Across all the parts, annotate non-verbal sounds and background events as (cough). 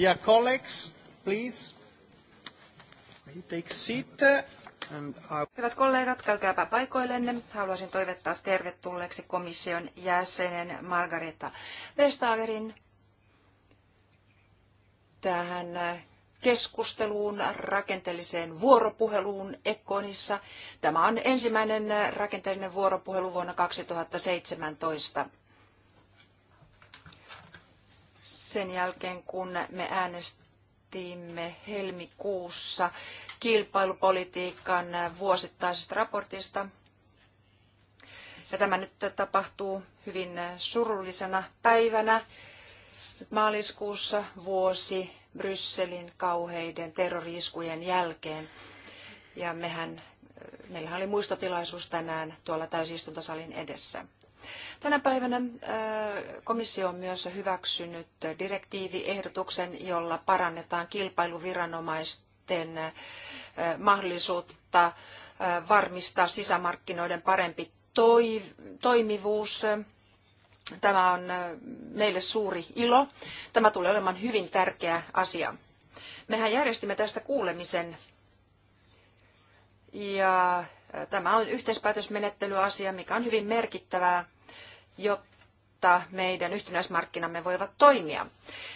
Dear colleagues, please, take seat. And I... Hyvät kollegat, käykääpä paikoillenne. Haluaisin toivottaa tervetulleeksi komission jäsenen Margareta Vestagerin tähän keskusteluun, rakenteelliseen vuoropuheluun Ekkonissa. Tämä on ensimmäinen rakenteellinen vuoropuhelu vuonna 2017. sen jälkeen, kun me äänestimme helmikuussa kilpailupolitiikan vuosittaisesta raportista. Ja tämä nyt tapahtuu hyvin surullisena päivänä maaliskuussa vuosi Brysselin kauheiden terroriiskujen jälkeen. Ja mehän, meillähän oli muistotilaisuus tänään tuolla täysistuntosalin edessä. Tänä päivänä komissio on myös hyväksynyt direktiiviehdotuksen, jolla parannetaan kilpailuviranomaisten mahdollisuutta varmistaa sisämarkkinoiden parempi toimivuus Tämä on meille suuri ilo. Tämä tulee olemaan hyvin tärkeä asia. Mehän järjestimme tästä kuulemisen ja Tämä on yhteispäätösmenettelyasia, mikä on hyvin merkittävää, jotta meidän yhtenäismarkkinamme voivat toimia.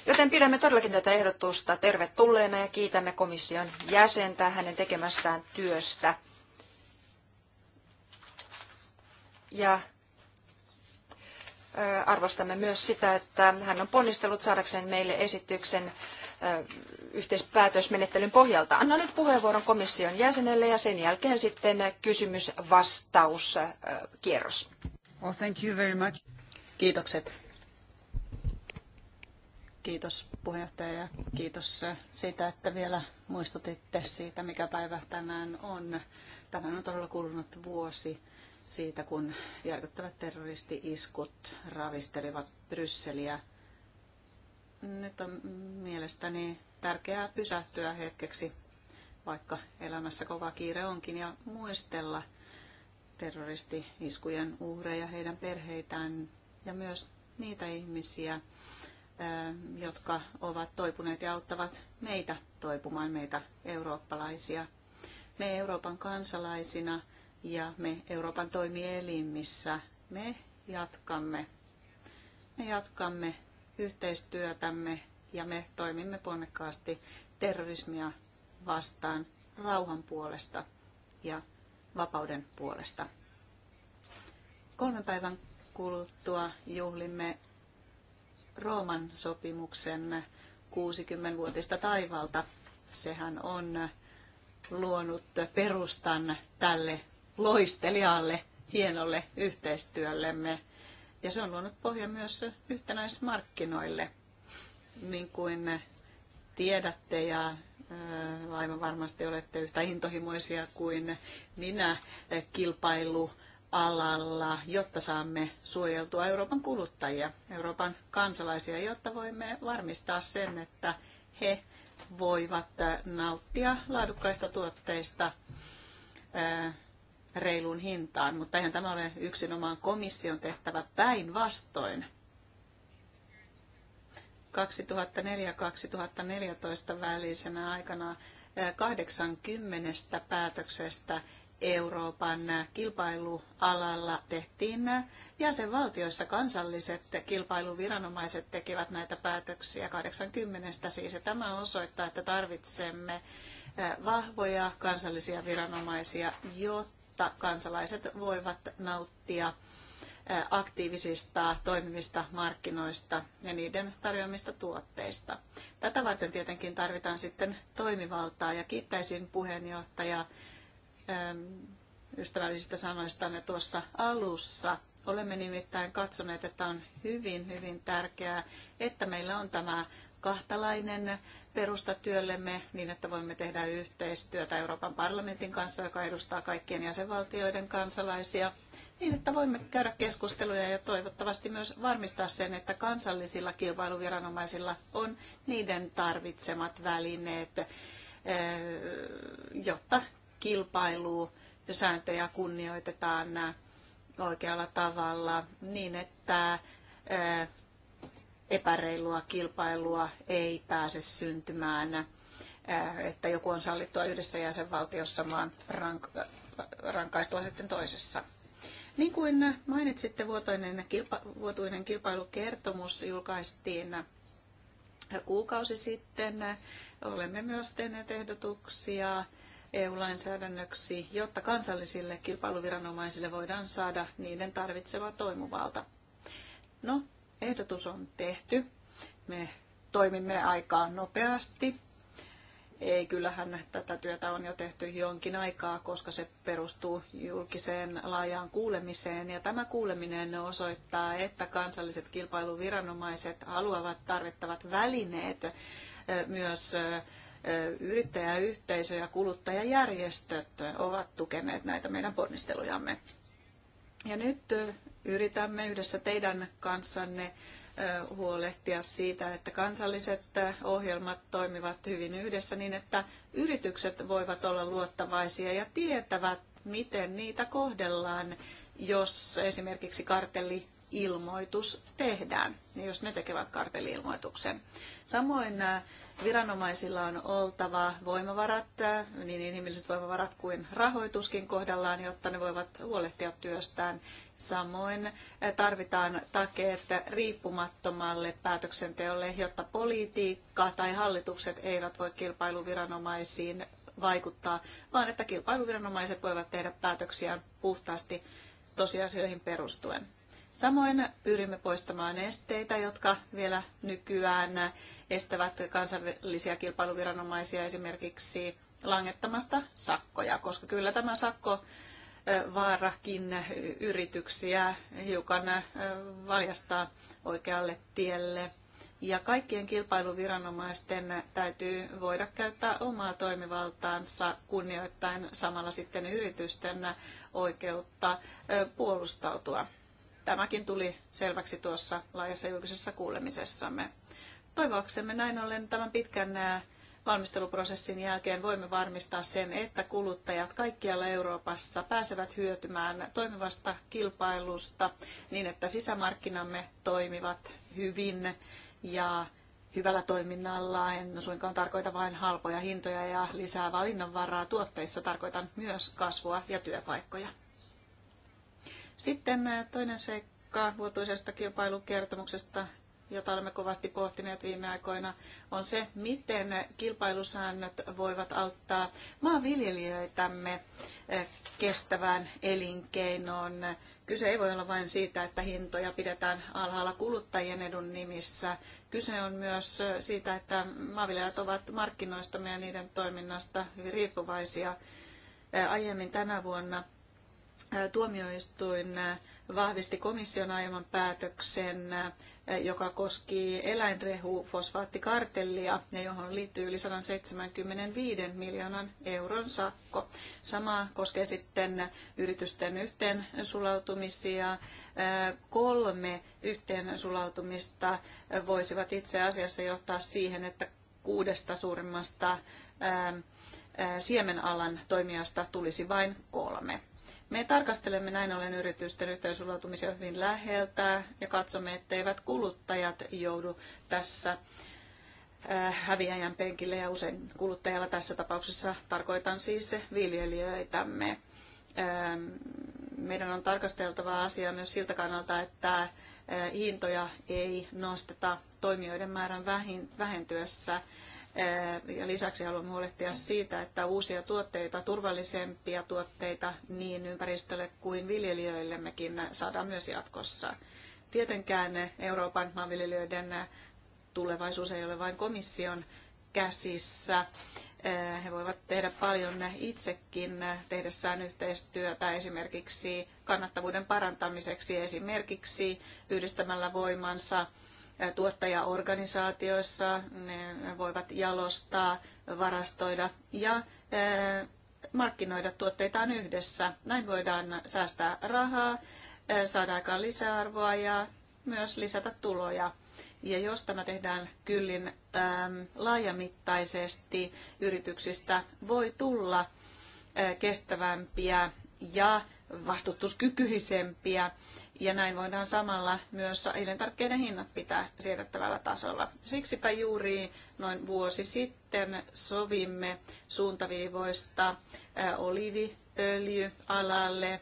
Joten pidämme todellakin tätä ehdotusta tervetulleena ja kiitämme komission jäsentä hänen tekemästään työstä. Ja arvostamme myös sitä, että hän on ponnistellut saadakseen meille esityksen yhteispäätösmenettelyn pohjalta. Annan nyt puheenvuoron komission jäsenelle ja sen jälkeen sitten kysymys-vastauskierros. Well, thank you very much. Kiitokset. Kiitos puheenjohtaja ja kiitos siitä, että vielä muistutitte siitä, mikä päivä tänään on. Tänään on todella kulunut vuosi siitä, kun järkyttävät terroristi-iskut ravistelivat Brysseliä. Nyt on mielestäni tärkeää pysähtyä hetkeksi, vaikka elämässä kova kiire onkin, ja muistella terroristi-iskujen uhreja, heidän perheitään ja myös niitä ihmisiä, jotka ovat toipuneet ja auttavat meitä toipumaan, meitä eurooppalaisia. Me Euroopan kansalaisina ja me Euroopan toimielimissä, me jatkamme. Me jatkamme yhteistyötämme ja me toimimme ponnekkaasti terrorismia vastaan rauhan puolesta ja vapauden puolesta. Kolmen päivän kuluttua juhlimme Rooman sopimuksen 60-vuotista taivalta. Sehän on luonut perustan tälle loistelijalle, hienolle yhteistyöllemme. Ja se on luonut pohja myös yhtenäismarkkinoille – niin kuin tiedätte ja aivan varmasti olette yhtä intohimoisia kuin minä kilpailualalla, jotta saamme suojeltua Euroopan kuluttajia, Euroopan kansalaisia, jotta voimme varmistaa sen, että he voivat nauttia laadukkaista tuotteista reilun hintaan, mutta eihän tämä ole yksinomaan komission tehtävä päinvastoin. 2004-2014 välisenä aikana 80 eh, päätöksestä Euroopan kilpailualalla tehtiin jäsenvaltioissa kansalliset kilpailuviranomaiset tekivät näitä päätöksiä 80 siis. Ja tämä osoittaa, että tarvitsemme eh, vahvoja kansallisia viranomaisia, jotta kansalaiset voivat nauttia aktiivisista toimivista markkinoista ja niiden tarjoamista tuotteista. Tätä varten tietenkin tarvitaan sitten toimivaltaa ja kiittäisin puheenjohtaja ystävällisistä sanoista, ne tuossa alussa. Olemme nimittäin katsoneet, että on hyvin, hyvin tärkeää, että meillä on tämä kahtalainen perusta työllemme niin, että voimme tehdä yhteistyötä Euroopan parlamentin kanssa, joka edustaa kaikkien jäsenvaltioiden kansalaisia – niin, että voimme käydä keskusteluja ja toivottavasti myös varmistaa sen, että kansallisilla kilpailuviranomaisilla on niiden tarvitsemat välineet, eh, jotta kilpailu kunnioitetaan oikealla tavalla niin, että eh, epäreilua kilpailua ei pääse syntymään, eh, että joku on sallittua yhdessä jäsenvaltiossa, vaan rank- rankaistua sitten toisessa. Niin kuin mainitsitte, vuotoinen, kilpa, vuotuinen kilpailukertomus julkaistiin kuukausi sitten. Olemme myös tehneet ehdotuksia EU-lainsäädännöksi, jotta kansallisille kilpailuviranomaisille voidaan saada niiden tarvitseva toimivalta. No, ehdotus on tehty. Me toimimme aika nopeasti ei, kyllähän tätä työtä on jo tehty jonkin aikaa, koska se perustuu julkiseen laajaan kuulemiseen. Ja tämä kuuleminen osoittaa, että kansalliset kilpailuviranomaiset haluavat tarvittavat välineet myös yrittäjäyhteisö ja kuluttajajärjestöt ovat tukeneet näitä meidän ponnistelujamme. Ja nyt yritämme yhdessä teidän kanssanne huolehtia siitä, että kansalliset ohjelmat toimivat hyvin yhdessä niin, että yritykset voivat olla luottavaisia ja tietävät, miten niitä kohdellaan, jos esimerkiksi kartelli ilmoitus tehdään, jos ne tekevät karteli-ilmoituksen. Samoin Viranomaisilla on oltava voimavarat, äh, niin inhimilliset voimavarat kuin rahoituskin kohdallaan, jotta ne voivat huolehtia työstään. Samoin äh, tarvitaan takeet riippumattomalle päätöksenteolle, jotta politiikka tai hallitukset eivät voi kilpailuviranomaisiin vaikuttaa, vaan että kilpailuviranomaiset voivat tehdä päätöksiään puhtaasti tosiasioihin perustuen. Samoin pyrimme poistamaan esteitä, jotka vielä nykyään estävät kansallisia kilpailuviranomaisia esimerkiksi langettamasta sakkoja, koska kyllä tämä sakko vaarakin yrityksiä hiukan valjastaa oikealle tielle. Ja kaikkien kilpailuviranomaisten täytyy voida käyttää omaa toimivaltaansa kunnioittain samalla sitten yritysten oikeutta puolustautua. Tämäkin tuli selväksi tuossa laajassa julkisessa kuulemisessamme. Toivoaksemme näin ollen tämän pitkän valmisteluprosessin jälkeen voimme varmistaa sen, että kuluttajat kaikkialla Euroopassa pääsevät hyötymään toimivasta kilpailusta niin, että sisämarkkinamme toimivat hyvin ja hyvällä toiminnalla. En suinkaan tarkoita vain halpoja hintoja ja lisää valinnanvaraa tuotteissa. Tarkoitan myös kasvua ja työpaikkoja. Sitten toinen seikka vuotuisesta kilpailukertomuksesta, jota olemme kovasti pohtineet viime aikoina, on se, miten kilpailusäännöt voivat auttaa maanviljelijöitämme kestävään elinkeinoon. Kyse ei voi olla vain siitä, että hintoja pidetään alhaalla kuluttajien edun nimissä. Kyse on myös siitä, että maanviljelijät ovat markkinoistamme ja niiden toiminnasta hyvin riippuvaisia. Aiemmin tänä vuonna tuomioistuin vahvisti komission aiemman päätöksen, joka koski eläinrehufosfaattikartellia ja johon liittyy yli 175 miljoonan euron sakko. Sama koskee sitten yritysten yhteen sulautumisia. Kolme yhteen sulautumista voisivat itse asiassa johtaa siihen, että kuudesta suurimmasta siemenalan toimijasta tulisi vain kolme me tarkastelemme näin ollen yritysten yhteensulautumisia hyvin läheltä ja katsomme, etteivät kuluttajat joudu tässä äh, häviäjän penkille ja usein kuluttajalla tässä tapauksessa tarkoitan siis viljelijöitämme. Ähm, meidän on tarkasteltava asiaa myös siltä kannalta, että äh, hintoja ei nosteta toimijoiden määrän vähentyessä ja lisäksi haluamme huolehtia siitä, että uusia tuotteita, turvallisempia tuotteita niin ympäristölle kuin viljelijöillemmekin saadaan myös jatkossa. Tietenkään Euroopan maanviljelijöiden tulevaisuus ei ole vain komission käsissä. He voivat tehdä paljon itsekin tehdessään yhteistyötä esimerkiksi kannattavuuden parantamiseksi, esimerkiksi yhdistämällä voimansa tuottajaorganisaatioissa. Ne voivat jalostaa, varastoida ja eh, markkinoida tuotteitaan yhdessä. Näin voidaan säästää rahaa, eh, saada aikaan lisäarvoa ja myös lisätä tuloja. Ja jos tämä tehdään kyllin ehm, laajamittaisesti, yrityksistä voi tulla eh, kestävämpiä ja vastustuskykyisempiä ja näin voidaan samalla myös elintarvikkeiden hinnat pitää siedettävällä tasolla. Siksipä juuri noin vuosi sitten sovimme suuntaviivoista oliviöljyalalle,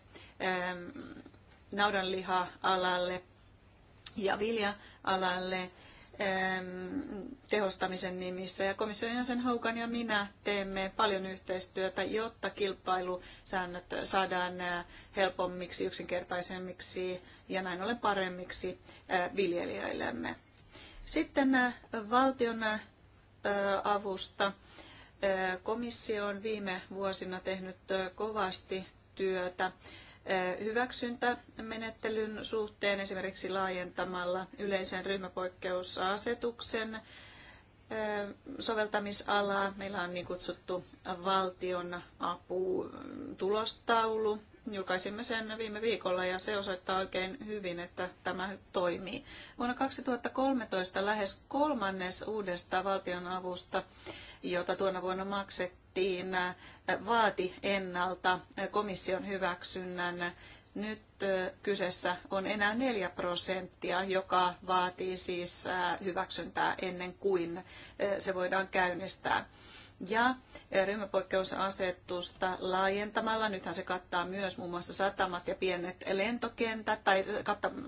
naudanliha-alalle ja vilja-alalle tehostamisen nimissä. Ja komission jäsen Haukan ja minä teemme paljon yhteistyötä, jotta kilpailusäännöt saadaan helpommiksi, yksinkertaisemmiksi ja näin ollen paremmiksi viljelijöillemme. Sitten valtion avusta. Komissio on viime vuosina tehnyt kovasti työtä hyväksyntämenettelyn suhteen esimerkiksi laajentamalla yleisen ryhmäpoikkeusasetuksen soveltamisalaa. Meillä on niin kutsuttu valtion apu mm, tulostaulu. Julkaisimme sen viime viikolla ja se osoittaa oikein hyvin, että tämä toimii. Vuonna 2013 lähes kolmannes uudesta valtionavusta avusta jota tuona vuonna maksettiin, vaati ennalta komission hyväksynnän. Nyt kyseessä on enää 4 prosenttia, joka vaatii siis hyväksyntää ennen kuin se voidaan käynnistää ja e, ryhmäpoikkeusasetusta laajentamalla, nythän se kattaa myös muun muassa satamat ja pienet lentokentät, tai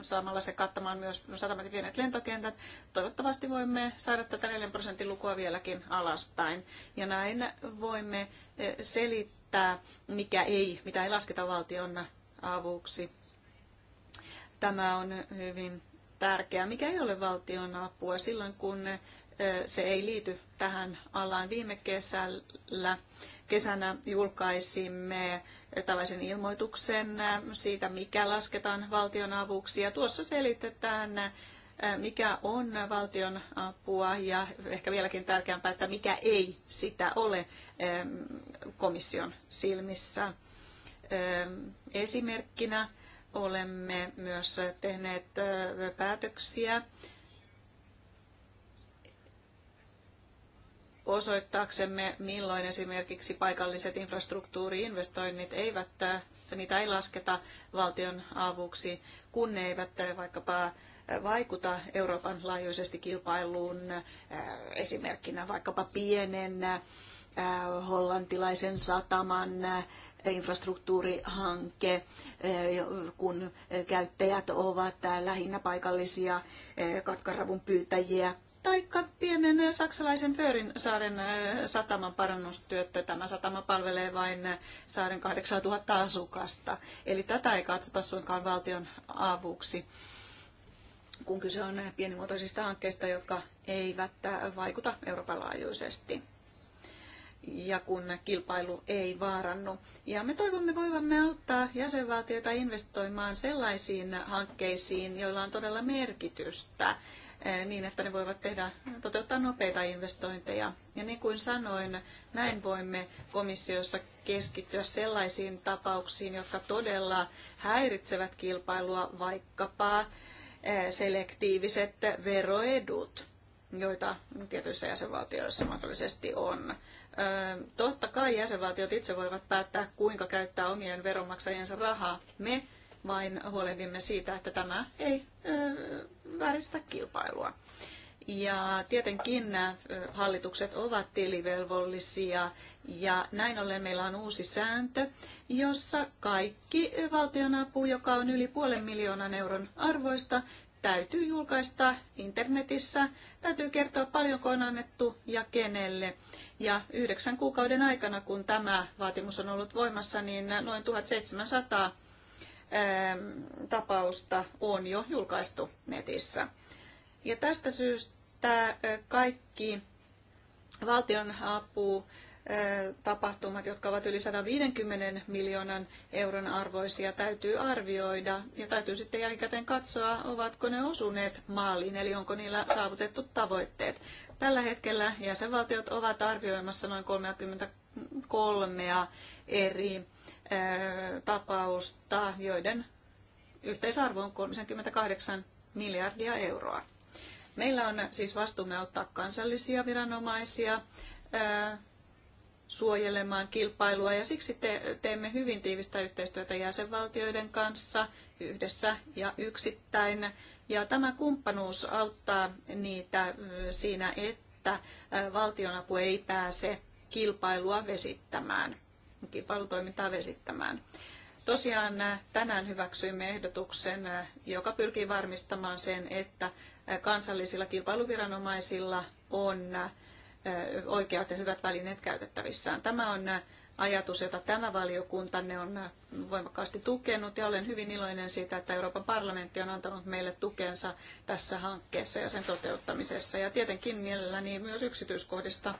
saamalla se kattamaan myös satamat ja pienet lentokentät, toivottavasti voimme saada tätä 4 prosentin lukua vieläkin alaspäin. Ja näin voimme e, selittää, mikä ei, mitä ei lasketa valtion avuksi. Tämä on hyvin tärkeää, mikä ei ole valtion apua silloin, kun se ei liity tähän alaan. Viime kesällä, kesänä julkaisimme tällaisen ilmoituksen siitä, mikä lasketaan valtion avuksi. Ja tuossa selitetään, mikä on valtion apua ja ehkä vieläkin tärkeämpää, että mikä ei sitä ole komission silmissä. Esimerkkinä olemme myös tehneet päätöksiä osoittaaksemme, milloin esimerkiksi paikalliset infrastruktuuriinvestoinnit eivät, äh, niitä ei lasketa valtion avuksi, kun ne eivät äh, vaikkapa äh, vaikuta Euroopan laajuisesti kilpailuun esimerkkinä vaikkapa pienen hollantilaisen sataman infrastruktuurihanke, kun käyttäjät ovat lähinnä paikallisia katkaravun pyytäjiä taikka pienen saksalaisen saaren sataman parannustyötä. Tämä satama palvelee vain saaren 8000 asukasta. Eli tätä ei katsota suinkaan valtion avuksi, kun kyse on pienimuotoisista hankkeista, jotka eivät vaikuta Euroopan laajuisesti ja kun kilpailu ei vaarannu. Ja me toivomme voivamme auttaa jäsenvaltioita investoimaan sellaisiin hankkeisiin, joilla on todella merkitystä Eh, niin, että ne voivat tehdä, toteuttaa nopeita investointeja. Ja niin kuin sanoin, näin voimme komissiossa keskittyä sellaisiin tapauksiin, jotka todella häiritsevät kilpailua, vaikkapa eh, selektiiviset veroedut, joita tietyissä jäsenvaltioissa mahdollisesti on. Eh, totta kai jäsenvaltiot itse voivat päättää, kuinka käyttää omien veronmaksajiensa rahaa. Me vain huolehdimme siitä, että tämä ei vääristä kilpailua. Ja tietenkin hallitukset ovat tilivelvollisia ja näin ollen meillä on uusi sääntö, jossa kaikki valtionapu, joka on yli puolen miljoonan euron arvoista, täytyy julkaista internetissä, täytyy kertoa paljonko on annettu ja kenelle. Ja yhdeksän kuukauden aikana, kun tämä vaatimus on ollut voimassa, niin noin 1700 Ähm, tapausta on jo julkaistu netissä. Ja tästä syystä äh, kaikki valtion apu äh, tapahtumat, jotka ovat yli 150 miljoonan euron arvoisia, täytyy arvioida ja täytyy sitten jälkikäteen katsoa, ovatko ne osuneet maaliin, eli onko niillä saavutettu tavoitteet. Tällä hetkellä jäsenvaltiot ovat arvioimassa noin 33 eri tapausta, joiden yhteisarvo on 38 miljardia euroa. Meillä on siis vastuumme auttaa kansallisia viranomaisia suojelemaan kilpailua ja siksi te- teemme hyvin tiivistä yhteistyötä jäsenvaltioiden kanssa yhdessä ja yksittäin. Ja tämä kumppanuus auttaa niitä siinä, että valtionapu ei pääse kilpailua vesittämään kilpailutoimintaa vesittämään. Tosiaan äh, tänään hyväksyimme ehdotuksen, äh, joka pyrkii varmistamaan sen, että äh, kansallisilla kilpailuviranomaisilla on oikeat ja hyvät välineet käytettävissään. Tämä on ajatus, jota tämä valiokunta ne on voimakkaasti tukenut ja olen hyvin iloinen siitä, että Euroopan parlamentti on antanut meille tukensa tässä hankkeessa ja sen toteuttamisessa. Ja tietenkin mielelläni myös yksityiskohdista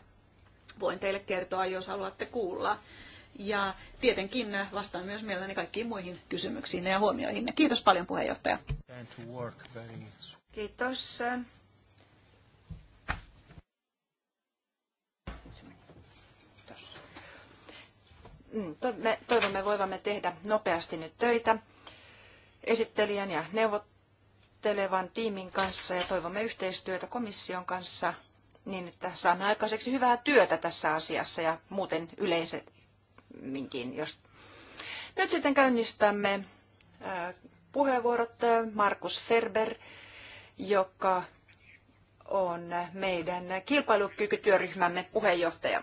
voin teille kertoa, jos haluatte kuulla ja tietenkin vastaan myös mielelläni kaikkiin muihin kysymyksiin ja huomioihin. Kiitos paljon puheenjohtaja. Kiitos. Mm, me toivomme voivamme tehdä nopeasti nyt töitä esittelijän ja neuvottelevan tiimin kanssa ja toivomme yhteistyötä komission kanssa niin, että saamme aikaiseksi hyvää työtä tässä asiassa ja muuten yleiset, minkin. Jos... Nyt sitten käynnistämme puheenvuorot Markus Ferber, joka on meidän kilpailukykytyöryhmämme puheenjohtaja.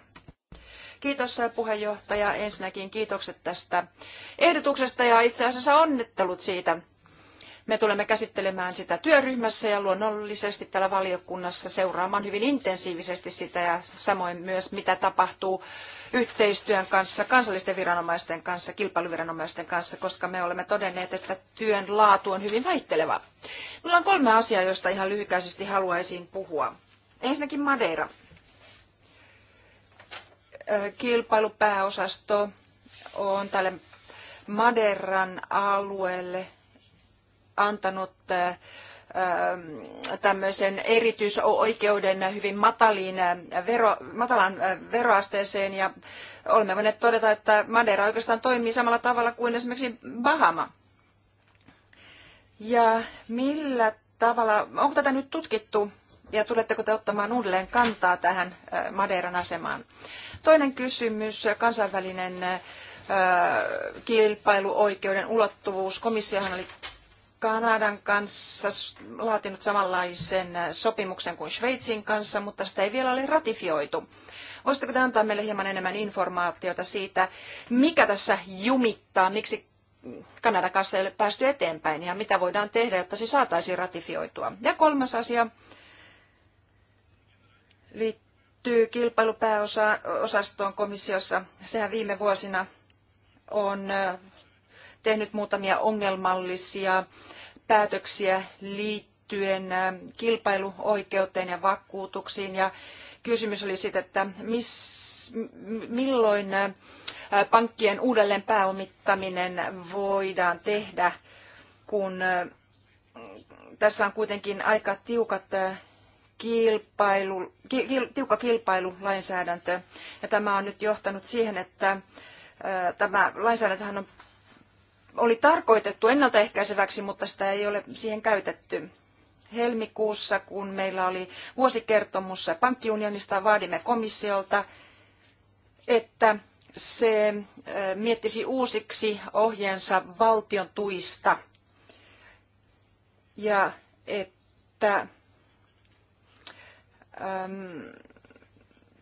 Kiitos puheenjohtaja. Ensinnäkin kiitokset tästä ehdotuksesta ja itse asiassa onnittelut siitä, me tulemme käsittelemään sitä työryhmässä ja luonnollisesti täällä valiokunnassa seuraamaan hyvin intensiivisesti sitä ja samoin myös mitä tapahtuu yhteistyön kanssa, kansallisten viranomaisten kanssa, kilpailuviranomaisten kanssa, koska me olemme todenneet, että työn laatu on hyvin vaihteleva. Minulla on kolme asiaa, joista ihan lyhykäisesti haluaisin puhua. Ensinnäkin Madeira. Kilpailupääosasto on tälle Maderan alueelle antanut tämmöisen erityisoikeuden hyvin mataliin vero, matalaan veroasteeseen ja olemme voineet todeta, että Madeira oikeastaan toimii samalla tavalla kuin esimerkiksi Bahama. Ja millä tavalla, onko tätä nyt tutkittu ja tuletteko te ottamaan uudelleen kantaa tähän Madeiran asemaan? Toinen kysymys, kansainvälinen kilpailuoikeuden ulottuvuus. Komissiohan oli Kanadan kanssa laatinut samanlaisen sopimuksen kuin Sveitsin kanssa, mutta sitä ei vielä ole ratifioitu. Voisitteko te antaa meille hieman enemmän informaatiota siitä, mikä tässä jumittaa, miksi Kanadan kanssa ei ole päästy eteenpäin ja mitä voidaan tehdä, jotta se saataisiin ratifioitua. Ja kolmas asia liittyy kilpailupääosastoon komissiossa. Sehän viime vuosina on tehnyt muutamia ongelmallisia päätöksiä liittyen kilpailuoikeuteen ja vakuutuksiin. Ja kysymys oli siitä, että miss, milloin pankkien uudelleen pääomittaminen voidaan tehdä, kun tässä on kuitenkin aika tiukat kilpailu, kil, tiukka kilpailulainsäädäntö. Ja tämä on nyt johtanut siihen, että tämä lainsäädäntö on oli tarkoitettu ennaltaehkäiseväksi, mutta sitä ei ole siihen käytetty. Helmikuussa, kun meillä oli vuosikertomus pankkiunionista, vaadimme komissiolta, että se miettisi uusiksi ohjeensa valtion tuista ja että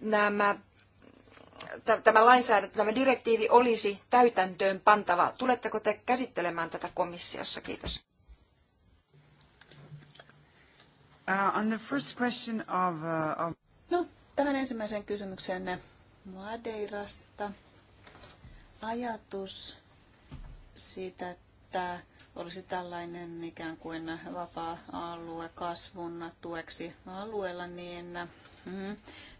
nämä tämä lainsäädäntö, tämä direktiivi olisi täytäntöön pantava. Tuletteko te käsittelemään tätä komissiossa? Kiitos. Uh, uh, no, tähän ensimmäiseen kysymykseen Madeirasta. Ajatus siitä, että olisi tällainen ikään kuin vapaa-alue kasvun tueksi alueella, niin mm,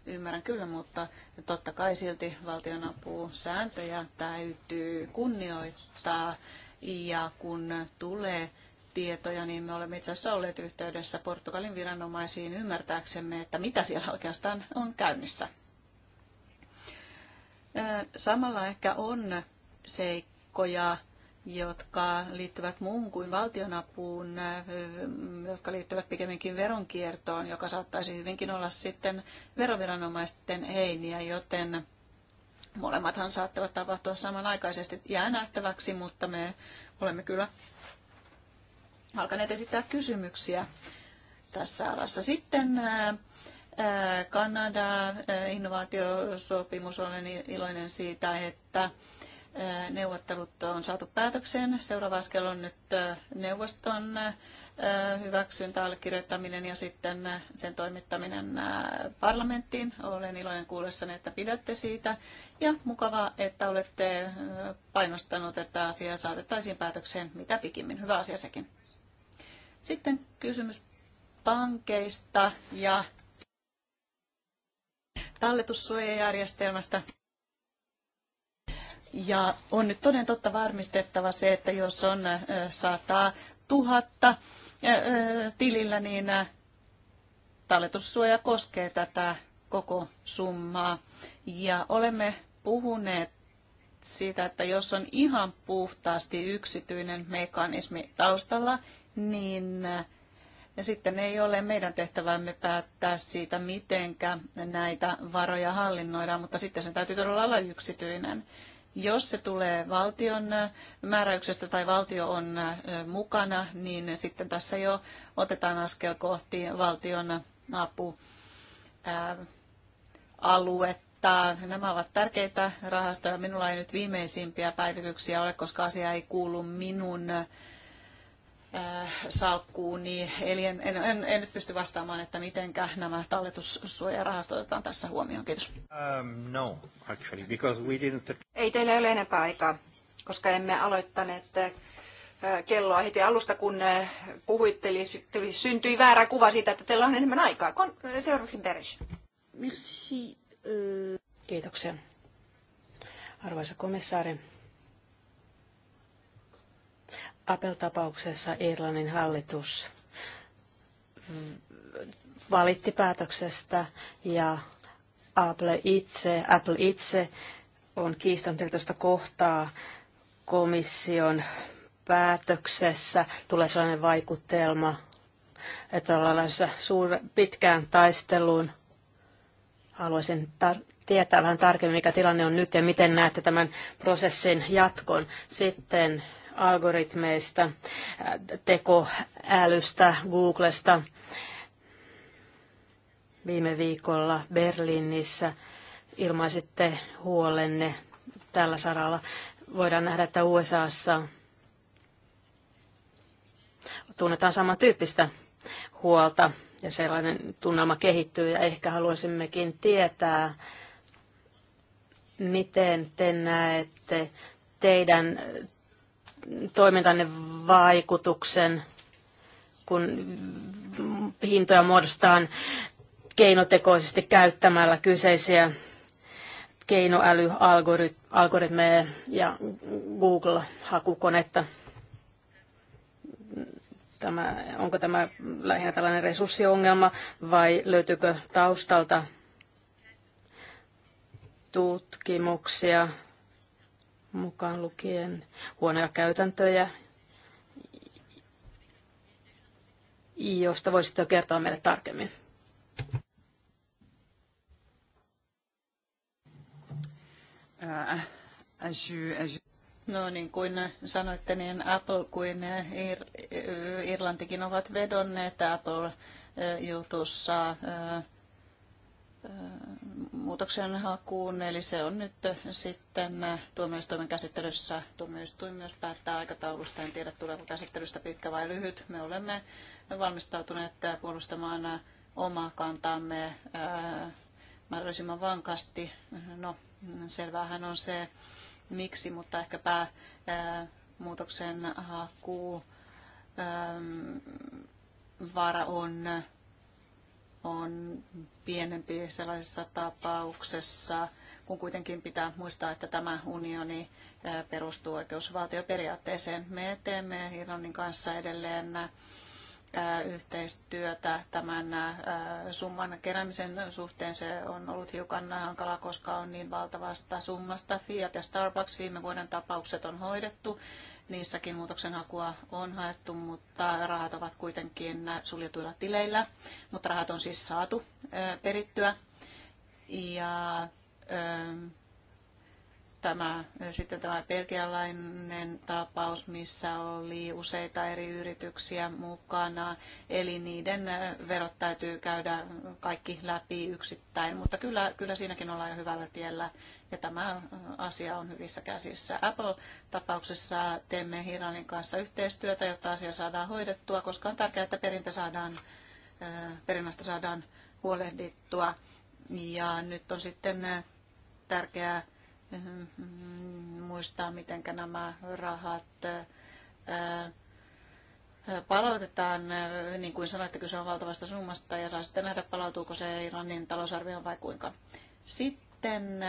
ymmärrän kyllä, mutta totta kai silti valtionapusääntöjä täytyy kunnioittaa. Ja kun tulee tietoja, niin me olemme itse asiassa olleet yhteydessä Portugalin viranomaisiin ymmärtääksemme, että mitä siellä oikeastaan on käynnissä. Samalla ehkä on seikkoja, jotka liittyvät muun kuin valtionapuun, jotka liittyvät pikemminkin veronkiertoon, joka saattaisi hyvinkin olla sitten veroviranomaisten heiniä, joten molemmathan saattavat tapahtua samanaikaisesti. Jää nähtäväksi, mutta me olemme kyllä alkaneet esittää kysymyksiä tässä alassa. Sitten Kanada, innovaatiosopimus, olen iloinen siitä, että neuvottelut on saatu päätökseen. Seuraava askel on nyt neuvoston hyväksyntä, allekirjoittaminen ja sitten sen toimittaminen parlamenttiin. Olen iloinen kuullessani, että pidätte siitä. Ja mukavaa, että olette painostanut, että asia saatettaisiin päätökseen mitä pikimmin. Hyvä asia sekin. Sitten kysymys pankeista ja talletussuojajärjestelmästä. Ja on nyt toden totta varmistettava se, että jos on 100 000 tilillä, niin talletussuoja koskee tätä koko summaa. Ja olemme puhuneet siitä, että jos on ihan puhtaasti yksityinen mekanismi taustalla, niin ja sitten ei ole meidän tehtävämme päättää siitä, mitenkä näitä varoja hallinnoidaan, mutta sitten sen täytyy todella olla yksityinen. Jos se tulee valtion äh, määräyksestä tai valtio on äh, mukana, niin sitten tässä jo otetaan askel kohti valtion apualuetta äh, nämä ovat tärkeitä rahastoja. Minulla ei nyt viimeisimpiä päivityksiä ole, koska asia ei kuulu minun Äh, salkkuun, niin eli en, en, en, en nyt pysty vastaamaan, että mitenkä nämä talletussuojarahastot otetaan tässä huomioon. Kiitos. Um, no, actually, because we didn't... Ei teillä ole enempää aikaa, koska emme aloittaneet äh, kelloa heti alusta, kun äh, puhuitte, eli syntyi väärä kuva siitä, että teillä on enemmän aikaa. Seuraavaksi Beres. Merci. Kiitoksia. Arvoisa komissaari, Apple-tapauksessa Irlannin hallitus valitti päätöksestä ja Apple itse, Apple itse on kiistanut kohtaa komission päätöksessä. Tulee sellainen vaikutelma, että ollaan suur, pitkään taisteluun. Haluaisin tar- tietää vähän tarkemmin, mikä tilanne on nyt ja miten näette tämän prosessin jatkon. Sitten algoritmeista, tekoälystä, Googlesta. Viime viikolla Berliinissä ilmaisitte huolenne tällä saralla. Voidaan nähdä, että USAssa tunnetaan samantyyppistä huolta ja sellainen tunnelma kehittyy ja ehkä haluaisimmekin tietää, miten te näette teidän toimintanne vaikutuksen, kun hintoja muodostetaan keinotekoisesti käyttämällä kyseisiä keinoälyalgoritmeja ja Google-hakukonetta. Tämä, onko tämä lähinnä tällainen resurssiongelma vai löytyykö taustalta tutkimuksia mukaan lukien huonoja käytäntöjä, josta voisitte kertoa meille tarkemmin. Äh, no niin kuin sanoitte, niin Apple kuin Ir- Irlantikin ovat vedonneet Apple jutussa äh, hakuun, eli se on nyt sitten tuomioistuimen käsittelyssä. Tuomioistuin myös päättää aikataulusta, en tiedä tuleeko käsittelystä pitkä vai lyhyt. Me olemme valmistautuneet puolustamaan omaa kantaamme mahdollisimman vankasti. No, selvähän on se, miksi, mutta ehkäpä muutoksen haku vaara on on pienempi sellaisessa tapauksessa, kun kuitenkin pitää muistaa, että tämä unioni perustuu oikeusvaltioperiaatteeseen. Me teemme Irlannin kanssa edelleen yhteistyötä tämän summan keräämisen suhteen. Se on ollut hiukan hankalaa, koska on niin valtavasta summasta. Fiat ja Starbucks viime vuoden tapaukset on hoidettu Niissäkin muutoksenhakua on haettu, mutta rahat ovat kuitenkin suljetuilla tileillä, mutta rahat on siis saatu perittyä. Ja tämä, sitten tämä belgialainen tapaus, missä oli useita eri yrityksiä mukana, eli niiden verot täytyy käydä kaikki läpi yksittäin, mutta kyllä, kyllä siinäkin ollaan jo hyvällä tiellä ja tämä äh, asia on hyvissä käsissä. Apple-tapauksessa teemme Iranin kanssa yhteistyötä, jotta asia saadaan hoidettua, koska on tärkeää, että perintä saadaan, äh, perinnästä saadaan huolehdittua. Ja nyt on sitten äh, tärkeää mm, muistaa, miten nämä rahat palautetaan, niin kuin sanoitte, kyse on valtavasta summasta ja saa sitten nähdä, palautuuko se Iranin talousarvioon vai kuinka. Sitten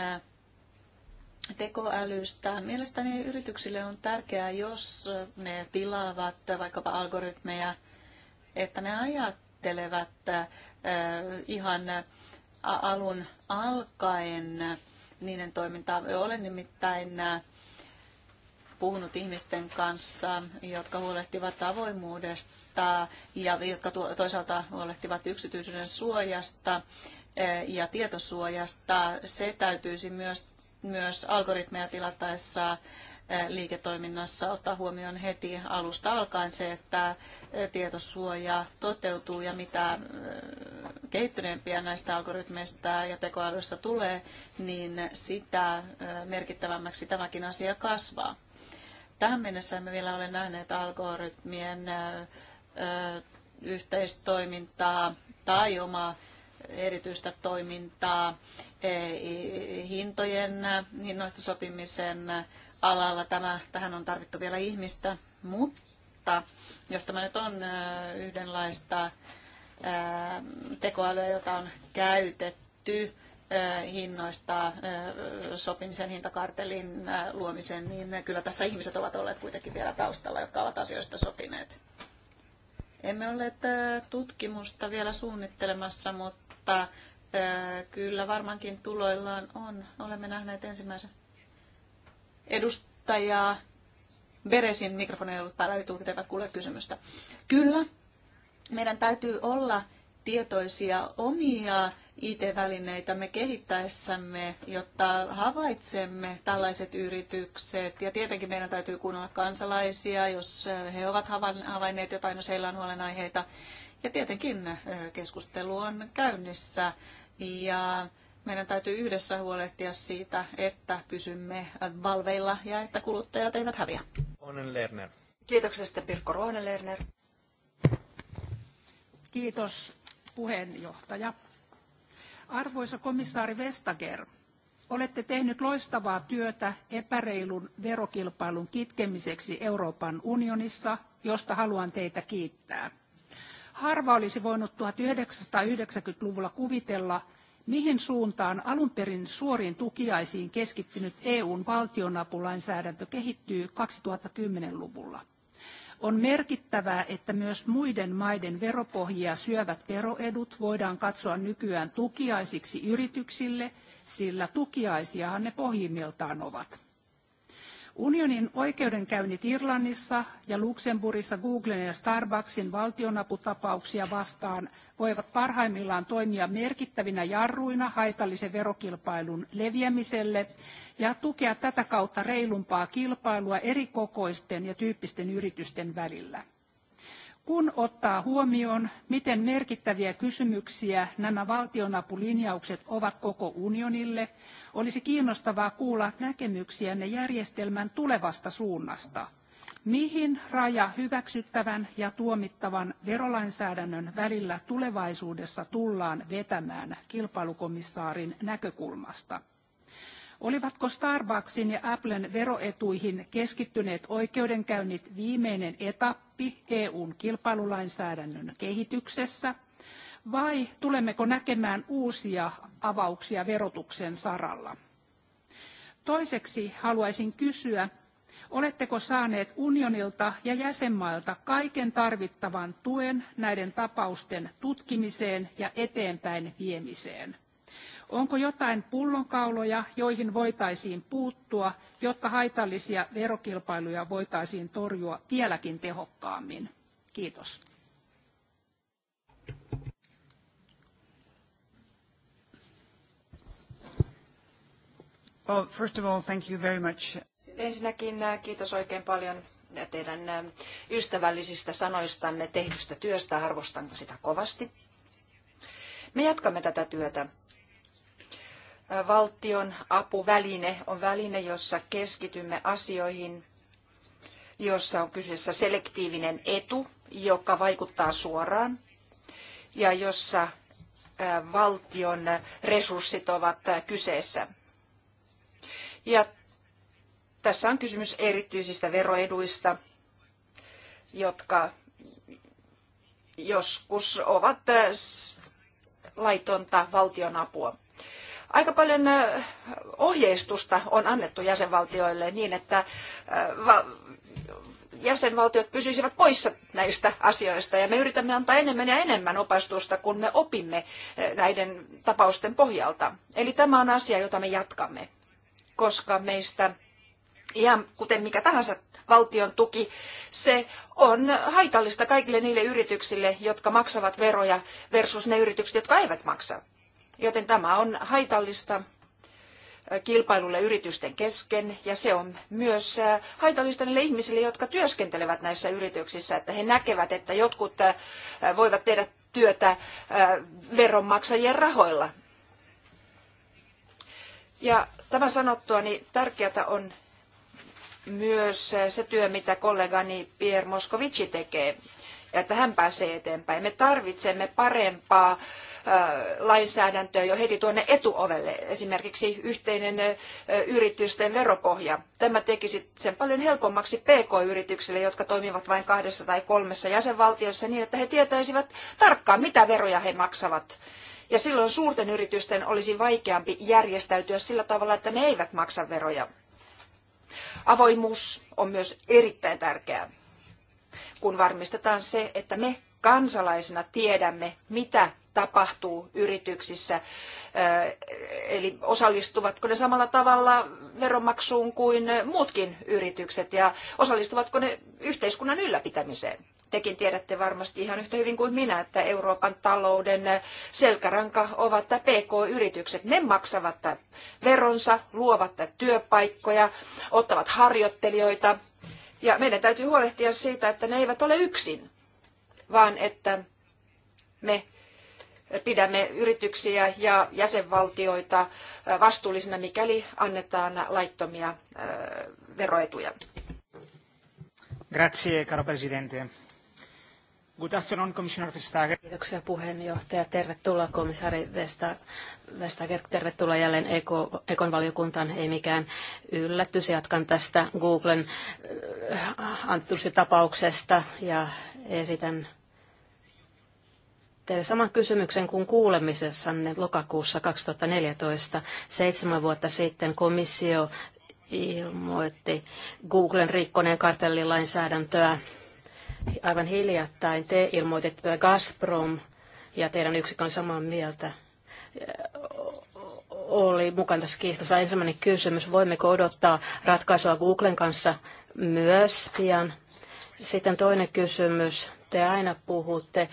tekoälystä. Mielestäni yrityksille on tärkeää, jos ne tilaavat vaikkapa algoritmeja, että ne ajattelevat äh, ihan alun alkaen niiden toimintaa. Olen nimittäin äh, puhunut ihmisten kanssa, jotka huolehtivat avoimuudesta ja jotka toisaalta huolehtivat yksityisyyden suojasta äh, ja tietosuojasta. Se täytyisi myös myös algoritmeja tilattaessa eh, liiketoiminnassa ottaa huomioon heti alusta alkaen se, että eh, tietosuoja toteutuu ja mitä eh, kehittyneempiä näistä algoritmeista ja tekoälystä tulee, niin sitä merkittävämmäksi tämäkin asia kasvaa. Tähän mennessä me vielä ole nähneet algoritmien yhteistoimintaa tai omaa erityistä toimintaa hintojen hinnoista sopimisen alalla. Tämä, tähän on tarvittu vielä ihmistä, mutta jos tämä nyt on yhdenlaista tekoälyä, jota on käytetty hinnoista sopimisen hintakartelin luomisen, niin kyllä tässä ihmiset ovat olleet kuitenkin vielä taustalla, jotka ovat asioista sopineet. Emme ole tutkimusta vielä suunnittelemassa, mutta Äh, kyllä varmaankin tuloillaan on. Olemme nähneet ensimmäisen edustajaa. Beresin mikrofoni ei ollut päällä, eli tulkit eivät kuule kysymystä. Kyllä, meidän täytyy olla tietoisia omia IT-välineitämme kehittäessämme, jotta havaitsemme tällaiset yritykset. Ja tietenkin meidän täytyy kuunnella kansalaisia, jos he ovat havainneet jotain, jos heillä on huolenaiheita. Ja tietenkin keskustelu on käynnissä ja meidän täytyy yhdessä huolehtia siitä, että pysymme valveilla ja että kuluttajat eivät häviä. Onen Lerner. Kiitoksesta Pirkko Ruonen Lerner. Kiitos puheenjohtaja. Arvoisa komissaari Vestager, olette tehnyt loistavaa työtä epäreilun verokilpailun kitkemiseksi Euroopan unionissa, josta haluan teitä kiittää. Harva olisi voinut 1990-luvulla kuvitella, mihin suuntaan alun perin suoriin tukiaisiin keskittynyt EUn valtionapulainsäädäntö kehittyy 2010-luvulla. On merkittävää, että myös muiden maiden veropohjia syövät veroedut voidaan katsoa nykyään tukiaisiksi yrityksille, sillä tukiaisiahan ne pohjimmiltaan ovat. Unionin oikeudenkäynnit Irlannissa ja Luxemburgissa Googlen ja Starbucksin valtionaputapauksia vastaan voivat parhaimmillaan toimia merkittävinä jarruina haitallisen verokilpailun leviämiselle ja tukea tätä kautta reilumpaa kilpailua erikokoisten ja tyyppisten yritysten välillä kun ottaa huomioon, miten merkittäviä kysymyksiä nämä valtionapulinjaukset ovat koko unionille, olisi kiinnostavaa kuulla näkemyksiänne järjestelmän tulevasta suunnasta. Mihin raja hyväksyttävän ja tuomittavan verolainsäädännön välillä tulevaisuudessa tullaan vetämään kilpailukomissaarin näkökulmasta? Olivatko Starbucksin ja Applen veroetuihin keskittyneet oikeudenkäynnit viimeinen etappi EUn kilpailulainsäädännön kehityksessä? Vai tulemmeko näkemään uusia avauksia verotuksen saralla? Toiseksi haluaisin kysyä, Oletteko saaneet unionilta ja jäsenmailta kaiken tarvittavan tuen näiden tapausten tutkimiseen ja eteenpäin viemiseen? Onko jotain pullonkauloja, joihin voitaisiin puuttua, jotta haitallisia verokilpailuja voitaisiin torjua vieläkin tehokkaammin? Kiitos. Well, first of all, thank you very much. Ensinnäkin äh, kiitos oikein paljon teidän äh, ystävällisistä sanoistanne tehdystä työstä. Arvostan sitä kovasti. Me jatkamme tätä työtä valtion apuväline on väline, jossa keskitymme asioihin, jossa on kyseessä selektiivinen etu, joka vaikuttaa suoraan ja jossa valtion resurssit ovat kyseessä. Ja tässä on kysymys erityisistä veroeduista, jotka joskus ovat laitonta valtionapua aika paljon ohjeistusta on annettu jäsenvaltioille niin, että jäsenvaltiot pysyisivät poissa näistä asioista ja me yritämme antaa enemmän ja enemmän opastusta, kun me opimme näiden tapausten pohjalta. Eli tämä on asia, jota me jatkamme, koska meistä ihan kuten mikä tahansa valtion tuki, se on haitallista kaikille niille yrityksille, jotka maksavat veroja versus ne yritykset, jotka eivät maksa. Joten tämä on haitallista kilpailulle yritysten kesken ja se on myös haitallista niille ihmisille, jotka työskentelevät näissä yrityksissä, että he näkevät, että jotkut voivat tehdä työtä veronmaksajien rahoilla. Ja tämän sanottua, niin tärkeää on myös se työ, mitä kollegani Pierre Moscovici tekee, ja että hän pääsee eteenpäin. Me tarvitsemme parempaa lainsäädäntöä jo heti tuonne etuovelle, esimerkiksi yhteinen yritysten veropohja. Tämä tekisi sen paljon helpommaksi PK-yrityksille, jotka toimivat vain kahdessa tai kolmessa jäsenvaltiossa niin, että he tietäisivät tarkkaan, mitä veroja he maksavat. Ja silloin suurten yritysten olisi vaikeampi järjestäytyä sillä tavalla, että ne eivät maksa veroja. Avoimuus on myös erittäin tärkeää, kun varmistetaan se, että me kansalaisina tiedämme, mitä tapahtuu yrityksissä, eh, eli osallistuvatko ne samalla tavalla veronmaksuun kuin muutkin yritykset ja osallistuvatko ne yhteiskunnan ylläpitämiseen. Tekin tiedätte varmasti ihan yhtä hyvin kuin minä, että Euroopan talouden selkäranka ovat PK-yritykset. Ne maksavat veronsa, luovat työpaikkoja, ottavat harjoittelijoita ja meidän täytyy huolehtia siitä, että ne eivät ole yksin, vaan että me pidämme yrityksiä ja jäsenvaltioita vastuullisina, mikäli annetaan laittomia äh, veroetuja. Grazie, caro presidente. Good afternoon, Commissioner Vestager. Kiitoksia puheenjohtaja. Tervetuloa komissaari Vestager. Tervetuloa jälleen Eko, Ekon valiokuntaan. Ei mikään yllätys. Jatkan tästä Googlen äh, tapauksesta ja esitän teille saman kysymyksen kuin kuulemisessanne lokakuussa 2014. Seitsemän vuotta sitten komissio ilmoitti Googlen rikkoneen kartellilainsäädäntöä. Aivan hiljattain te ilmoititte, että Gazprom ja teidän yksikön samaa mieltä oli mukana tässä kiistassa. Ensimmäinen kysymys, voimmeko odottaa ratkaisua Googlen kanssa myös pian? Sitten toinen kysymys, te aina puhutte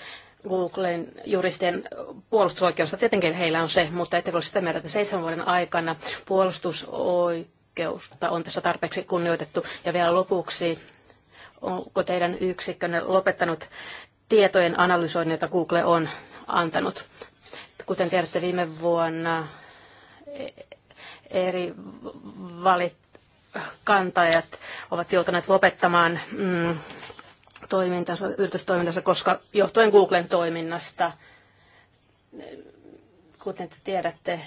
Googlen juristien puolustusoikeusta. Tietenkin heillä on se, mutta ettekö ole sitä mieltä, että seitsemän vuoden aikana puolustusoikeusta on tässä tarpeeksi kunnioitettu. Ja vielä lopuksi, onko teidän yksikkönne lopettanut tietojen analysoinnin, jota Google on antanut? Kuten tiedätte, viime vuonna eri valit kantajat ovat joutuneet lopettamaan mm, toimintansa, yritystoimintansa, koska johtuen Googlen toiminnasta, kuten te tiedätte,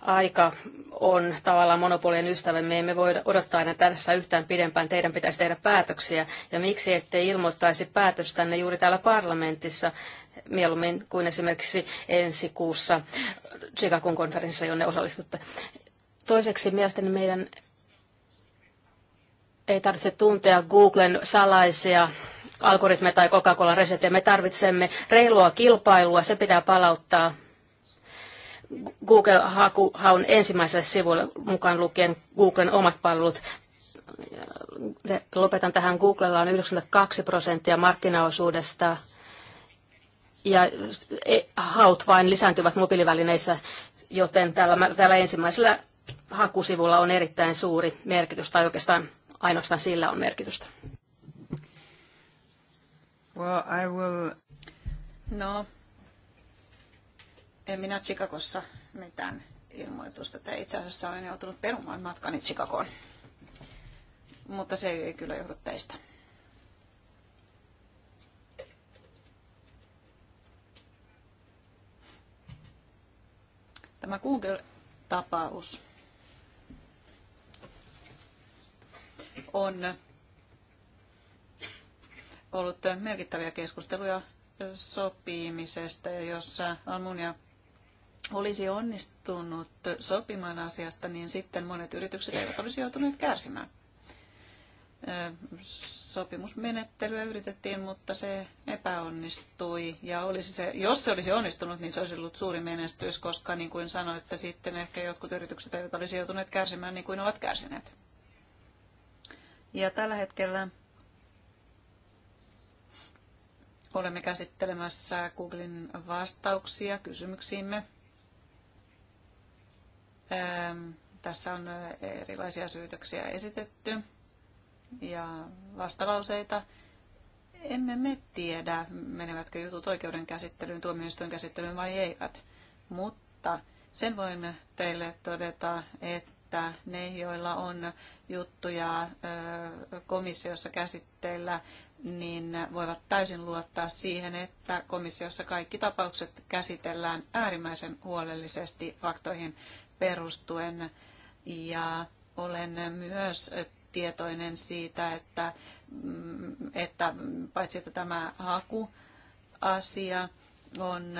aika on tavallaan monopolien ystävä. Me emme voi odottaa enää tässä yhtään pidempään. Teidän pitäisi tehdä päätöksiä. Ja miksi ette ilmoittaisi päätöstänne juuri täällä parlamentissa mieluummin kuin esimerkiksi ensi kuussa Chicagon konferenssissa, jonne osallistutte. Toiseksi mielestäni meidän ei tarvitse tuntea Googlen salaisia algoritme tai Coca-Cola reseptejä. Me tarvitsemme reilua kilpailua, se pitää palauttaa Google-haun ensimmäiselle sivulle mukaan lukien Googlen omat palvelut. Lopetan tähän. Googlella on 92 prosenttia markkinaosuudesta ja e- haut vain lisääntyvät mobiilivälineissä, joten tällä, tällä ensimmäisellä hakusivulla on erittäin suuri merkitys, tai oikeastaan ainoastaan sillä on merkitystä. Well, I will... No, en minä Chicagossa mitään ilmoitusta. Että itse asiassa olen joutunut perumaan matkani Chicagoon. Mutta se ei kyllä johdu teistä. Tämä Google-tapaus on ollut merkittäviä keskusteluja sopimisesta ja jossa Almunia olisi onnistunut sopimaan asiasta, niin sitten monet yritykset eivät olisi joutuneet kärsimään. Sopimusmenettelyä yritettiin, mutta se epäonnistui. Ja olisi se, jos se olisi onnistunut, niin se olisi ollut suuri menestys, koska niin kuin sanoitte, sitten ehkä jotkut yritykset eivät olisi joutuneet kärsimään niin kuin ovat kärsineet. Ja tällä hetkellä Olemme käsittelemässä Googlen vastauksia kysymyksiimme. Ehm, tässä on erilaisia syytöksiä esitetty ja vastalauseita. Emme me tiedä, menevätkö jutut oikeuden käsittelyyn, tuomioistuin käsittelyyn vai eivät, mutta sen voin teille todeta, että ne, joilla on juttuja komissiossa käsitteillä, niin voivat täysin luottaa siihen, että komissiossa kaikki tapaukset käsitellään äärimmäisen huolellisesti faktoihin perustuen. Ja olen myös tietoinen siitä, että, mm, että paitsi että tämä hakuasia on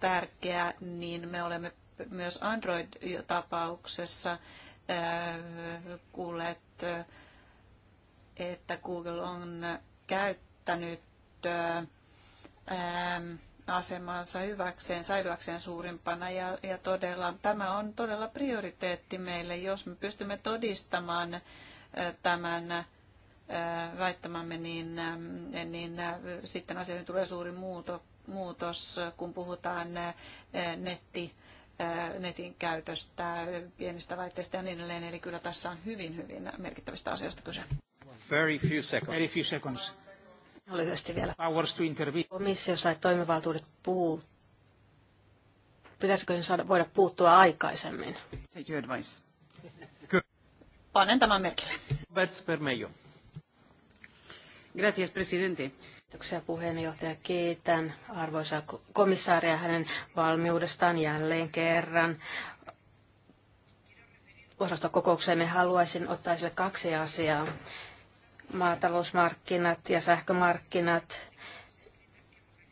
tärkeä, niin me olemme myös Android-tapauksessa kuulleet että Google on käyttänyt asemansa hyväkseen, säilyäkseen suurimpana ja, ja todella, tämä on todella prioriteetti meille, jos me pystymme todistamaan tämän väittämämme, niin, niin sitten asioihin tulee suuri muuto, muutos, kun puhutaan netti, netin käytöstä, pienistä laitteista ja niin edelleen. Eli kyllä tässä on hyvin, hyvin merkittävistä asioista kyse. Very few seconds. Very few seconds. Lyhyesti vielä. Powers to intervene. Komissio sai toimivaltuudet puu. Pitäisikö sen saada, voida puuttua aikaisemmin? Take your advice. Good. Panen tämän merkille. Bets per meio. Gracias, presidente. Kiitoksia puheenjohtaja. Kiitän arvoisaa komissaaria hänen valmiudestaan jälleen kerran osastokokoukseen. Me haluaisin ottaa sille kaksi asiaa maatalousmarkkinat ja sähkömarkkinat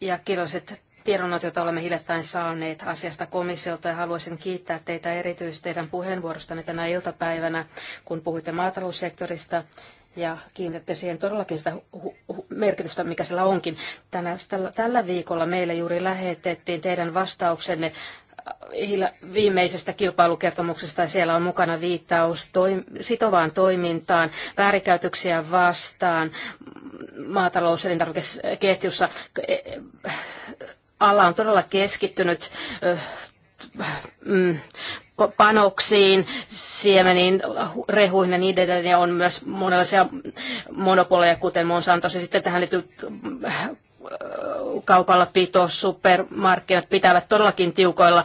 ja kirjalliset tiedonot, joita olemme hiljattain saaneet asiasta komissiolta ja haluaisin kiittää teitä erityisesti teidän puheenvuorostanne tänä iltapäivänä, kun puhuitte maataloussektorista ja kiinnitätte siihen todellakin sitä merkitystä, mikä sillä onkin. Tänä, tällä viikolla meille juuri lähetettiin teidän vastauksenne viimeisestä kilpailukertomuksesta. Siellä on mukana viittaus toim- sitovaan toimintaan, väärikäytöksiä vastaan ketjussa. E, alla on todella keskittynyt mm, panoksiin, siemeniin, rehuihin ja niin edelleen, ja on myös monenlaisia monopoleja, kuten Monsanto, ja sitten tähän liittyy kaupalla pito, supermarkkinat pitävät todellakin tiukoilla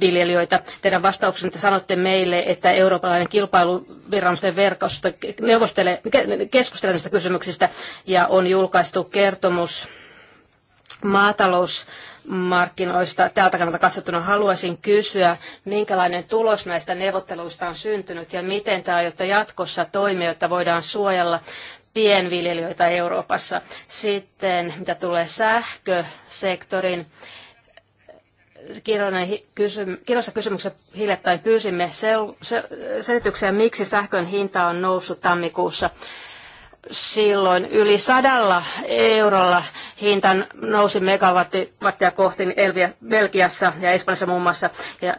viljelijöitä. Teidän vastauksenne te sanotte meille, että eurooppalainen kilpailuviranomaisten verkosto neuvostelee, keskustelee näistä kysymyksistä ja on julkaistu kertomus maatalousmarkkinoista. Tältä kannalta katsottuna haluaisin kysyä, minkälainen tulos näistä neuvotteluista on syntynyt ja miten te aiotte jatkossa toimia, jotta voidaan suojella pienviljelijöitä Euroopassa. Sitten mitä tulee sähkösektorin, kirjallisessa kysymyksessä hiljattain pyysimme sel, sel- selityksiä, miksi sähkön hinta on noussut tammikuussa. Silloin yli sadalla eurolla hinta nousi megawattia kohti Elvia, Belgiassa ja Espanjassa muun muassa. Ja,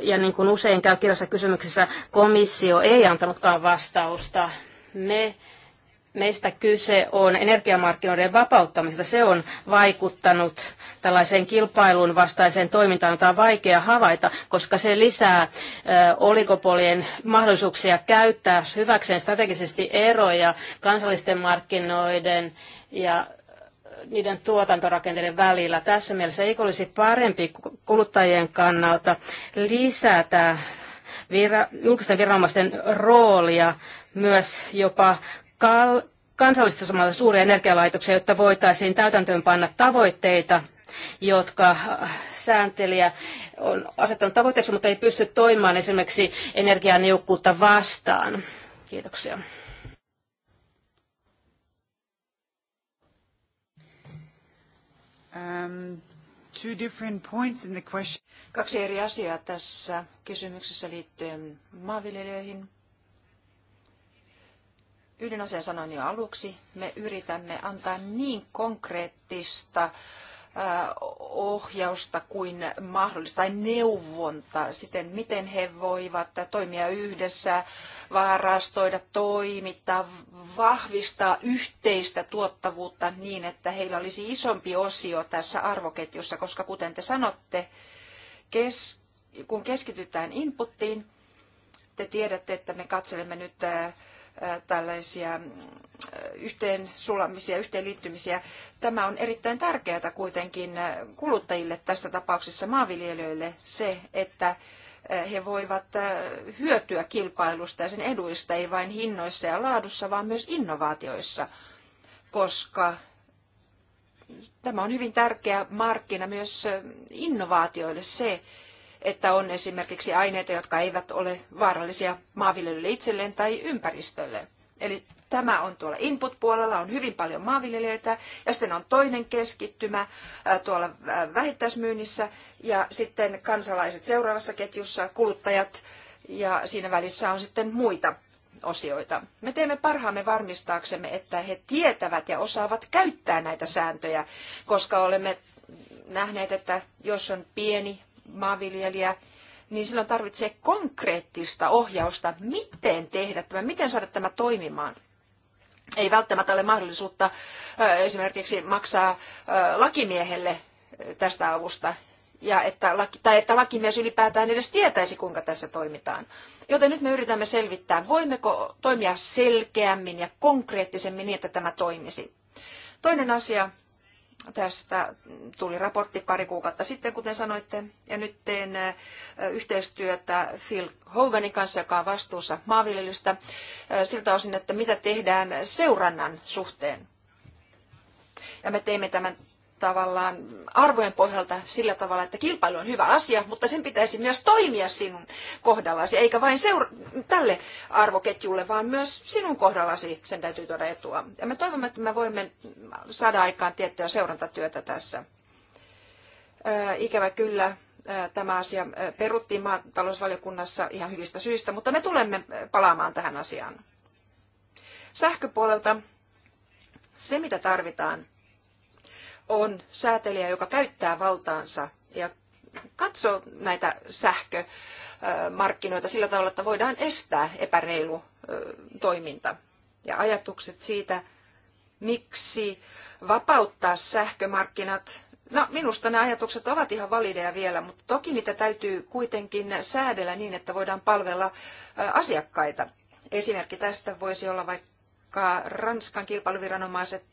ja niin kuin usein käy kirjallisessa kysymyksessä, komissio ei antanutkaan vastausta. Me Meistä kyse on energiamarkkinoiden vapauttamista. Se on vaikuttanut tällaiseen kilpailun vastaiseen toimintaan, jota on vaikea havaita, koska se lisää oligopolien mahdollisuuksia käyttää hyväkseen strategisesti eroja kansallisten markkinoiden ja niiden tuotantorakenteiden välillä. Tässä mielessä eikö olisi parempi kuluttajien kannalta lisätä vira, julkisten viranomaisten roolia myös jopa kal- samalla suuria energialaitoksia, jotta voitaisiin täytäntöönpanna tavoitteita, jotka äh, sääntelijä on asettanut tavoitteeksi, mutta ei pysty toimimaan esimerkiksi energianiukkuutta vastaan. Kiitoksia. Um, two different points in the question. Kaksi eri asiaa tässä kysymyksessä liittyen maanviljelijöihin Yhden asian sanoin jo aluksi. Me yritämme antaa niin konkreettista ohjausta kuin mahdollista tai neuvonta siten, miten he voivat toimia yhdessä, varastoida, toimittaa, vahvistaa yhteistä tuottavuutta niin, että heillä olisi isompi osio tässä arvoketjussa, koska kuten te sanotte, kes, kun keskitytään inputtiin, te tiedätte, että me katselemme nyt tällaisia yhteen sulamisia, yhteen Tämä on erittäin tärkeää kuitenkin kuluttajille, tässä tapauksessa maanviljelijöille, se, että he voivat hyötyä kilpailusta ja sen eduista, ei vain hinnoissa ja laadussa, vaan myös innovaatioissa, koska tämä on hyvin tärkeä markkina myös innovaatioille se, että on esimerkiksi aineita, jotka eivät ole vaarallisia maanviljelijöille itselleen tai ympäristölle. Eli tämä on tuolla input-puolella, on hyvin paljon maanviljelijöitä ja sitten on toinen keskittymä äh, tuolla äh, vähittäismyynnissä ja sitten kansalaiset seuraavassa ketjussa, kuluttajat ja siinä välissä on sitten muita osioita. Me teemme parhaamme varmistaaksemme, että he tietävät ja osaavat käyttää näitä sääntöjä, koska olemme nähneet, että jos on pieni maanviljelijä, niin silloin tarvitsee konkreettista ohjausta, miten tehdä tämä, miten saada tämä toimimaan. Ei välttämättä ole mahdollisuutta esimerkiksi maksaa lakimiehelle tästä avusta, ja että, tai että lakimies ylipäätään edes tietäisi, kuinka tässä toimitaan. Joten nyt me yritämme selvittää, voimmeko toimia selkeämmin ja konkreettisemmin niin, että tämä toimisi. Toinen asia, Tästä tuli raportti pari kuukautta sitten, kuten sanoitte, ja nyt teen yhteistyötä Phil Hoganin kanssa, joka on vastuussa maanviljelystä, siltä osin, että mitä tehdään seurannan suhteen. Ja me teimme tämän tavallaan arvojen pohjalta sillä tavalla, että kilpailu on hyvä asia, mutta sen pitäisi myös toimia sinun kohdallasi, eikä vain seura- tälle arvoketjulle, vaan myös sinun kohdallasi sen täytyy tuoda etua. Ja me toivomme, että me voimme saada aikaan tiettyä seurantatyötä tässä. Ää, ikävä kyllä, tämä asia peruttiin maatalousvaliokunnassa ihan hyvistä syistä, mutta me tulemme palaamaan tähän asiaan. Sähköpuolelta se, mitä tarvitaan, on säätelijä, joka käyttää valtaansa ja katsoo näitä sähkömarkkinoita sillä tavalla, että voidaan estää epäreilu toiminta. Ja ajatukset siitä, miksi vapauttaa sähkömarkkinat, no minusta nämä ajatukset ovat ihan valideja vielä, mutta toki niitä täytyy kuitenkin säädellä niin, että voidaan palvella asiakkaita. Esimerkki tästä voisi olla vaikka Ranskan kilpailuviranomaiset,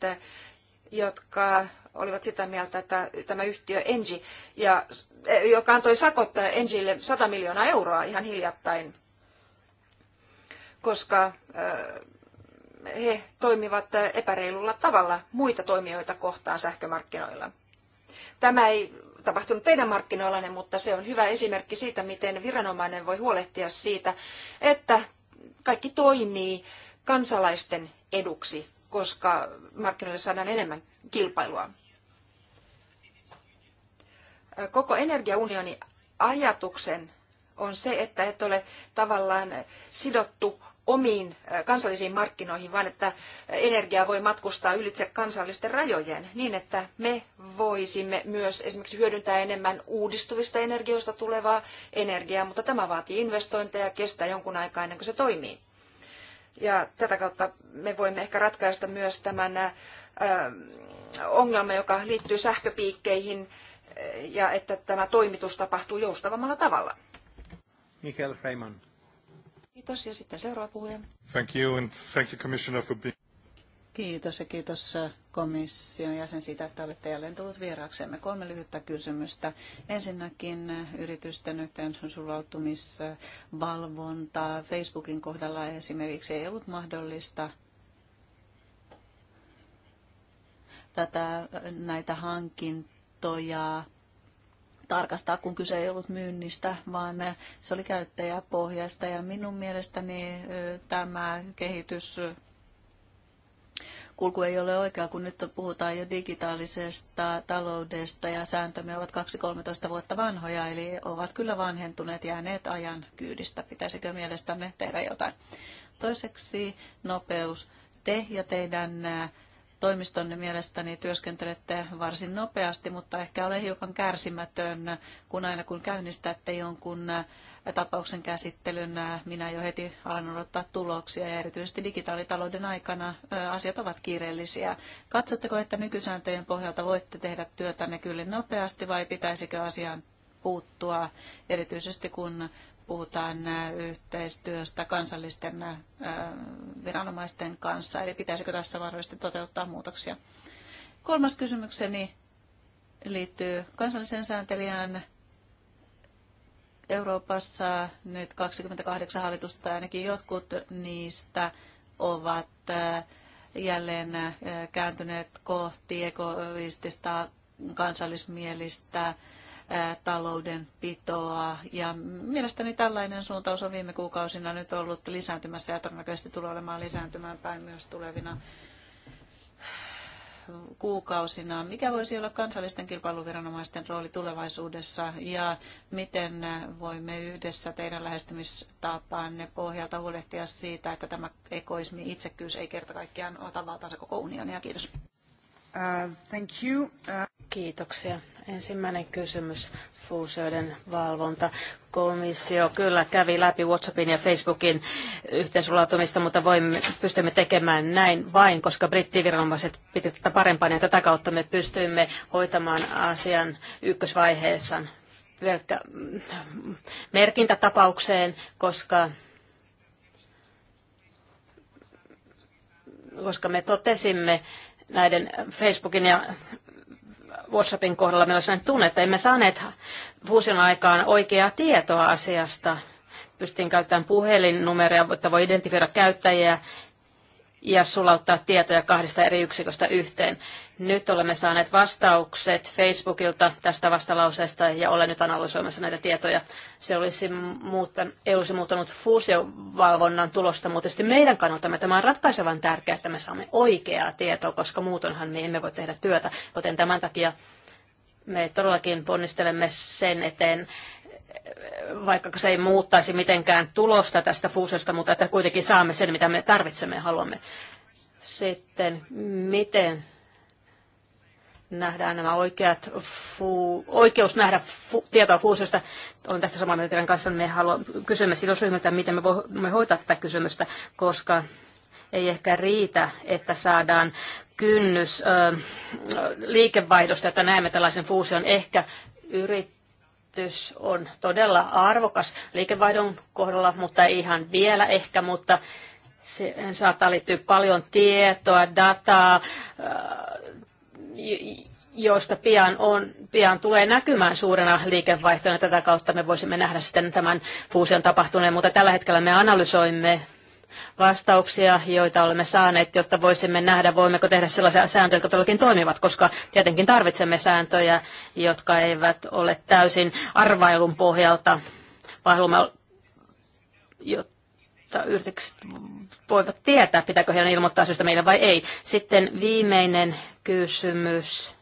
jotka olivat sitä mieltä, että tämä yhtiö Engi, ja, eh, joka antoi sakot eh, Engille 100 miljoonaa euroa ihan hiljattain, koska eh, he toimivat epäreilulla tavalla muita toimijoita kohtaan sähkömarkkinoilla. Tämä ei tapahtunut teidän markkinoillanne, mutta se on hyvä esimerkki siitä, miten viranomainen voi huolehtia siitä, että kaikki toimii kansalaisten eduksi, koska markkinoille saadaan enemmän kilpailua koko energiaunionin ajatuksen on se, että et ole tavallaan sidottu omiin kansallisiin markkinoihin, vaan että energia voi matkustaa ylitse kansallisten rajojen niin, että me voisimme myös esimerkiksi hyödyntää enemmän uudistuvista energioista tulevaa energiaa, mutta tämä vaatii investointeja ja kestää jonkun aikaa ennen kuin se toimii. Ja tätä kautta me voimme ehkä ratkaista myös tämän ongelman, joka liittyy sähköpiikkeihin, ja että tämä toimitus tapahtuu joustavammalla tavalla. Michael Reiman. Kiitos ja sitten seuraava puhuja. Thank you and thank you Commissioner for being... Kiitos ja kiitos äh, komission jäsen siitä, että olette jälleen tullut vieraaksemme. Kolme lyhyttä kysymystä. Ensinnäkin äh, yritysten yhteen sulautumisvalvontaa. Facebookin kohdalla esimerkiksi ei ollut mahdollista tätä, näitä hankintaa tietoja tarkastaa, kun kyse ei ollut myynnistä, vaan se oli käyttäjäpohjaista. Ja minun mielestäni tämä kehitys kulku ei ole oikea, kun nyt puhutaan jo digitaalisesta taloudesta ja sääntömme ovat 2-13 vuotta vanhoja, eli ovat kyllä vanhentuneet, jääneet ajan kyydistä. Pitäisikö mielestänne tehdä jotain? Toiseksi nopeus. Te ja teidän toimistonne mielestäni työskentelette varsin nopeasti, mutta ehkä olen hiukan kärsimätön, kun aina kun käynnistätte jonkun tapauksen käsittelyn, minä jo heti alan odottaa tuloksia ja erityisesti digitaalitalouden aikana asiat ovat kiireellisiä. Katsotteko, että nykysääntöjen pohjalta voitte tehdä työtänne kyllä nopeasti vai pitäisikö asiaan puuttua, erityisesti kun puhutaan äh, yhteistyöstä kansallisten äh, viranomaisten kanssa, eli pitäisikö tässä mahdollisesti toteuttaa muutoksia. Kolmas kysymykseni liittyy kansalliseen sääntelijään. Euroopassa nyt 28 hallitusta tai ainakin jotkut niistä ovat äh, jälleen kääntyneet kohti ekoistista kansallismielistä taloudenpitoa. Ja mielestäni tällainen suuntaus on viime kuukausina nyt ollut lisääntymässä ja todennäköisesti tulee olemaan lisääntymään päin myös tulevina kuukausina. Mikä voisi olla kansallisten kilpailuviranomaisten rooli tulevaisuudessa ja miten voimme yhdessä teidän lähestymistapaanne pohjalta huolehtia siitä, että tämä ekoismi itsekyys ei kerta kaikkiaan ota valtaansa koko unionia? Kiitos. Uh, thank you. Uh... Kiitoksia. Ensimmäinen kysymys, fuusioiden valvonta. Komissio kyllä kävi läpi WhatsAppin ja Facebookin yhteensulautumista, mutta voimme, pystymme tekemään näin vain, koska brittiviranomaiset pitivät tätä parempana ja tätä kautta me pystyimme hoitamaan asian ykkösvaiheessa pelkkä mm, merkintätapaukseen, koska koska me totesimme näiden Facebookin ja WhatsAppin kohdalla meillä on sellainen tunne, että emme saaneet fuusion aikaan oikeaa tietoa asiasta. Pystyin käyttämään puhelinnumeroja, että voi identifioida käyttäjiä ja sulauttaa tietoja kahdesta eri yksiköstä yhteen. Nyt olemme saaneet vastaukset Facebookilta tästä vastalauseesta ja olen nyt analysoimassa näitä tietoja. Se olisi muuttanut, ei olisi muuttanut fuusiovalvonnan tulosta, mutta sitten meidän kannaltamme tämä on ratkaisevan tärkeää, että me saamme oikeaa tietoa, koska muutonhan me emme voi tehdä työtä. Joten tämän takia me todellakin ponnistelemme sen eteen, vaikka se ei muuttaisi mitenkään tulosta tästä fuusiosta, mutta että kuitenkin saamme sen, mitä me tarvitsemme ja haluamme. Sitten miten nähdään nämä oikeat, fu, oikeus nähdä fu, tietoa fuusiosta. Olen tästä samaa mieltä kanssa, me haluamme, kysymme sidosryhmiltä, miten me voimme hoitaa tätä kysymystä, koska ei ehkä riitä, että saadaan kynnys ö, liikevaihdosta, että näemme tällaisen fuusion. Ehkä yritys on todella arvokas liikevaihdon kohdalla, mutta ei ihan vielä ehkä, mutta se saattaa liittyä paljon tietoa, dataa, joista pian, on, pian tulee näkymään suurena liikevaihtona. Tätä kautta me voisimme nähdä sitten tämän fuusion tapahtuneen, mutta tällä hetkellä me analysoimme vastauksia, joita olemme saaneet, jotta voisimme nähdä, voimmeko tehdä sellaisia sääntöjä, jotka todellakin toimivat, koska tietenkin tarvitsemme sääntöjä, jotka eivät ole täysin arvailun pohjalta, vaan haluamme, jotta yritykset voivat tietää, pitääkö heidän ilmoittaa syystä meille vai ei. Sitten viimeinen kysymys.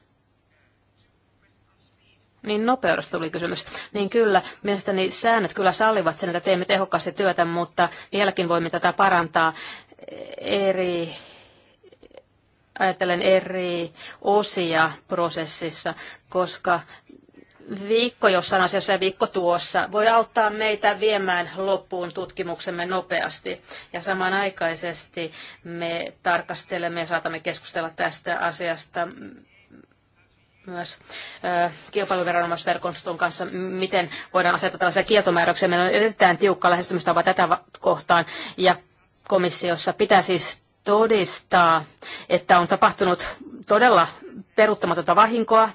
Niin nopeudesta tuli kysymys. Niin kyllä, mielestäni säännöt kyllä sallivat sen, että teemme tehokkaasti työtä, mutta vieläkin voimme tätä parantaa eri ajattelen eri osia prosessissa, koska viikko jossain asiassa ja viikko tuossa voi auttaa meitä viemään loppuun tutkimuksemme nopeasti. Ja samanaikaisesti me tarkastelemme ja saatamme keskustella tästä asiasta myös kilpailuviranomaisverkoston kanssa, miten voidaan asettaa tällaisia kieltomääräyksiä. Meillä on erittäin tiukka lähestymistapa tätä kohtaan ja komissiossa pitää siis todistaa, että on tapahtunut todella peruuttamatonta vahinkoa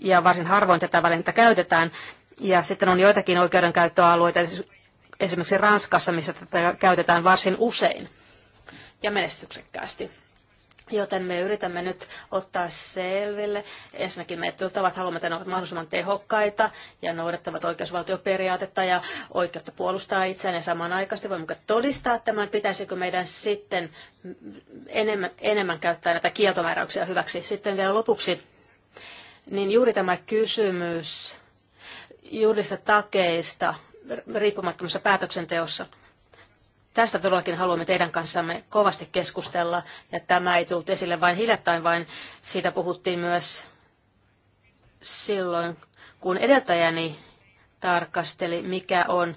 ja varsin harvoin tätä välinettä käytetään. Ja sitten on joitakin oikeudenkäyttöalueita, esimerkiksi Ranskassa, missä tätä käytetään varsin usein ja menestyksekkäästi. Joten me yritämme nyt ottaa selville. Ensinnäkin me tavat haluamme, että ne ovat mahdollisimman tehokkaita ja noudattavat oikeusvaltioperiaatetta ja oikeutta puolustaa itseään ja samanaikaisesti voimme todistaa tämän, pitäisikö meidän sitten enemmän, enemmän käyttää näitä kieltomääräyksiä hyväksi. Sitten vielä lopuksi niin juuri tämä kysymys juurista takeista riippumattomassa päätöksenteossa. Tästä todellakin haluamme teidän kanssamme kovasti keskustella, ja tämä ei tullut esille vain hiljattain, vaan siitä puhuttiin myös silloin, kun edeltäjäni tarkasteli, mikä on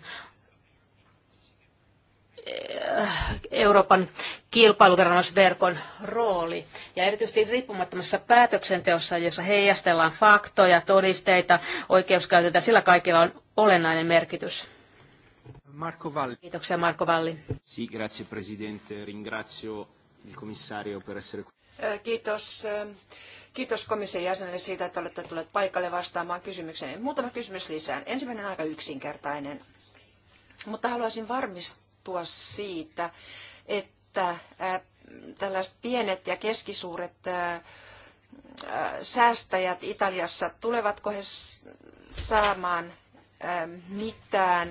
Eh, Euroopan kilpailuviranomaisverkon rooli. Ja erityisesti riippumattomassa päätöksenteossa, jossa heijastellaan faktoja, todisteita, oikeuskäytäntöä, sillä kaikilla on olennainen merkitys. Marko Valli. Kiitoksia Valli. grazie Presidente. Ringrazio il Commissario per essere qui. Eh, kiitos. Eh, kiitos komission jäsenelle siitä, että olette tulleet paikalle vastaamaan kysymykseen. Muutama kysymys lisää. Ensimmäinen aika yksinkertainen, mutta haluaisin varmistaa, varmistua siitä, että tällaiset pienet ja keskisuuret säästäjät Italiassa, tulevatko he saamaan mitään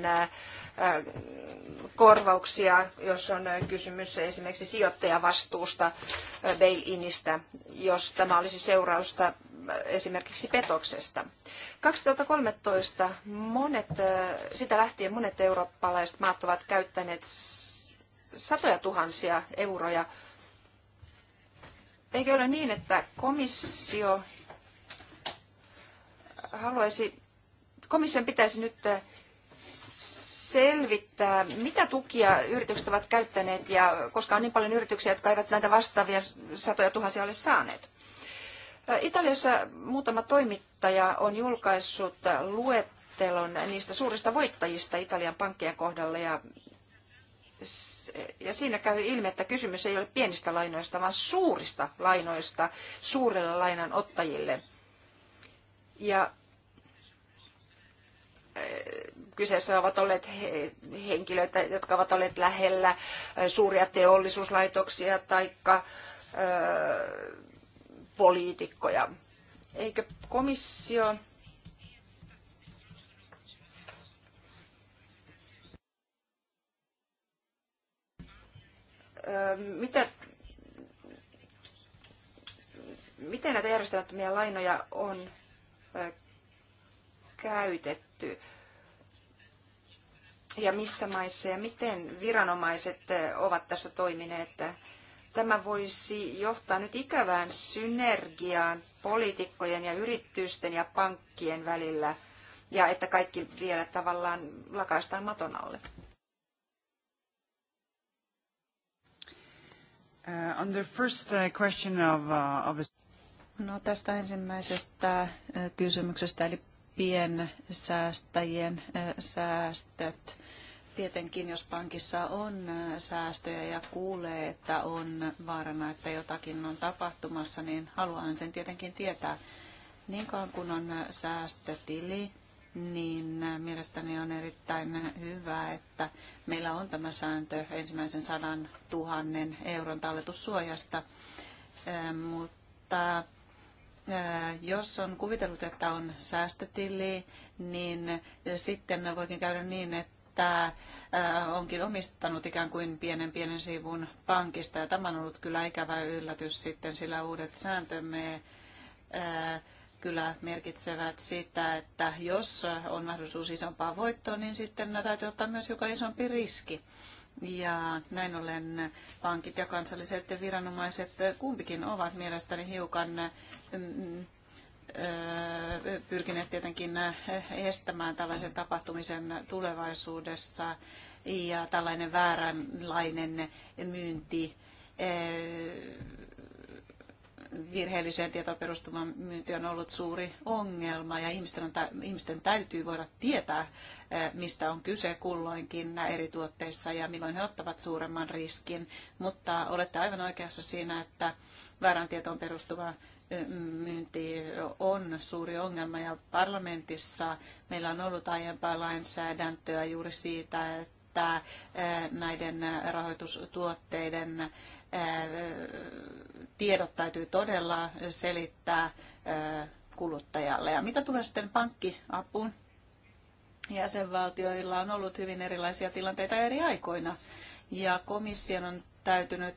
korvauksia, jos on kysymys esimerkiksi sijoittajavastuusta, bail-inistä, jos tämä olisi seurausta esimerkiksi petoksesta. 2013 monet, sitä lähtien monet eurooppalaiset maat ovat käyttäneet satoja tuhansia euroja. Eikö ole niin, että komissio haluaisi, komission pitäisi nyt selvittää, mitä tukia yritykset ovat käyttäneet ja koska on niin paljon yrityksiä, jotka eivät näitä vastaavia satoja tuhansia ole saaneet. Italiassa muutama toimittaja on julkaissut luettelon niistä suurista voittajista Italian pankkien kohdalla ja ja siinä käy ilmi, että kysymys ei ole pienistä lainoista, vaan suurista lainoista suurille lainanottajille. Ja eh, kyseessä ovat olleet henkilöitä, jotka ovat olleet lähellä eh, suuria teollisuuslaitoksia tai poliitikkoja. Eikö komissio öö, mitä, miten näitä järjestämättömiä lainoja on käytetty ja missä maissa ja miten viranomaiset ovat tässä toimineet Tämä voisi johtaa nyt ikävään synergiaan poliitikkojen ja yritysten ja pankkien välillä ja että kaikki vielä tavallaan lakaistaan maton alle. Uh, on the first uh, question of, uh, of No tästä ensimmäisestä kysymyksestä, eli piensäästäjien säästöt tietenkin, jos pankissa on säästöjä ja kuulee, että on vaarana, että jotakin on tapahtumassa, niin haluan sen tietenkin tietää. Niin kauan kun on säästötili, niin mielestäni on erittäin hyvä, että meillä on tämä sääntö ensimmäisen sadan tuhannen euron talletussuojasta. Mutta jos on kuvitellut, että on säästötili, niin sitten voikin käydä niin, että että äh, onkin omistanut ikään kuin pienen pienen siivun pankista. Ja tämä on ollut kyllä ikävä yllätys sitten, sillä uudet sääntömme äh, kyllä merkitsevät sitä, että jos on mahdollisuus isompaan voittoon, niin sitten täytyy ottaa myös joka isompi riski. Ja näin ollen pankit ja kansalliset viranomaiset kumpikin ovat mielestäni hiukan mm, pyrkineet tietenkin estämään tällaisen tapahtumisen tulevaisuudessa ja tällainen vääränlainen myynti virheelliseen tietoon perustuva myynti on ollut suuri ongelma ja ihmisten, on, ihmisten täytyy voida tietää, mistä on kyse kulloinkin eri tuotteissa ja milloin he ottavat suuremman riskin. Mutta olette aivan oikeassa siinä, että väärän tietoon perustuva myynti on suuri ongelma ja parlamentissa meillä on ollut aiempaa lainsäädäntöä juuri siitä, että eh, näiden rahoitustuotteiden eh, tiedot täytyy todella selittää eh, kuluttajalle. Ja mitä tulee sitten pankkiapuun? Jäsenvaltioilla on ollut hyvin erilaisia tilanteita eri aikoina ja komission on täytynyt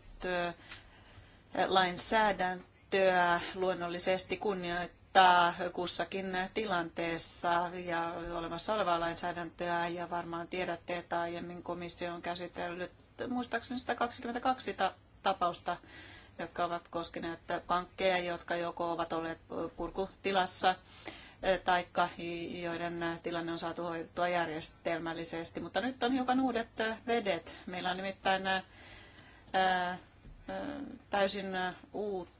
lainsäädäntö lainsäädäntöä luonnollisesti kunnioittaa kussakin tilanteessa ja olemassa olevaa lainsäädäntöä. Ja varmaan tiedätte, että aiemmin komissio on käsitellyt muistaakseni 122 ta- tapausta, jotka ovat koskeneet pankkeja, jotka joko ovat olleet purkutilassa e, taikka joiden tilanne on saatu hoitua järjestelmällisesti. Mutta nyt on hiukan uudet vedet. Meillä on nimittäin e, e, täysin uutta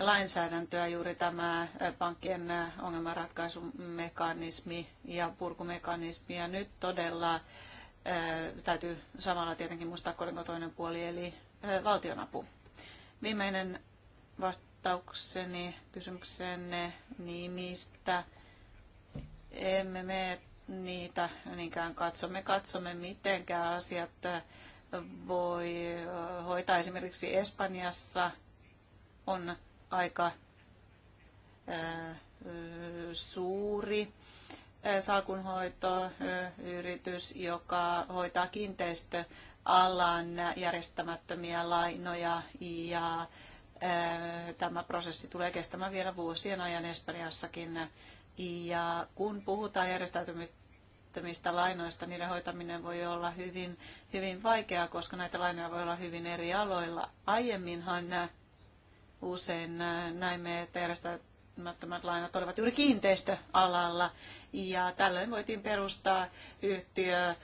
lainsäädäntöä juuri tämä pankkien ongelmanratkaisumekanismi ja purkumekanismi. Ja nyt todella täytyy samalla tietenkin muistaa kolikon toinen puoli, eli valtionapu. Viimeinen vastaukseni kysymyksenne nimistä. Emme me niitä niinkään katsomme. Katsomme, mitenkä asiat voi hoitaa. Esimerkiksi Espanjassa on aika suuri salkunhoitoyritys, joka hoitaa kiinteistöalan järjestämättömiä lainoja ja tämä prosessi tulee kestämään vielä vuosien ajan Espanjassakin. Ja kun puhutaan järjestäytymistä lainoista, niiden hoitaminen voi olla hyvin, hyvin vaikeaa, koska näitä lainoja voi olla hyvin eri aloilla. Aiemminhan usein äh, näimme, että järjestämättömät lainat olivat juuri kiinteistöalalla ja tällöin voitiin perustaa yhtiö äh,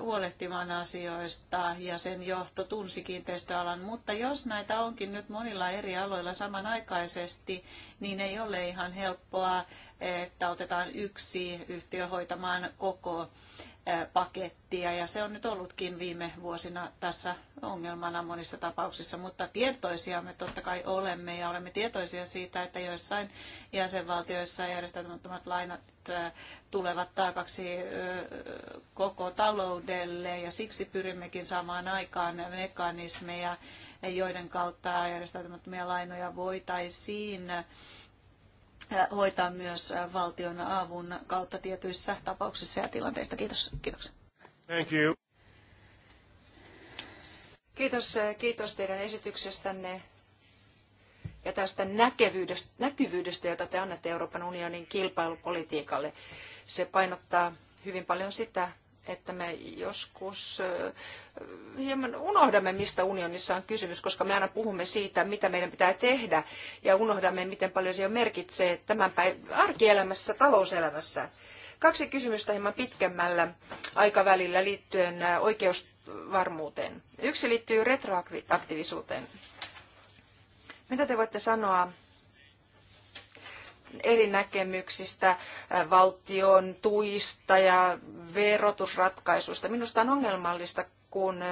huolehtimaan asioista ja sen johto tunsi kiinteistöalan, mutta jos näitä onkin nyt monilla eri aloilla samanaikaisesti, niin ei ole ihan helppoa, että otetaan yksi yhtiö hoitamaan koko pakettia ja se on nyt ollutkin viime vuosina tässä ongelmana monissa tapauksissa, mutta tietoisia me totta kai olemme ja olemme tietoisia siitä, että joissain jäsenvaltioissa järjestämättömät lainat tulevat taakaksi koko taloudelle ja siksi pyrimmekin samaan aikaan mekanismeja, joiden kautta järjestäytymättömiä lainoja voitaisiin hoitaa myös valtion avun kautta tietyissä tapauksissa ja tilanteissa. Kiitos. Kiitos. Thank you. Kiitos, kiitos teidän esityksestänne ja tästä näkyvyydestä, näkyvyydestä, jota te annatte Euroopan unionin kilpailupolitiikalle. Se painottaa hyvin paljon sitä, että me joskus hieman unohdamme, mistä unionissa on kysymys, koska me aina puhumme siitä, mitä meidän pitää tehdä, ja unohdamme, miten paljon se jo merkitsee tämän päivän arkielämässä, talouselämässä. Kaksi kysymystä hieman pitkemmällä aikavälillä liittyen oikeusvarmuuteen. Yksi liittyy retroaktiivisuuteen. Mitä te voitte sanoa eri näkemyksistä valtion tuista ja verotusratkaisuista. Minusta on ongelmallista, kun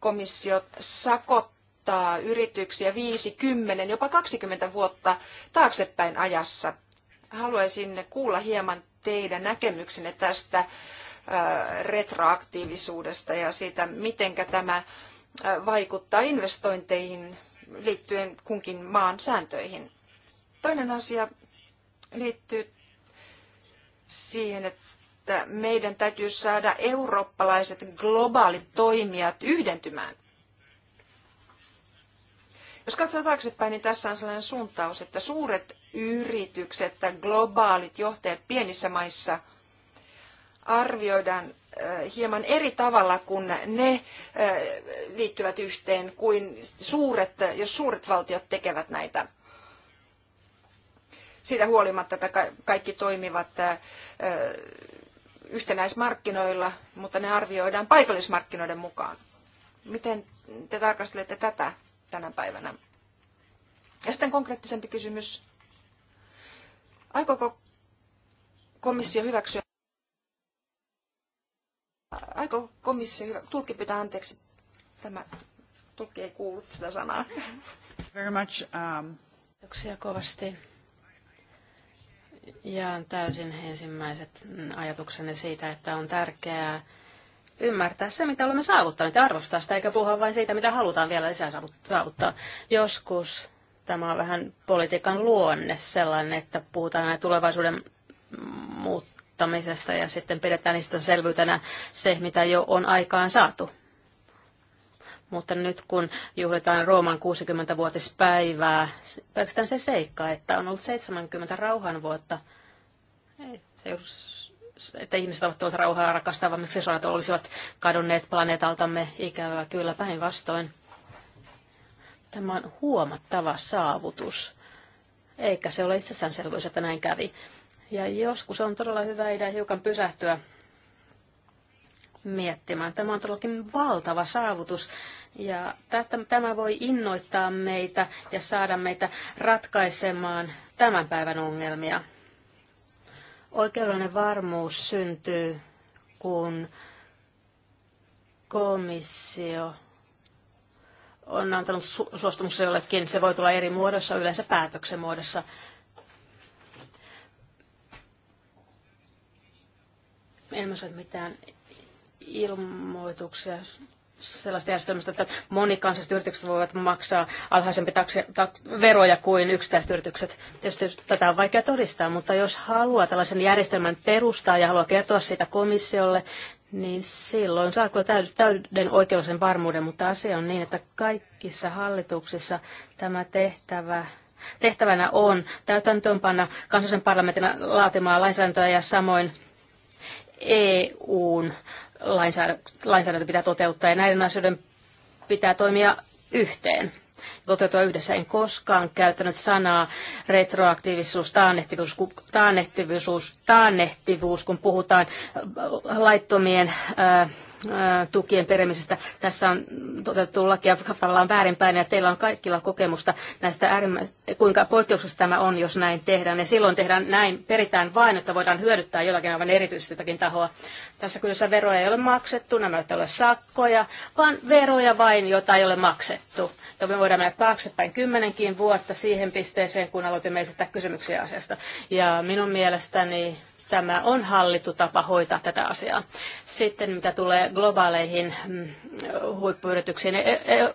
komissio sakottaa yrityksiä viisi kymmenen jopa 20 vuotta taaksepäin ajassa. Haluaisin kuulla hieman teidän näkemyksenne tästä retroaktiivisuudesta ja siitä, miten tämä vaikuttaa investointeihin liittyen kunkin maan sääntöihin. Toinen asia liittyy siihen, että meidän täytyy saada eurooppalaiset globaalit toimijat yhdentymään. Jos katsotaan taaksepäin, niin tässä on sellainen suuntaus, että suuret yritykset tai globaalit johtajat pienissä maissa arvioidaan hieman eri tavalla, kun ne liittyvät yhteen kuin suuret, jos suuret valtiot tekevät näitä siitä huolimatta, että kaikki toimivat äh, äh, yhtenäismarkkinoilla, mutta ne arvioidaan paikallismarkkinoiden mukaan. Miten te tarkastelette tätä tänä päivänä? Ja sitten konkreettisempi kysymys. Aikooko komissio hyväksyä Aiko komissio hyvä. Tulkki pitää anteeksi. Tämä tulkki ei kuullut sitä sanaa. Very much, um... Kiitoksia kovasti jaan täysin ensimmäiset ajatuksenne siitä, että on tärkeää ymmärtää se, mitä olemme saavuttaneet ja arvostaa sitä, eikä puhua vain siitä, mitä halutaan vielä lisää saavuttaa. Joskus tämä on vähän politiikan luonne sellainen, että puhutaan näin tulevaisuuden muuttamisesta ja sitten pidetään niistä selvyytenä se, mitä jo on aikaan saatu. Mutta nyt kun juhlitaan Rooman 60-vuotispäivää, pelkästään se seikka, että on ollut 70 rauhanvuotta, ei, se että ihmiset ovat tuolta rauhaa miksi sodat olisivat kadonneet planeetaltamme ikävä kyllä päinvastoin. Tämä on huomattava saavutus, eikä se ole itsestäänselvyys, että näin kävi. Ja joskus on todella hyvä idea hiukan pysähtyä miettimään. Tämä on todellakin valtava saavutus ja tämä voi innoittaa meitä ja saada meitä ratkaisemaan tämän päivän ongelmia. Oikeudellinen varmuus syntyy, kun komissio on antanut su- suostumuksen jollekin. Se voi tulla eri muodossa, yleensä päätöksen muodossa. En mä mitään ilmoituksia sellaista järjestelmästä, että monikansalliset yritykset voivat maksaa alhaisempi taksi, taksi, veroja kuin yksittäiset yritykset. Tietysti tätä on vaikea todistaa, mutta jos haluaa tällaisen järjestelmän perustaa ja haluaa kertoa siitä komissiolle, niin silloin saako täyden oikeuden varmuuden, mutta asia on niin, että kaikissa hallituksissa tämä tehtävä tehtävänä on täytäntöönpanna kansallisen parlamentin laatimaa lainsäädäntöä ja samoin EUn lainsäädäntö pitää toteuttaa ja näiden asioiden pitää toimia yhteen toteutua yhdessä. En koskaan käyttänyt sanaa retroaktiivisuus, taannehtivuus, taannehtivuus, taannehtivuus kun puhutaan laittomien ää, tukien perimisestä. Tässä on toteutettu lakia tavallaan väärinpäin ja teillä on kaikilla kokemusta näistä äärimmäistä, kuinka poikkeuksessa tämä on, jos näin tehdään. Ja silloin tehdään näin, peritään vain, että voidaan hyödyttää jotakin aivan erityisesti jotakin tahoa. Tässä kyllä veroja ei ole maksettu, nämä eivät ole sakkoja, vaan veroja vain, jota ei ole maksettu. Ja me voidaan mennä taaksepäin kymmenenkin vuotta siihen pisteeseen, kun aloitimme esittää kysymyksiä asiasta. Ja minun mielestäni Tämä on hallittu tapa hoitaa tätä asiaa. Sitten mitä tulee globaaleihin mm, huippuyrityksiin, e, e, e,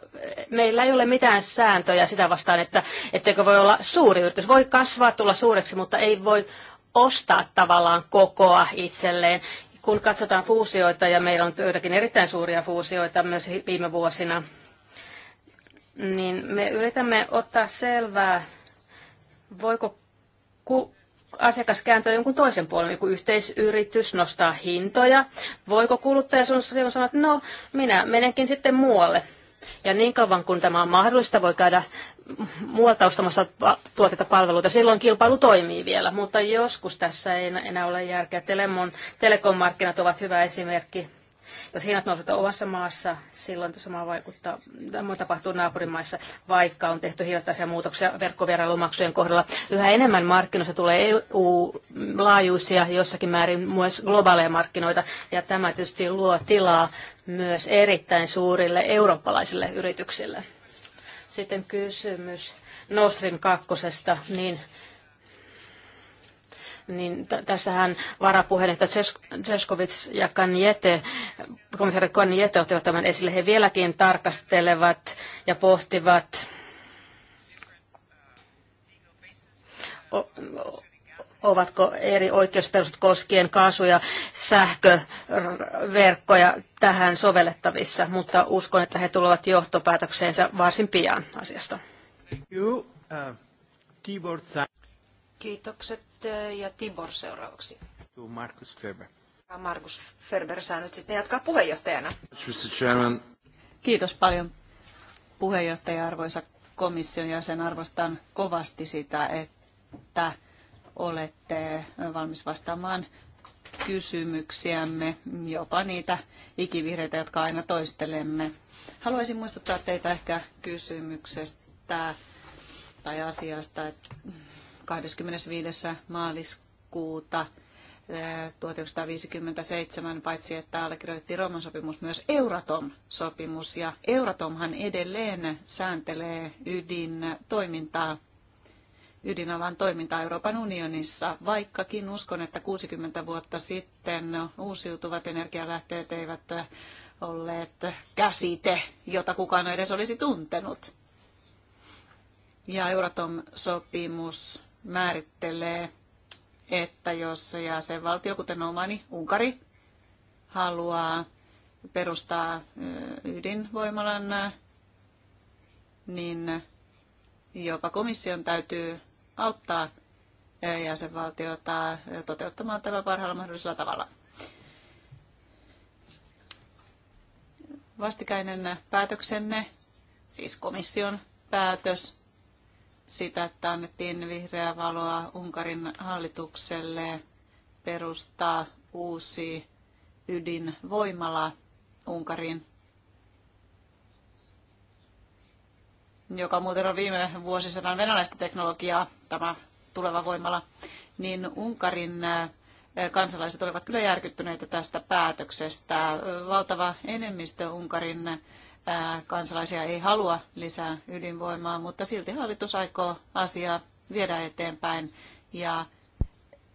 meillä ei ole mitään sääntöjä sitä vastaan, että etteikö voi olla suuri yritys. Voi kasvaa, tulla suureksi, mutta ei voi ostaa tavallaan kokoa itselleen kun katsotaan fuusioita, ja meillä on joitakin erittäin suuria fuusioita myös viime vuosina, niin me yritämme ottaa selvää, voiko ku, asiakas kääntyy jonkun toisen puolen, joku yhteisyritys nostaa hintoja. Voiko kuluttaja sun sanoa, että no, minä menenkin sitten muualle. Ja niin kauan kuin tämä on mahdollista, voi käydä muualta ostamassa tuotetta palveluita. Silloin kilpailu toimii vielä, mutta joskus tässä ei enää ole järkeä. Telemon, telekommarkkinat ovat hyvä esimerkki jos hinnat nousevat omassa maassa, silloin sama vaikuttaa, tämä tapahtuu naapurimaissa, vaikka on tehty hiljattaisia muutoksia verkkovierailumaksujen kohdalla. Yhä enemmän markkinoissa tulee EU-laajuisia, jossakin määrin myös globaaleja markkinoita, ja tämä tietysti luo tilaa myös erittäin suurille eurooppalaisille yrityksille. Sitten kysymys Nostrin kakkosesta niin niin tässähän varapuheenjohtaja Tseskovits ja Kanjete, komissaari Kanjete ottivat tämän esille. He vieläkin tarkastelevat ja pohtivat ovatko eri oikeusperustat koskien kaasu- ja sähköverkkoja tähän sovellettavissa, mutta uskon, että he tulevat johtopäätökseensä varsin pian asiasta. Uh, Kiitokset ja Tibor seuraavaksi. Markus Ferber. Markus Ferber saa nyt sitten jatkaa puheenjohtajana. Kiitos paljon puheenjohtaja, arvoisa komission jäsen. Arvostan kovasti sitä, että olette valmis vastaamaan kysymyksiämme, jopa niitä ikivihreitä, jotka aina toistelemme. Haluaisin muistuttaa teitä ehkä kysymyksestä tai asiasta, 25. maaliskuuta 1957, paitsi että allekirjoitettiin Rooman sopimus, myös Euratom-sopimus. Ja Euratomhan edelleen sääntelee ydintoimintaa, ydinalan toimintaa Euroopan unionissa, vaikkakin uskon, että 60 vuotta sitten uusiutuvat energialähteet eivät olleet käsite, jota kukaan edes olisi tuntenut. Ja Euratom-sopimus määrittelee, että jos jäsenvaltio, kuten omani Unkari, haluaa perustaa ydinvoimalan, niin jopa komission täytyy auttaa jäsenvaltiota toteuttamaan tämä parhaalla mahdollisella tavalla. Vastikäinen päätöksenne, siis komission päätös, sitä, että annettiin vihreää valoa Unkarin hallitukselle perustaa uusi ydinvoimala Unkarin, joka muuten on viime vuosisadan venäläistä teknologiaa, tämä tuleva voimala, niin Unkarin äh, kansalaiset olivat kyllä järkyttyneitä tästä päätöksestä. Valtava enemmistö Unkarin kansalaisia ei halua lisää ydinvoimaa, mutta silti hallitus aikoo asiaa viedä eteenpäin ja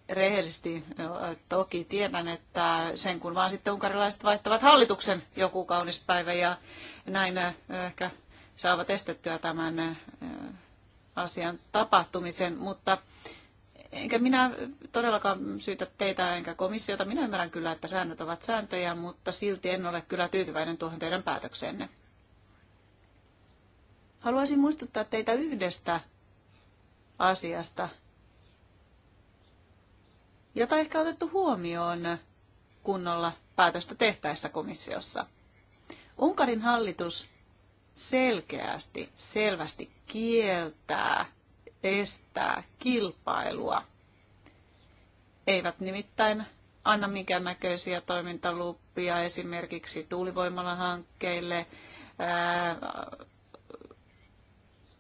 rehellisesti toki tiedän, että sen kun vaan sitten unkarilaiset vaihtavat hallituksen joku kaunis päivä ja näin ehkä saavat estettyä tämän asian tapahtumisen, mutta enkä minä todellakaan syytä teitä enkä komissiota. Minä ymmärrän kyllä, että säännöt ovat sääntöjä, mutta silti en ole kyllä tyytyväinen tuohon teidän päätökseenne. Haluaisin muistuttaa teitä yhdestä asiasta, jota ehkä otettu huomioon kunnolla päätöstä tehtäessä komissiossa. Unkarin hallitus selkeästi, selvästi kieltää, estää kilpailua. Eivät nimittäin anna minkäännäköisiä toimintalupia esimerkiksi tuulivoimalahankkeille,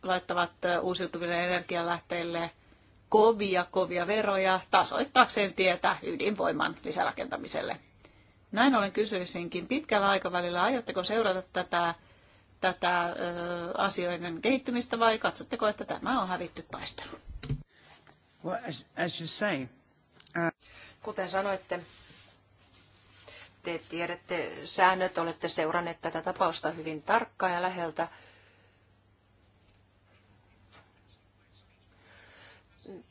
laittavat uusiutuville energialähteille kovia, kovia veroja tasoittaakseen tietä ydinvoiman lisärakentamiselle. Näin ollen kysyisinkin, pitkällä aikavälillä aiotteko seurata tätä, tätä ö, asioiden kehittymistä vai katsotteko, että tämä on hävitty taistelu? Well, as, as you say, uh... Kuten sanoitte, te tiedätte säännöt, olette seuranneet tätä tapausta hyvin tarkkaan ja läheltä.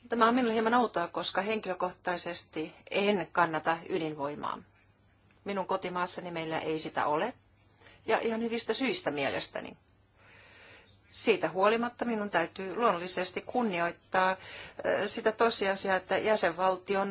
Tämä on minulle hieman outoa, koska henkilökohtaisesti en kannata ydinvoimaa. Minun kotimaassani meillä ei sitä ole, ja ihan hyvistä syistä mielestäni. Siitä huolimatta minun täytyy luonnollisesti kunnioittaa sitä tosiasiaa, että jäsenvaltion,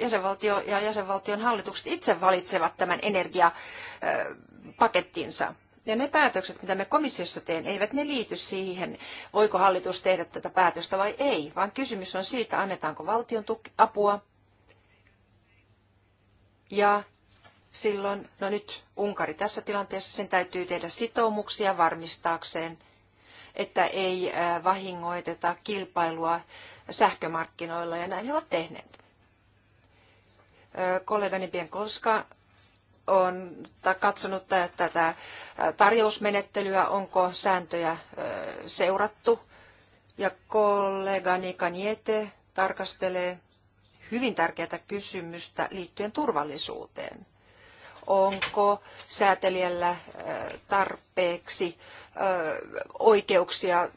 jäsenvaltio ja jäsenvaltion hallitukset itse valitsevat tämän energiapakettinsa. Ja ne päätökset, mitä me komissiossa teen, eivät ne liity siihen, voiko hallitus tehdä tätä päätöstä vai ei, vaan kysymys on siitä, annetaanko valtion tuki, apua. Ja silloin, no nyt Unkari tässä tilanteessa, sen täytyy tehdä sitoumuksia varmistaakseen, että ei äh, vahingoiteta kilpailua sähkömarkkinoilla, ja näin he ovat tehneet. Äh, kollegani Bienkoska on katsonut tätä tarjousmenettelyä, onko sääntöjä seurattu. Ja kollegani Kaniete tarkastelee hyvin tärkeää kysymystä liittyen turvallisuuteen. Onko säätelijällä tarpeeksi oikeuksia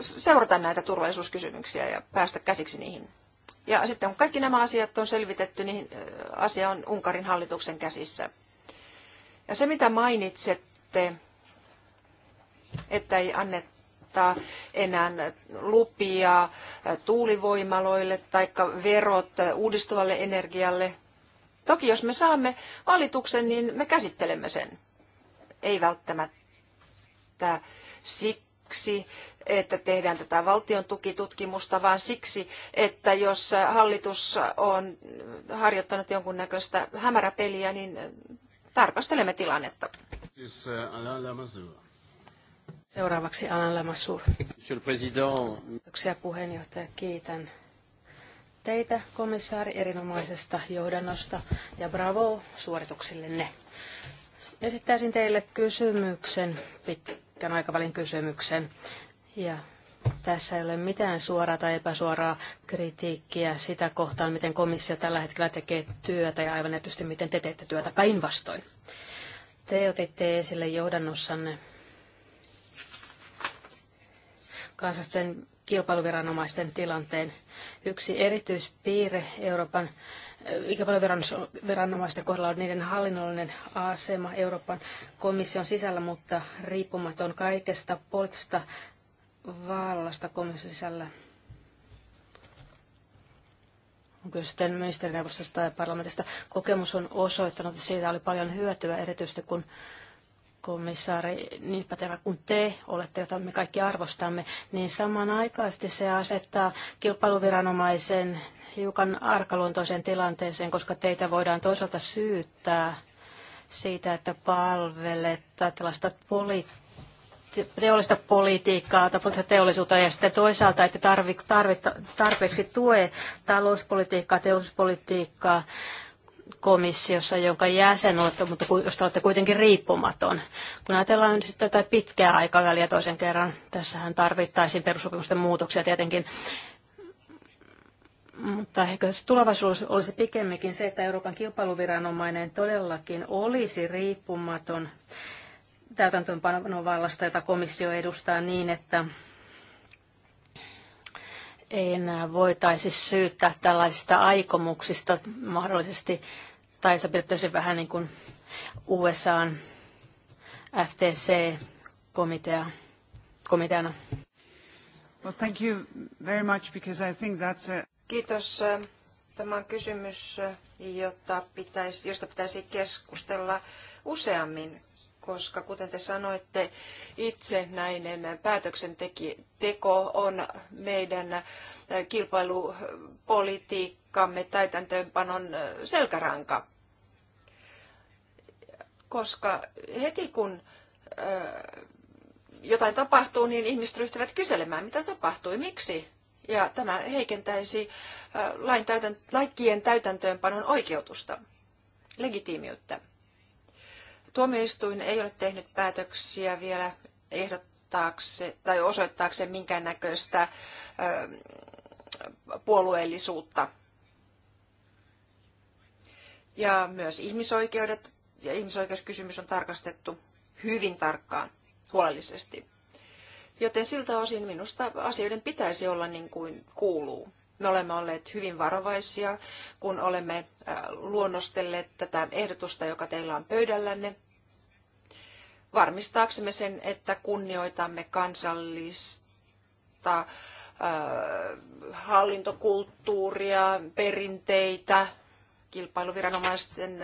seurata näitä turvallisuuskysymyksiä ja päästä käsiksi niihin? Ja sitten kun kaikki nämä asiat on selvitetty, niin asia on Unkarin hallituksen käsissä. Ja se, mitä mainitsette, että ei anneta enää lupia tuulivoimaloille tai verot uudistuvalle energialle. Toki jos me saamme valituksen, niin me käsittelemme sen. Ei välttämättä siksi, että tehdään tätä valtion tukitutkimusta, vaan siksi, että jos hallitus on harjoittanut jonkunnäköistä hämäräpeliä, niin tarkastelemme tilannetta. Siis, äh, Seuraavaksi Alain Lamassur. Monsieur le Président. Kiitoksia puheenjohtaja, kiitän teitä komissaari erinomaisesta johdannosta ja bravo suorituksillenne. Esittäisin teille kysymyksen, pitkän aikavälin kysymyksen. Ja tässä ei ole mitään suoraa tai epäsuoraa kritiikkiä sitä kohtaan, miten komissio tällä hetkellä tekee työtä ja aivan erityisesti miten te teette työtä päinvastoin. Te otitte esille johdannossanne kansallisten kilpailuviranomaisten tilanteen. Yksi erityispiirre Euroopan kilpailuviranomaisten kohdalla on niiden hallinnollinen asema Euroopan komission sisällä, mutta riippumaton kaikesta poliittisesta vallasta komission sisällä. Onko sitten ministerineuvostosta tai parlamentista? Kokemus on osoittanut, että siitä oli paljon hyötyä, erityisesti kun komissaari, niin pätevä kuin te olette, jota me kaikki arvostamme, niin samanaikaisesti se asettaa kilpailuviranomaisen hiukan arkaluontoiseen tilanteeseen, koska teitä voidaan toisaalta syyttää siitä, että palvelet tällaista poliittista teollista politiikkaa tai teollisuutta ja sitten toisaalta, että tarvi, tarvita, tarpeeksi tue talouspolitiikkaa, teollisuuspolitiikkaa komissiossa, jonka jäsen olette, mutta josta olette kuitenkin riippumaton. Kun ajatellaan sitten tätä pitkää aikaväliä toisen kerran, tässähän tarvittaisiin perussopimusten muutoksia tietenkin, mutta ehkä se tulevaisuus olisi pikemminkin se, että Euroopan kilpailuviranomainen todellakin olisi riippumaton täytäntöönpanovallasta, jota komissio edustaa niin, että ei enää voitaisi syyttää tällaisista aikomuksista mahdollisesti, tai sitä pidettäisiin vähän niin kuin USAn FTC-komitea, komiteana. Well, thank you very much because I think that's a... Kiitos. Tämä on kysymys, jota pitäisi, josta pitäisi keskustella useammin, koska kuten te sanoitte, itsenäinen päätöksenteko on meidän äh, kilpailupolitiikkamme täytäntöönpanon äh, selkäranka. Koska heti kun äh, jotain tapahtuu, niin ihmiset ryhtyvät kyselemään, mitä tapahtui, miksi. Ja tämä heikentäisi lain täytän, laikkien täytäntöönpanon oikeutusta, legitiimiyttä. Tuomioistuin ei ole tehnyt päätöksiä vielä ehdottaakseen tai osoittaakseen minkäännäköistä ö, puolueellisuutta. Ja myös ihmisoikeudet ja ihmisoikeuskysymys on tarkastettu hyvin tarkkaan, huolellisesti. Joten siltä osin minusta asioiden pitäisi olla niin kuin kuuluu. Me olemme olleet hyvin varovaisia, kun olemme luonnostelleet tätä ehdotusta, joka teillä on pöydällänne varmistaaksemme sen, että kunnioitamme kansallista hallintokulttuuria, perinteitä kilpailuviranomaisten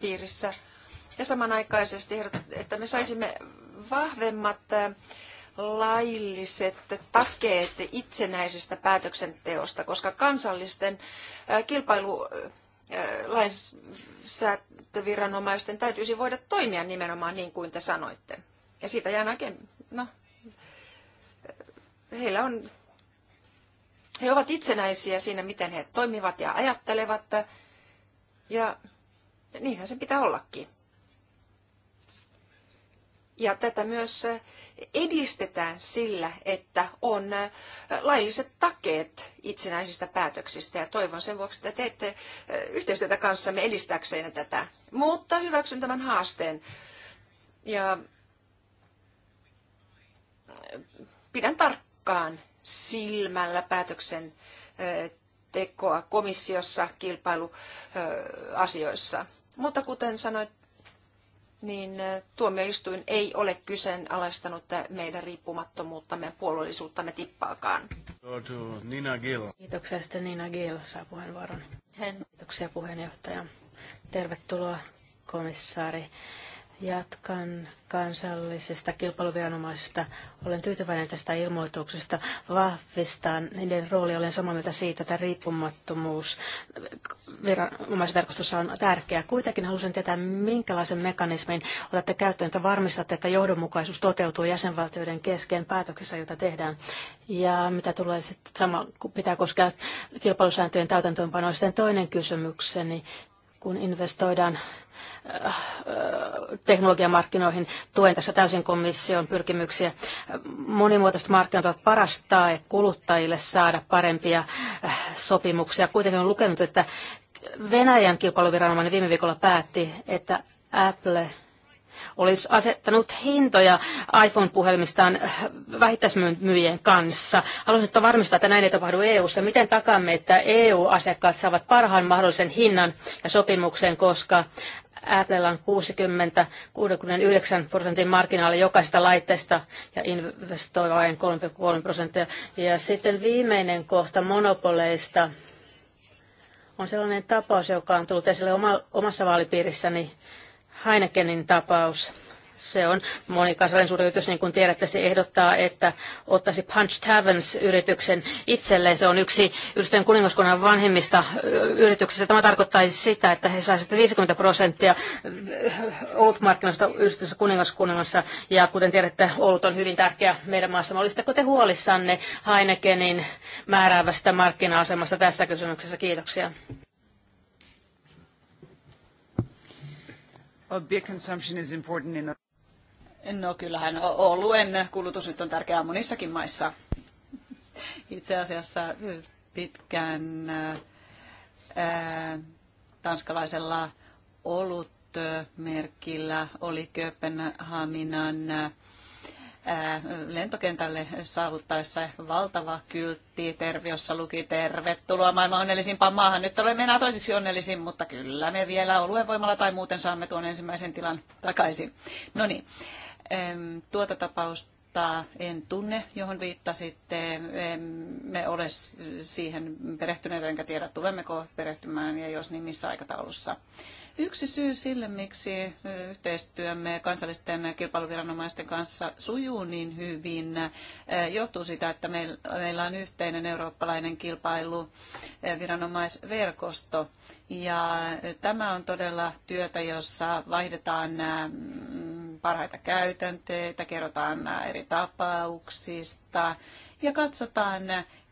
piirissä. Ja samanaikaisesti, että me saisimme vahvemmat lailliset takeet itsenäisestä päätöksenteosta, koska kansallisten kilpailu lainsäätöviranomaisten täytyisi voida toimia nimenomaan niin kuin te sanoitte. Ja siitä jää oikein, no, heillä on, he ovat itsenäisiä siinä, miten he toimivat ja ajattelevat. Ja niinhän se pitää ollakin. Ja tätä myös edistetään sillä, että on lailliset takeet itsenäisistä päätöksistä. Ja toivon sen vuoksi, että teette yhteistyötä kanssamme edistääkseen tätä. Mutta hyväksyn tämän haasteen. Ja pidän tarkkaan silmällä päätöksen tekoa komissiossa kilpailuasioissa. Mutta kuten sanoit, niin tuomioistuin ei ole kyseenalaistanut meidän riippumattomuuttamme ja puolueellisuuttamme tippaakaan. Nina Gill. Kiitoksia sitten Nina Gill saa puheenvuoron. Kiitoksia puheenjohtaja. Tervetuloa komissaari Jatkan kansallisesta kilpailuviranomaisesta. Olen tyytyväinen tästä ilmoituksesta. Vahvistan niiden rooli. Olen samaa mieltä siitä, että riippumattomuus viranomaisverkostossa on tärkeää. Kuitenkin halusin tietää, minkälaisen mekanismin otatte käyttöön, että varmistatte, että johdonmukaisuus toteutuu jäsenvaltioiden kesken päätöksissä, joita tehdään. Ja mitä tulee sitten, sama pitää koskea kilpailusääntöjen täytäntöönpanoa. Sitten toinen kysymykseni, kun investoidaan teknologiamarkkinoihin. Tuen tässä täysin komission pyrkimyksiä. Monimuotoiset markkinat ovat paras tae kuluttajille saada parempia äh, sopimuksia. Kuitenkin on lukenut, että Venäjän kilpailuviranomainen viime viikolla päätti, että Apple olisi asettanut hintoja iPhone-puhelimistaan äh, vähittäismyyjien kanssa. Haluaisin varmistaa, että näin ei tapahdu EU-ssa. Miten takamme, että EU-asiakkaat saavat parhaan mahdollisen hinnan ja sopimuksen, koska Applella on 60-69 prosentin marginaali jokaisesta laitteesta ja investoi vain 3,3 prosenttia. Ja sitten viimeinen kohta monopoleista on sellainen tapaus, joka on tullut esille omassa vaalipiirissäni, Heinekenin tapaus se on monikansallinen suuri yritys, niin kuin tiedätte, se ehdottaa, että ottaisi Punch Taverns-yrityksen itselleen. Se on yksi yritysten kuningaskunnan vanhimmista yrityksistä. Tämä tarkoittaisi sitä, että he saisivat 50 prosenttia olutmarkkinoista yhdistössä kuningaskunnassa. Ja kuten tiedätte, olut on hyvin tärkeä meidän maassamme. Olisitteko te huolissanne Heinekenin määräävästä markkina-asemasta tässä kysymyksessä? Kiitoksia. Well, beer consumption is important in No kyllähän oluen kulutus nyt on tärkeää monissakin maissa. Itse asiassa pitkään ää, tanskalaisella olutmerkillä oli Kööpenhaminan ää, lentokentälle saavuttaessa valtava kyltti. Tervi, jossa luki tervetuloa maailman onnellisimpaan maahan. Nyt olemme enää toiseksi onnellisin, mutta kyllä me vielä oluen voimalla tai muuten saamme tuon ensimmäisen tilan takaisin. No niin. Tuota tapausta en tunne, johon viittasitte. Me ole siihen perehtyneet, enkä tiedä tulemmeko perehtymään ja jos niin missä aikataulussa. Yksi syy sille, miksi yhteistyömme kansallisten kilpailuviranomaisten kanssa sujuu niin hyvin, johtuu siitä, että meillä on yhteinen eurooppalainen kilpailuviranomaisverkosto. Ja tämä on todella työtä, jossa vaihdetaan parhaita käytänteitä, kerrotaan eri tapauksista ja katsotaan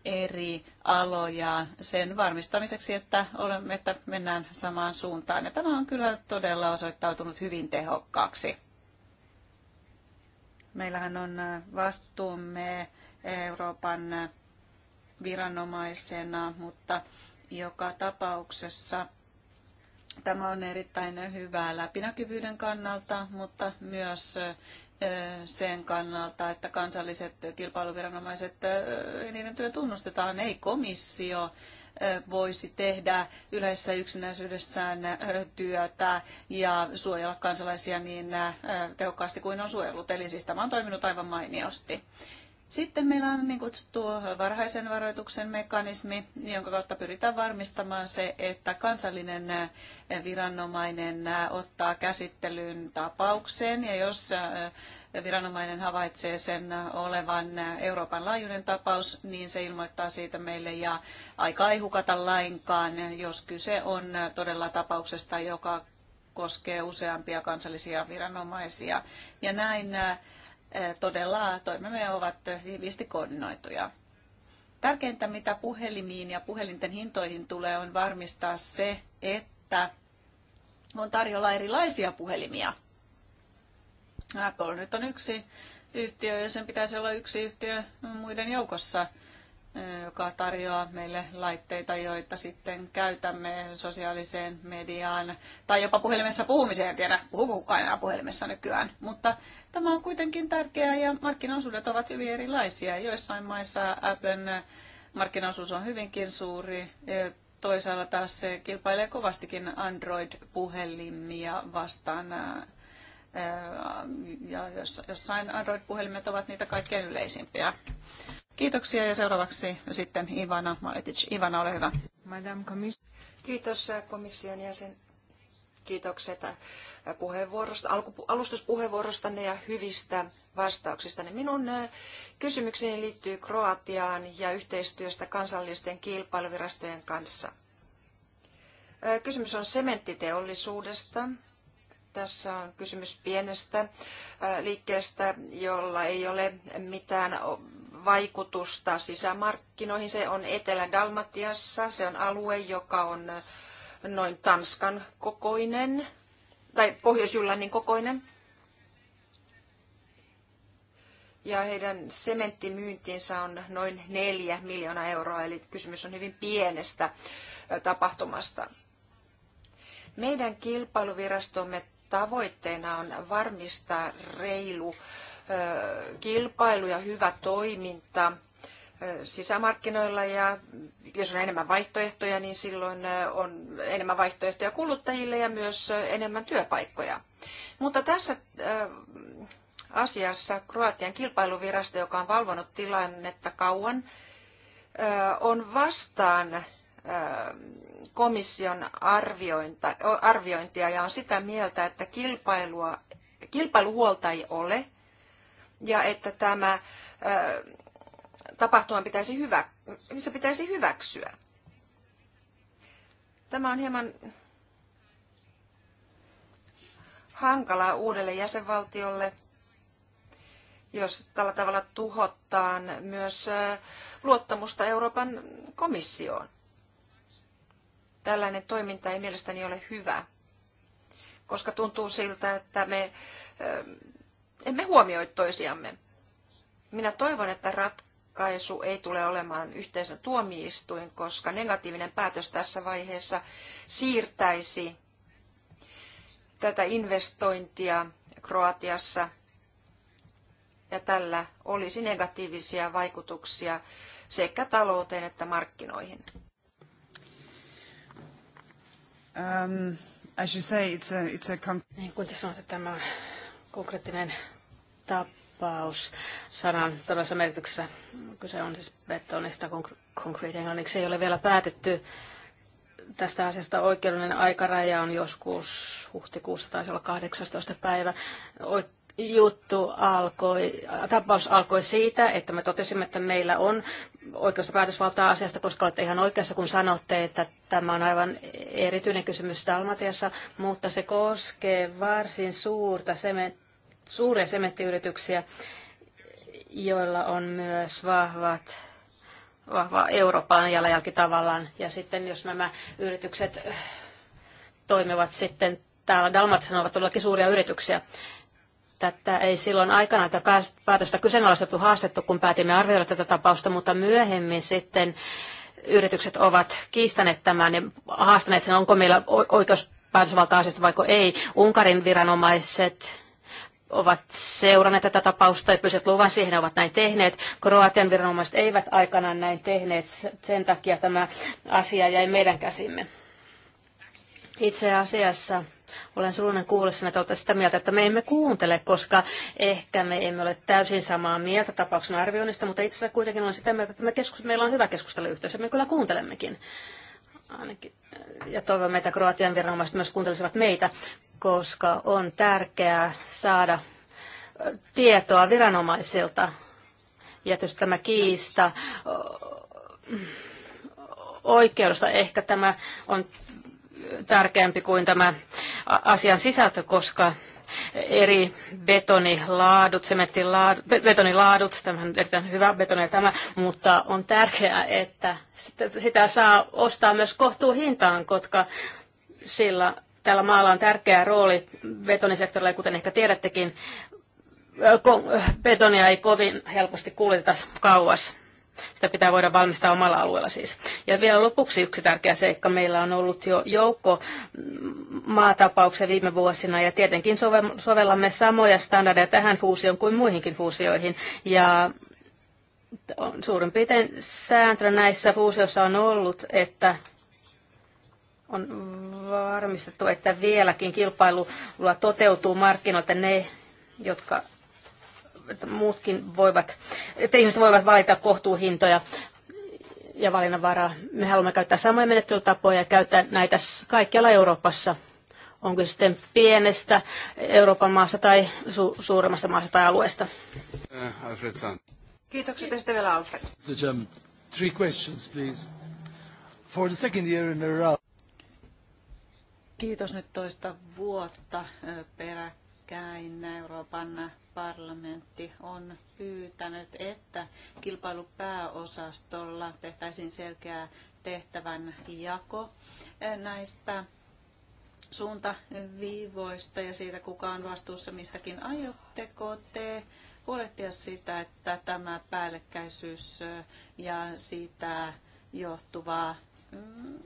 eri aloja sen varmistamiseksi, että, olemme, että mennään samaan suuntaan. Ja tämä on kyllä todella osoittautunut hyvin tehokkaaksi. Meillähän on vastuumme Euroopan viranomaisena, mutta joka tapauksessa – Tämä on erittäin hyvää läpinäkyvyyden kannalta, mutta myös sen kannalta, että kansalliset kilpailuviranomaiset, niiden työ tunnustetaan, ei komissio voisi tehdä yleisessä yksinäisyydessään työtä ja suojella kansalaisia niin tehokkaasti kuin on suojellut. Eli siis tämä on toiminut aivan mainiosti. Sitten meillä on niin kutsuttu varhaisen varoituksen mekanismi, jonka kautta pyritään varmistamaan se, että kansallinen viranomainen ottaa käsittelyyn tapauksen ja jos äh, viranomainen havaitsee sen olevan Euroopan laajuinen tapaus, niin se ilmoittaa siitä meille ja aika ei hukata lainkaan, jos kyse on todella tapauksesta, joka koskee useampia kansallisia viranomaisia. Ja näin äh, todella toimemme ovat tiiviisti koordinoituja. Tärkeintä, mitä puhelimiin ja puhelinten hintoihin tulee, on varmistaa se, että on tarjolla erilaisia puhelimia. Apple nyt on yksi yhtiö ja sen pitäisi olla yksi yhtiö muiden joukossa joka tarjoaa meille laitteita, joita sitten käytämme sosiaaliseen mediaan tai jopa puhelimessa puhumiseen. En tiedä, puhukaan enää puhelimessa nykyään, mutta tämä on kuitenkin tärkeää ja markkinaosuudet ovat hyvin erilaisia. Joissain maissa Applen markkinaosuus on hyvinkin suuri, toisaalla taas se kilpailee kovastikin Android-puhelimia vastaan ja jossain Android-puhelimet ovat niitä kaikkein yleisimpiä. Kiitoksia ja seuraavaksi sitten Ivana Maletic. Ivana, ole hyvä. Kiitos komission jäsen. Kiitokset puheenvuorosta, alku, alustuspuheenvuorostanne ja hyvistä vastauksistanne. Minun kysymykseni liittyy Kroatiaan ja yhteistyöstä kansallisten kilpailuvirastojen kanssa. Kysymys on sementtiteollisuudesta. Tässä on kysymys pienestä liikkeestä, jolla ei ole mitään vaikutusta sisämarkkinoihin. Se on Etelä-Dalmatiassa, se on alue, joka on noin Tanskan kokoinen, tai Pohjois-Jyllannin kokoinen. Ja heidän sementtimyyntinsä on noin neljä miljoonaa euroa, eli kysymys on hyvin pienestä tapahtumasta. Meidän kilpailuvirastomme tavoitteena on varmistaa reilu kilpailu ja hyvä toiminta sisämarkkinoilla ja jos on enemmän vaihtoehtoja, niin silloin on enemmän vaihtoehtoja kuluttajille ja myös enemmän työpaikkoja. Mutta tässä asiassa Kroatian kilpailuvirasto, joka on valvonut tilannetta kauan, on vastaan komission arviointia ja on sitä mieltä, että kilpailua, kilpailuhuolta ei ole ja että tämä tapahtuma pitäisi, hyvä, se pitäisi hyväksyä. Tämä on hieman hankalaa uudelle jäsenvaltiolle, jos tällä tavalla tuhottaan myös luottamusta Euroopan komissioon. Tällainen toiminta ei mielestäni ole hyvä, koska tuntuu siltä, että me emme huomioi toisiamme. Minä toivon, että ratkaisu ei tule olemaan yhteisön tuomioistuin, koska negatiivinen päätös tässä vaiheessa siirtäisi tätä investointia Kroatiassa ja tällä olisi negatiivisia vaikutuksia sekä talouteen että markkinoihin. Um, as you say, it's a, it's a... Niin kuin te sanoitte, tämä konkreettinen tapaus sanan todellisessa merkityksessä. Kyse on siis betonista, concrete englanniksi ei ole vielä päätetty. Tästä asiasta oikeudellinen aikaraja on joskus huhtikuussa, taisi olla 18. päivä. juttu alkoi, tapaus alkoi siitä, että me totesimme, että meillä on oikeusta päätösvaltaa asiasta, koska olette ihan oikeassa, kun sanotte, että tämä on aivan erityinen kysymys Dalmatiassa, mutta se koskee varsin suurta sementtiä suuria sementtiyrityksiä, joilla on myös vahvat vahva Euroopan jalanjälki tavallaan. Ja sitten jos nämä yritykset toimivat sitten täällä Dalmatissa, ovat todellakin suuria yrityksiä. Tätä ei silloin aikana tätä päätöstä kyseenalaistettu haastettu, kun päätimme arvioida tätä tapausta, mutta myöhemmin sitten yritykset ovat kiistäneet tämän ja haastaneet sen, onko meillä oikeus päätösvalta-asiasta vaiko ei. Unkarin viranomaiset ovat seuranneet tätä tapausta ja pyysit luvan siihen, ne ovat näin tehneet. Kroatian viranomaiset eivät aikanaan näin tehneet, sen takia tämä asia jäi meidän käsimme. Itse asiassa olen surullinen kuullessani, että olette sitä mieltä, että me emme kuuntele, koska ehkä me emme ole täysin samaa mieltä tapauksen arvioinnista, mutta itse asiassa kuitenkin olen sitä mieltä, että me keskus- meillä on hyvä keskusteluyhteys ja me kyllä kuuntelemmekin ainakin, äh, ja toivomme, että Kroatian viranomaiset myös kuuntelisivat meitä, koska on tärkeää saada äh, tietoa viranomaisilta. Ja tietysti tämä kiista äh, oikeudesta ehkä tämä on tärkeämpi kuin tämä asian sisältö, koska eri betonilaadut, sementtilaadut, betonilaadut, tämä on erittäin hyvä betoni tämä, mutta on tärkeää, että sitä saa ostaa myös kohtuuhintaan, koska sillä tällä maalla on tärkeä rooli betonisektorilla, kuten ehkä tiedättekin, betonia ei kovin helposti kuljeteta kauas sitä pitää voida valmistaa omalla alueella siis. Ja vielä lopuksi yksi tärkeä seikka. Meillä on ollut jo joukko maatapauksia viime vuosina ja tietenkin sovellamme samoja standardeja tähän fuusioon kuin muihinkin fuusioihin. Ja suurin piirtein sääntö näissä fuusioissa on ollut, että on varmistettu, että vieläkin kilpailulla toteutuu markkinoilta ne, jotka että muutkin voivat, että ihmiset voivat valita kohtuuhintoja ja valinnanvaraa. Me haluamme käyttää samoja menettelytapoja ja käyttää näitä kaikkialla Euroopassa. Onko se sitten pienestä Euroopan maasta tai su- suuremmasta maasta tai alueesta? Uh, Alfred Sand. Kiitokset tästä vielä Alfred. So, Jim, three questions, please. For the second year in a row. Kiitos nyt toista vuotta eh, peräkkäin käin Euroopan parlamentti on pyytänyt, että kilpailupääosastolla tehtäisiin selkeä tehtävän jako näistä suuntaviivoista ja siitä, kuka on vastuussa mistäkin. Aiotteko te huolehtia sitä, että tämä päällekkäisyys ja siitä johtuva mm,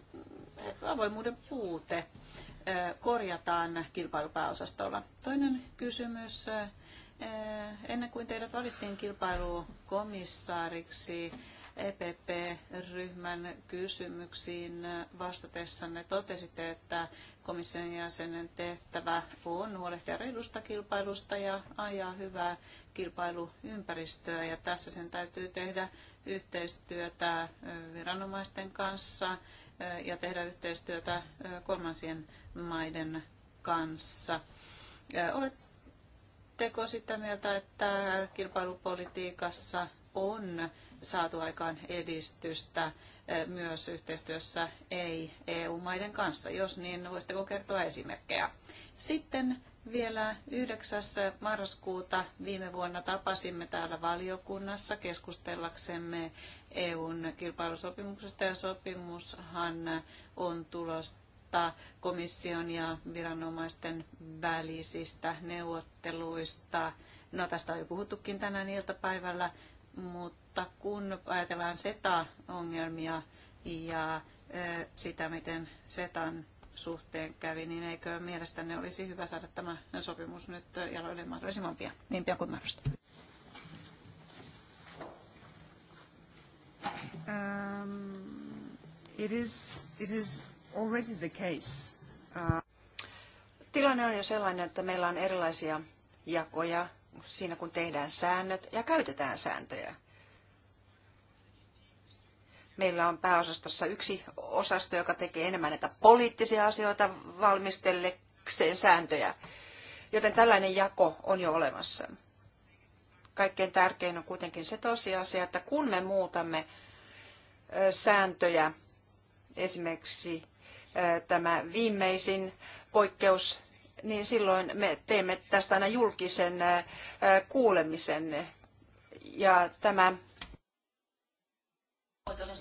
avoimuuden puute korjataan kilpailupääosastolla. Toinen kysymys. Ennen kuin teidät valittiin kilpailukomissaariksi, EPP-ryhmän kysymyksiin vastatessanne totesitte, että komission jäsenen tehtävä on huolehtia reilusta kilpailusta ja ajaa hyvää kilpailuympäristöä. Ja tässä sen täytyy tehdä yhteistyötä viranomaisten kanssa ja tehdä yhteistyötä kolmansien maiden kanssa. Oletteko sitä mieltä, että kilpailupolitiikassa on saatu aikaan edistystä myös yhteistyössä ei-EU-maiden kanssa? Jos niin, voisitteko kertoa esimerkkejä? Sitten vielä 9. marraskuuta viime vuonna tapasimme täällä valiokunnassa keskustellaksemme EUn kilpailusopimuksesta ja sopimushan on tulosta komission ja viranomaisten välisistä neuvotteluista. No tästä on jo puhuttukin tänään iltapäivällä, mutta kun ajatellaan SETA-ongelmia ja sitä, miten SETAn suhteen kävi, niin eikö mielestäni olisi hyvä saada tämä sopimus nyt jaloille mahdollisimman pian, niin pian kuin mahdollista. Um, it is, it is already the case. Uh... Tilanne on jo sellainen, että meillä on erilaisia jakoja siinä, kun tehdään säännöt ja käytetään sääntöjä. Meillä on pääosastossa yksi osasto, joka tekee enemmän näitä poliittisia asioita valmistellekseen sääntöjä. Joten tällainen jako on jo olemassa. Kaikkein tärkein on kuitenkin se tosiasia, että kun me muutamme sääntöjä. Esimerkiksi tämä viimeisin poikkeus, niin silloin me teemme tästä aina julkisen kuulemisen. Ja tämä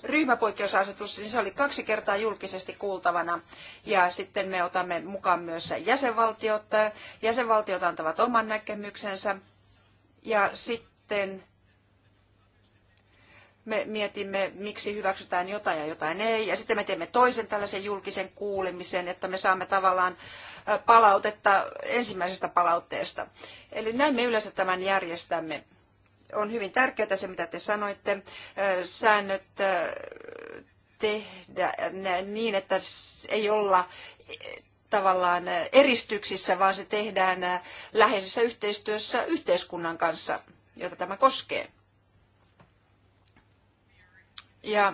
ryhmäpoikkeusasetus, niin se oli kaksi kertaa julkisesti kuultavana. Ja sitten me otamme mukaan myös jäsenvaltiot. Jäsenvaltiot antavat oman näkemyksensä. Ja sitten me mietimme, miksi hyväksytään jotain ja jotain ei, ja sitten me teemme toisen tällaisen julkisen kuulemisen, että me saamme tavallaan palautetta ensimmäisestä palautteesta. Eli näin me yleensä tämän järjestämme. On hyvin tärkeää se, mitä te sanoitte. Säännöt tehdä niin, että ei olla e, tavallaan eristyksissä, vaan se tehdään läheisessä yhteistyössä yhteiskunnan kanssa, jota tämä koskee. Ja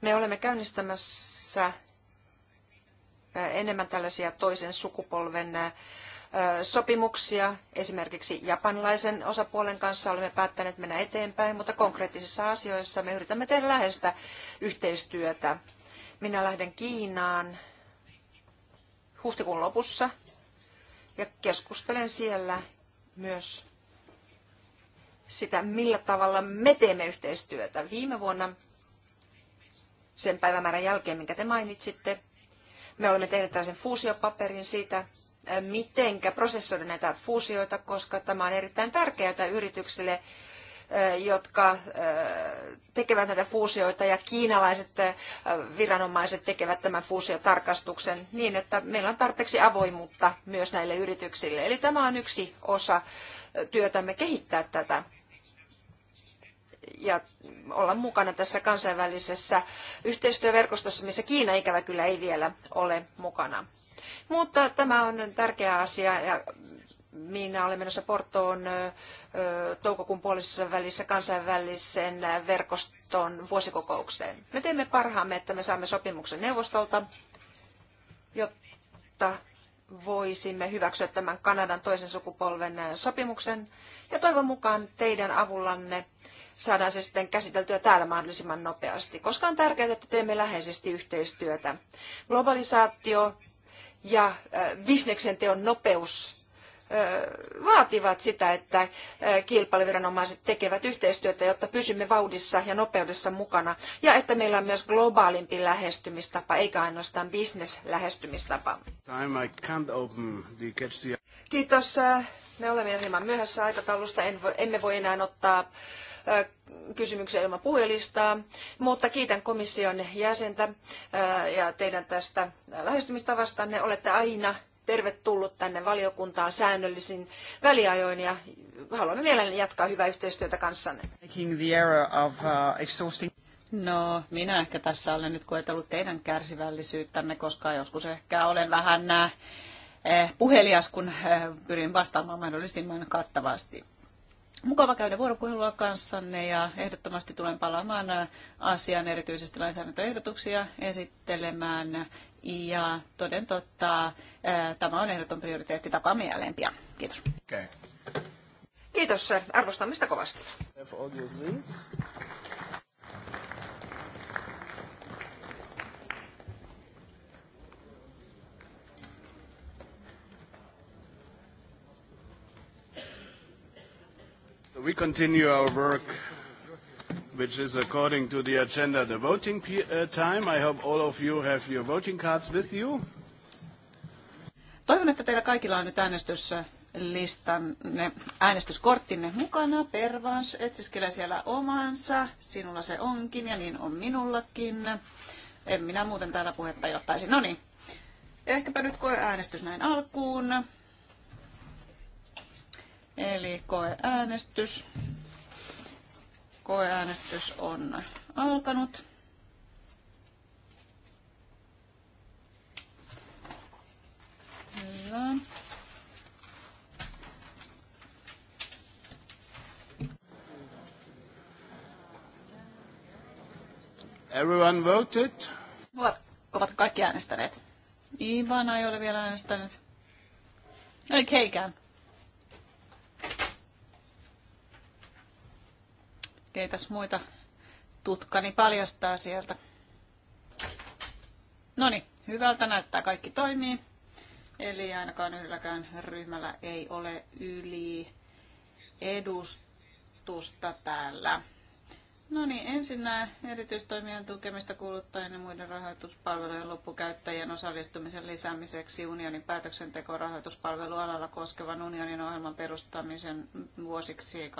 me olemme käynnistämässä äh, enemmän tällaisia toisen sukupolven äh, sopimuksia. Esimerkiksi japanlaisen osapuolen kanssa olemme päättäneet mennä eteenpäin, mutta konkreettisissa asioissa me yritämme tehdä läheistä yhteistyötä. Minä lähden Kiinaan huhtikuun lopussa ja keskustelen siellä myös sitä, millä tavalla me teemme yhteistyötä. Viime vuonna sen päivämäärän jälkeen, minkä te mainitsitte, me olemme tehneet tällaisen fuusiopaperin siitä, miten prosessoida näitä fuusioita, koska tämä on erittäin tärkeää yrityksille, jotka tekevät näitä fuusioita ja kiinalaiset viranomaiset tekevät tämän fuusiotarkastuksen niin, että meillä on tarpeeksi avoimuutta myös näille yrityksille. Eli tämä on yksi osa työtämme kehittää tätä ja olla mukana tässä kansainvälisessä yhteistyöverkostossa, missä Kiina ikävä kyllä ei vielä ole mukana. Mutta tämä on tärkeä asia ja minä olen menossa Portoon toukokuun puolisessa välissä kansainvälisen verkoston vuosikokoukseen. Me teemme parhaamme, että me saamme sopimuksen neuvostolta, jotta voisimme hyväksyä tämän Kanadan toisen sukupolven sopimuksen. Ja toivon mukaan teidän avullanne saadaan se sitten käsiteltyä täällä mahdollisimman nopeasti, koska on tärkeää, että teemme läheisesti yhteistyötä. Globalisaatio ja äh, bisneksen teon nopeus äh, vaativat sitä, että äh, kilpailuviranomaiset tekevät yhteistyötä, jotta pysymme vauhdissa ja nopeudessa mukana, ja että meillä on myös globaalimpi lähestymistapa, eikä ainoastaan bisneslähestymistapa. Kiitos. Me olemme hieman myöhässä aikataulusta. En emme voi enää ottaa kysymyksiä ilman puhujalistaa, mutta kiitän komission jäsentä ja teidän tästä lähestymistavastanne. Olette aina tervetullut tänne valiokuntaan säännöllisin väliajoin ja haluamme mielelläni jatkaa hyvää yhteistyötä kanssanne. Uh, no, minä ehkä tässä olen nyt koetellut teidän kärsivällisyyttänne, koska joskus ehkä olen vähän äh, äh, puhelias, kun äh, pyrin vastaamaan mahdollisimman kattavasti mukava käydä vuoropuhelua kanssanne ja ehdottomasti tulen palaamaan äh, asiaan erityisesti lainsäädäntöehdotuksia esittelemään. Ja toden totta, äh, tämä on ehdoton prioriteetti. Tapaamme jälleen pian. Kiitos. Okay. Kiitos. Äh, arvostamme sitä kovasti. we continue our work, which is according to the agenda, the voting p- uh, time. I hope all of you have your voting cards with you. Toivon, että teillä kaikilla on nyt äänestyslistanne, äänestyskorttinne mukana. Pervans etsiskelee siellä omansa. Sinulla se onkin ja niin on minullakin. En minä muuten täällä puhetta johtaisi. No niin, ehkäpä nyt koe äänestys näin alkuun. Eli koeäänestys. Koeäänestys on alkanut. Hyvä. Everyone voted. Ovat, ovat kaikki äänestäneet. Ivana ei ole vielä äänestänyt. Ei keikään. keitäs muita tutkani paljastaa sieltä. No niin, hyvältä näyttää, kaikki toimii. Eli ainakaan yhdelläkään ryhmällä ei ole yli edustusta täällä. No niin, ensin nämä erityistoimien tukemista kuluttajien ja muiden rahoituspalvelujen loppukäyttäjien osallistumisen lisäämiseksi unionin päätöksenteko rahoituspalvelualalla koskevan unionin ohjelman perustamisen vuosiksi 2017-2020.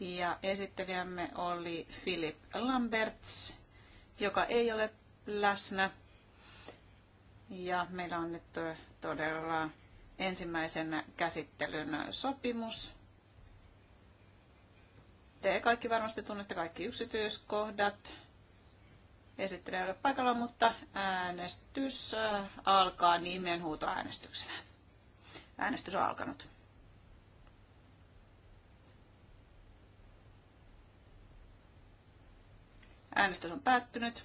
Ja esittelijämme oli Philip Lamberts, joka ei ole läsnä. Ja meillä on nyt todella ensimmäisen käsittelyn sopimus te kaikki varmasti tunnette kaikki yksityiskohdat. Esittely ei ole paikalla, mutta äänestys äh, alkaa huutoäänestyksenä. Äänestys on alkanut. Äänestys on päättynyt.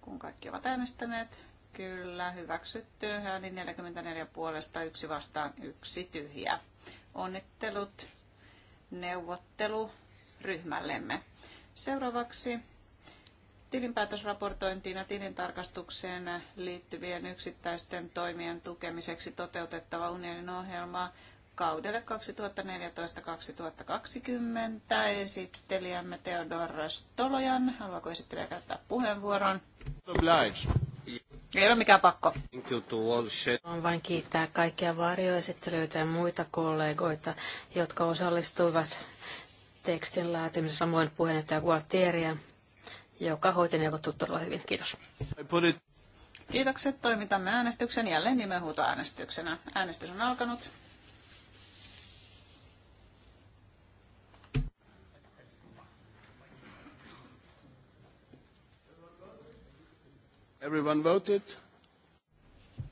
Kun kaikki ovat äänestäneet, kyllä hyväksytty. Ääni 44 puolesta, yksi vastaan, yksi tyhjä. Onnittelut neuvotteluryhmällemme. Seuraavaksi tilinpäätösraportointiin ja tilintarkastukseen liittyvien yksittäisten toimien tukemiseksi toteutettava unionin ohjelma kaudelle 2014-2020. Esittelijämme Theodor Stolojan. Haluaako esittelijä käyttää puheenvuoron? Obliged. Ei ole mikään pakko. On vain kiittää kaikkia varjoesittelyitä ja muita kollegoita, jotka osallistuivat tekstin laatimisessa samoin puheenjohtaja Gualtieriä, joka hoiti neuvottelut todella hyvin. Kiitos. Kiitokset. Toimitamme äänestyksen jälleen nimenhuutoäänestyksenä. Äänestys on alkanut. Everyone voted.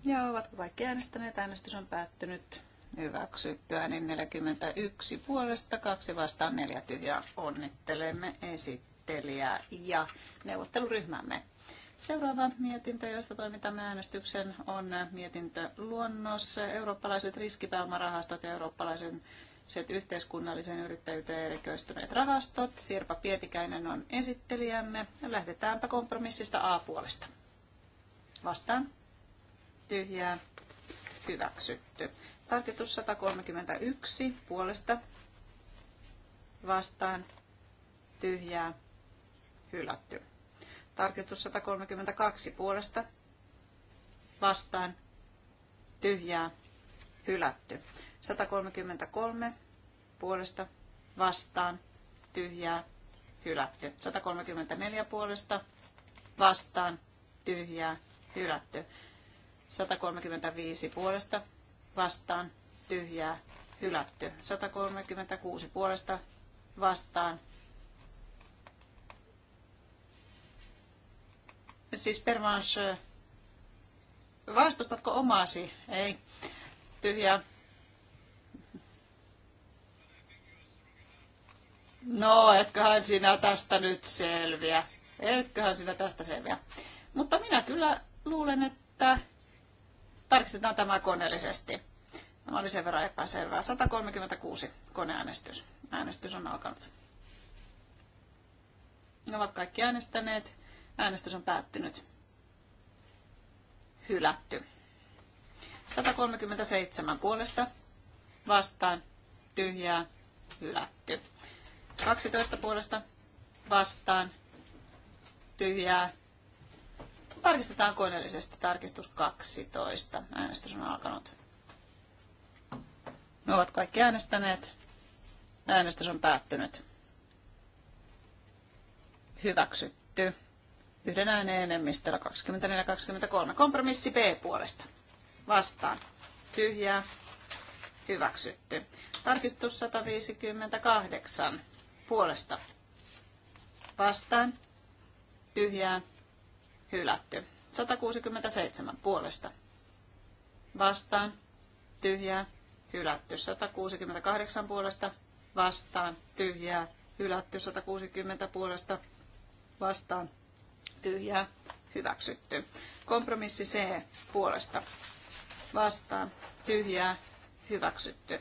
Ja ovatko kaikki äänestäneet? Äänestys on päättynyt. Hyväksyttyä, niin 41 puolesta, kaksi vastaan, neljä tyhjää. Onnittelemme esittelijää ja neuvotteluryhmämme. Seuraava mietintö, josta toimitamme äänestyksen, on mietintö luonnos, eurooppalaiset riskipääomarahastot ja eurooppalaisen set yhteiskunnallisen yrittäjyyteen erikoistuneet rahastot. Sirpa Pietikäinen on esittelijämme. Lähdetäänpä kompromissista A-puolesta. Vastaan. Tyhjää. Hyväksytty. Tarkistus 131 puolesta. Vastaan. Tyhjää. Hylätty. Tarkistus 132 puolesta. Vastaan. Tyhjää. Hylätty. 133 puolesta. Vastaan. Tyhjää. Hylätty. 134 puolesta. Vastaan. Tyhjää hylätty. 135 puolesta vastaan tyhjää hylätty. 136 puolesta vastaan. Siis Pervans, vastustatko omaasi? Ei. Tyhjää. No, etköhän sinä tästä nyt selviä. Etköhän sinä tästä selviä. Mutta minä kyllä luulen, että tarkistetaan tämä koneellisesti. Tämä oli sen verran epäselvää. 136 koneäänestys. Äänestys on alkanut. Ne ovat kaikki äänestäneet. Äänestys on päättynyt. Hylätty. 137 puolesta vastaan tyhjää hylätty. 12 puolesta vastaan tyhjää Tarkistetaan koneellisesti tarkistus 12. Äänestys on alkanut. Me ovat kaikki äänestäneet. Äänestys on päättynyt. Hyväksytty. Yhden ääneen enemmistöllä 24-23. Kompromissi B puolesta. Vastaan. Tyhjää. Hyväksytty. Tarkistus 158. Puolesta. Vastaan. Tyhjää hylätty. 167 puolesta vastaan tyhjää hylätty. 168 puolesta vastaan tyhjää hylätty. 160 puolesta vastaan tyhjää hyväksytty. Kompromissi C puolesta vastaan tyhjää hyväksytty.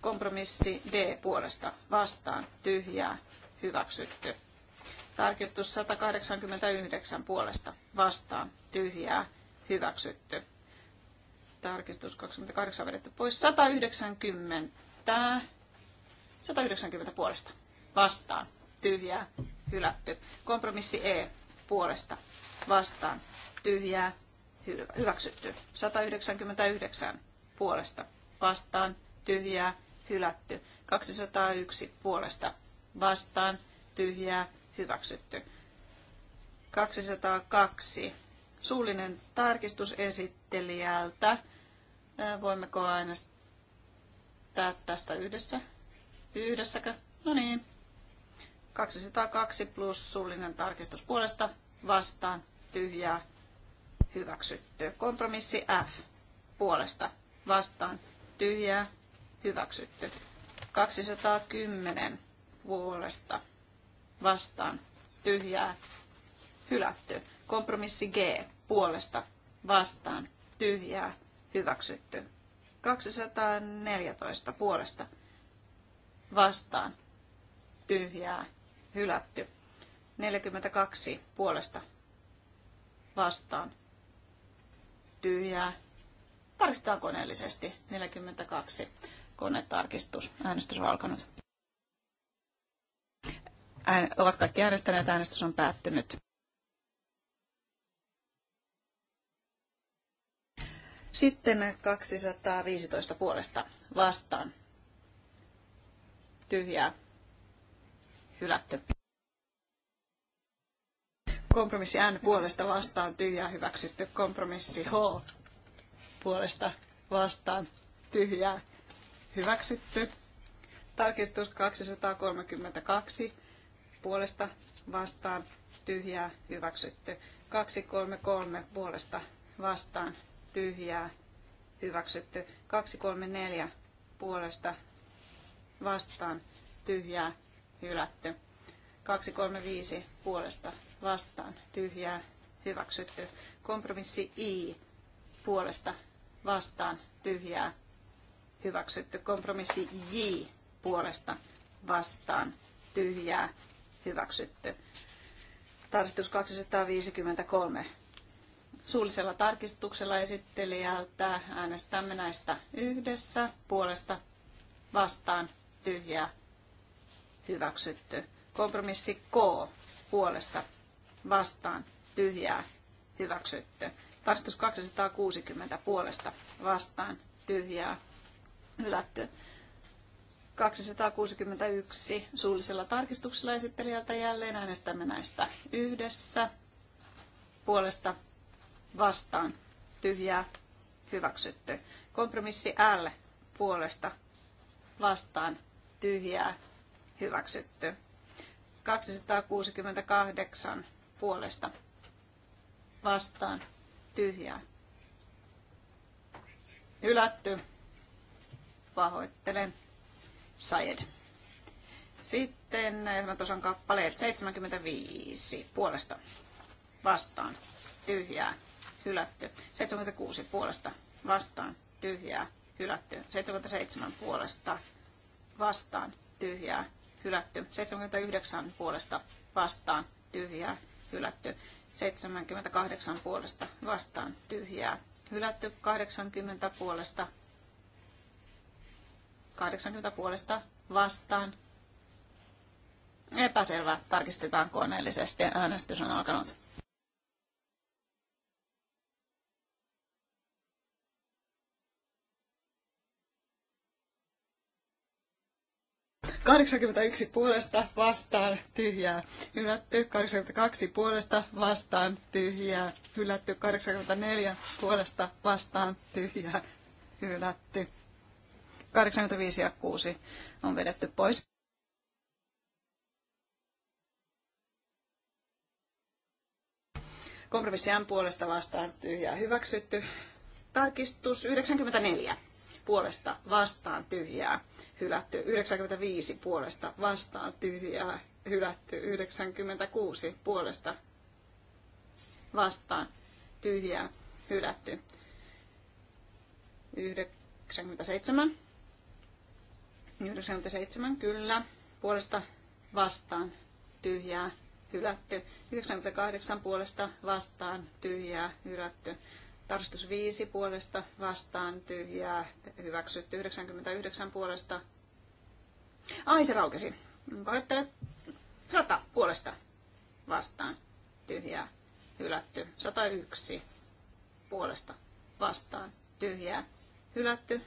Kompromissi D puolesta vastaan tyhjää hyväksytty. Tarkistus 189 puolesta vastaan. Tyhjää. Hyväksytty. Tarkistus 28 vedetty pois. 190. 190 puolesta vastaan. Tyhjää. Hylätty. Kompromissi E puolesta vastaan. Tyhjää. Hyväksytty. 199 puolesta vastaan. Tyhjää. Hylätty. 201 puolesta vastaan. Tyhjää hyväksytty. 202. Suullinen tarkistus esittelijältä. Voimmeko äänestää tästä yhdessä? Yhdessäkö? No niin. 202 plus suullinen tarkistus puolesta vastaan tyhjää hyväksytty. Kompromissi F puolesta vastaan tyhjää hyväksytty. 210 puolesta vastaan tyhjää hylätty. Kompromissi G puolesta vastaan tyhjää hyväksytty. 214 puolesta vastaan tyhjää hylätty. 42 puolesta vastaan tyhjää. Tarkistetaan koneellisesti. 42 konetarkistus. Äänestys on alkanut ovat kaikki äänestäneet, äänestys on päättynyt. Sitten 215 puolesta vastaan. Tyhjää. Hylätty. Kompromissi N puolesta vastaan tyhjää hyväksytty. Kompromissi H puolesta vastaan tyhjää hyväksytty. Tarkistus 232 puolesta vastaan tyhjää hyväksytty. 233 puolesta vastaan tyhjää hyväksytty. 234 puolesta vastaan tyhjää hylätty. 235 puolesta vastaan tyhjää hyväksytty. Kompromissi I puolesta vastaan tyhjää hyväksytty. Kompromissi J puolesta vastaan tyhjää hyväksytty. Tarkistus 253. Suullisella tarkistuksella esittelijältä äänestämme näistä yhdessä. Puolesta vastaan tyhjää hyväksytty. Kompromissi K puolesta vastaan tyhjää hyväksytty. Tarkistus 260 puolesta vastaan tyhjää hylätty. 261 suullisella tarkistuksella esittelijältä jälleen äänestämme näistä yhdessä puolesta vastaan tyhjää hyväksytty. Kompromissi L puolesta vastaan tyhjää hyväksytty. 268 puolesta vastaan tyhjää. Hylätty. Pahoittelen. Sayed. Sitten johdantosan kappaleet 75 puolesta vastaan tyhjää hylätty. 76 puolesta vastaan tyhjää hylätty. 77 puolesta vastaan tyhjää hylätty. 79 puolesta vastaan tyhjää hylätty. 78 puolesta vastaan tyhjää hylätty. 80 puolesta 80 puolesta vastaan. Epäselvä. Tarkistetaan koneellisesti. Äänestys on alkanut. Kahdeksankymmentäyksi puolesta vastaan tyhjää hylätty, 82 puolesta vastaan tyhjää hylätty, 84 puolesta vastaan tyhjää hylätty. 85 ja 6 on vedetty pois. Kompromissi M puolesta vastaan tyhjää hyväksytty. Tarkistus 94 puolesta vastaan tyhjää hylätty. 95 puolesta vastaan tyhjää hylätty. 96 puolesta vastaan tyhjää hylätty. 97 97 kyllä, puolesta vastaan tyhjää hylätty. 98 puolesta vastaan tyhjää hylätty. Tarkistus 5 puolesta vastaan tyhjää hyväksytty. 99 puolesta. Ai se raukesi. Pahoittele. 100 puolesta vastaan tyhjää hylätty. 101 puolesta vastaan tyhjää hylätty.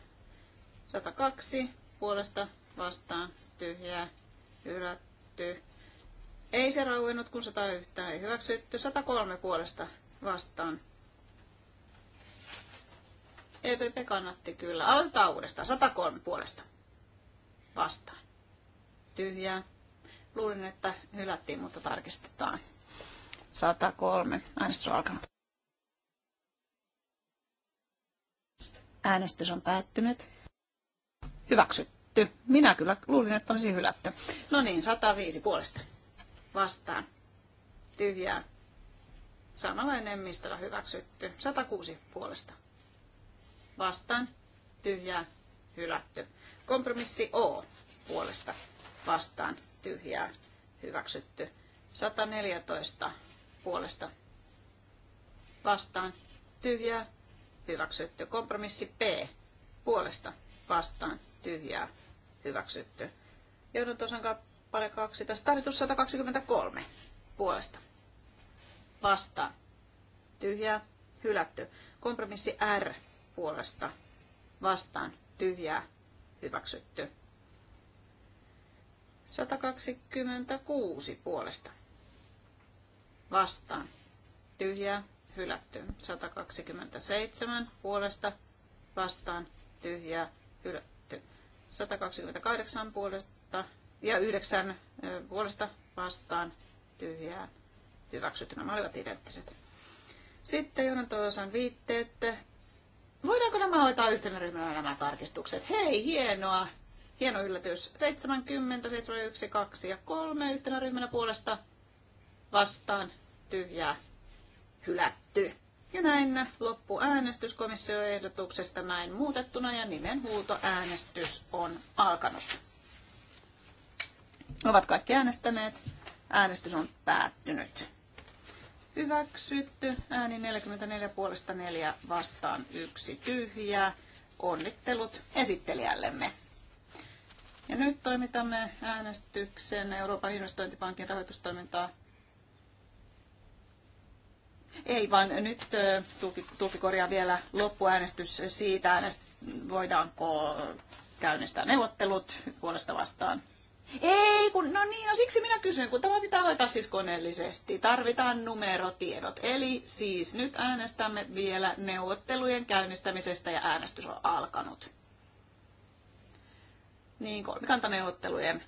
102 puolesta vastaan tyhjää hylätty. Ei se rauennut kun 101 ei hyväksytty. 103 puolesta vastaan. EPP kannatti kyllä. Aloitetaan uudestaan. 103 puolesta vastaan. Tyhjää. Luulin, että hylättiin, mutta tarkistetaan. 103. Äänestys on alkanut. Äänestys on päättynyt. Hyväksytty. Minä kyllä luulin, että olisi hylätty. No niin, 105 puolesta. Vastaan. Tyhjää. Samalla enemmistöllä hyväksytty. 106 puolesta. Vastaan. Tyhjää. Hylätty. Kompromissi O puolesta. Vastaan. Tyhjää. Hyväksytty. 114 puolesta. Vastaan. Tyhjää. Hyväksytty. Kompromissi P puolesta vastaan tyhjää hyväksytty. Joudun tuossa paljon 12. Tarkistus 123 puolesta. Vastaan. Tyhjää hylätty. Kompromissi R puolesta. Vastaan. Tyhjää hyväksytty. 126 puolesta. Vastaan. Tyhjää hylätty. 127 puolesta vastaan tyhjää hylätty. 128 puolesta ja 9 puolesta vastaan tyhjää hyväksytty. Nämä olivat identtiset. Sitten johdanto-osan viitteet. Voidaanko nämä hoitaa yhtenä ryhmänä nämä tarkistukset? Hei, hienoa! Hieno yllätys. 70, 71, 2 ja 3 yhtenä ryhmänä puolesta vastaan tyhjää hylätty. Ja näin loppu äänestyskomission ehdotuksesta näin muutettuna ja äänestys on alkanut. Ovat kaikki äänestäneet. Äänestys on päättynyt. Hyväksytty. Ääni 44 puolesta 4 vastaan yksi tyhjää. Onnittelut esittelijällemme. Ja nyt toimitamme äänestyksen Euroopan investointipankin rahoitustoimintaa ei vaan nyt tulki korjaa vielä loppuäänestys siitä, äänest, voidaanko käynnistää neuvottelut puolesta vastaan. Ei, kun, no niin, no siksi minä kysyn, kun tämä pitää hoitaa siis koneellisesti. Tarvitaan numerotiedot. Eli siis nyt äänestämme vielä neuvottelujen käynnistämisestä ja äänestys on alkanut. Niin, kolmikantaneuvottelujen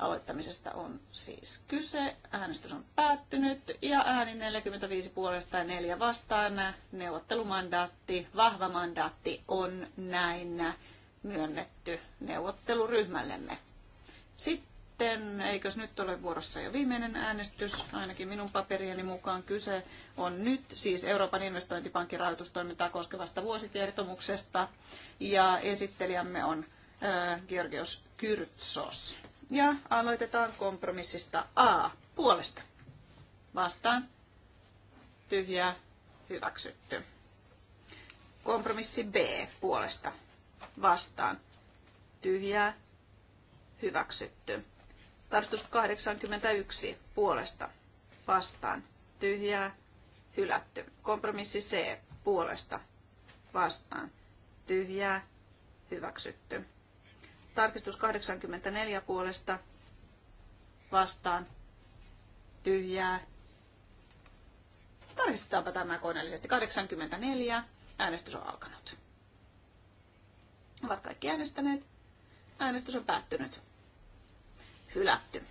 aloittamisesta on siis kyse. Äänestys on päättynyt ja ääni 45 puolesta ja 4 vastaan. Neuvottelumandaatti, vahva mandaatti on näin myönnetty neuvotteluryhmällemme. Sitten, eikös nyt ole vuorossa jo viimeinen äänestys, ainakin minun paperieni mukaan kyse on nyt siis Euroopan investointipankin rahoitustoimintaa koskevasta vuosikertomuksesta ja esittelijämme on Georgios Kyrtsos. Ja aloitetaan kompromissista A puolesta. Vastaan. Tyhjää. Hyväksytty. Kompromissi B puolesta. Vastaan. Tyhjää. Hyväksytty. Tarkistus 81 puolesta. Vastaan. Tyhjää. Hylätty. Kompromissi C puolesta. Vastaan. Tyhjää. Hyväksytty. Tarkistus 84 puolesta vastaan tyhjää. Tarkistetaanpa tämä koneellisesti. 84. Äänestys on alkanut. Ovat kaikki äänestäneet. Äänestys on päättynyt. Hylätty.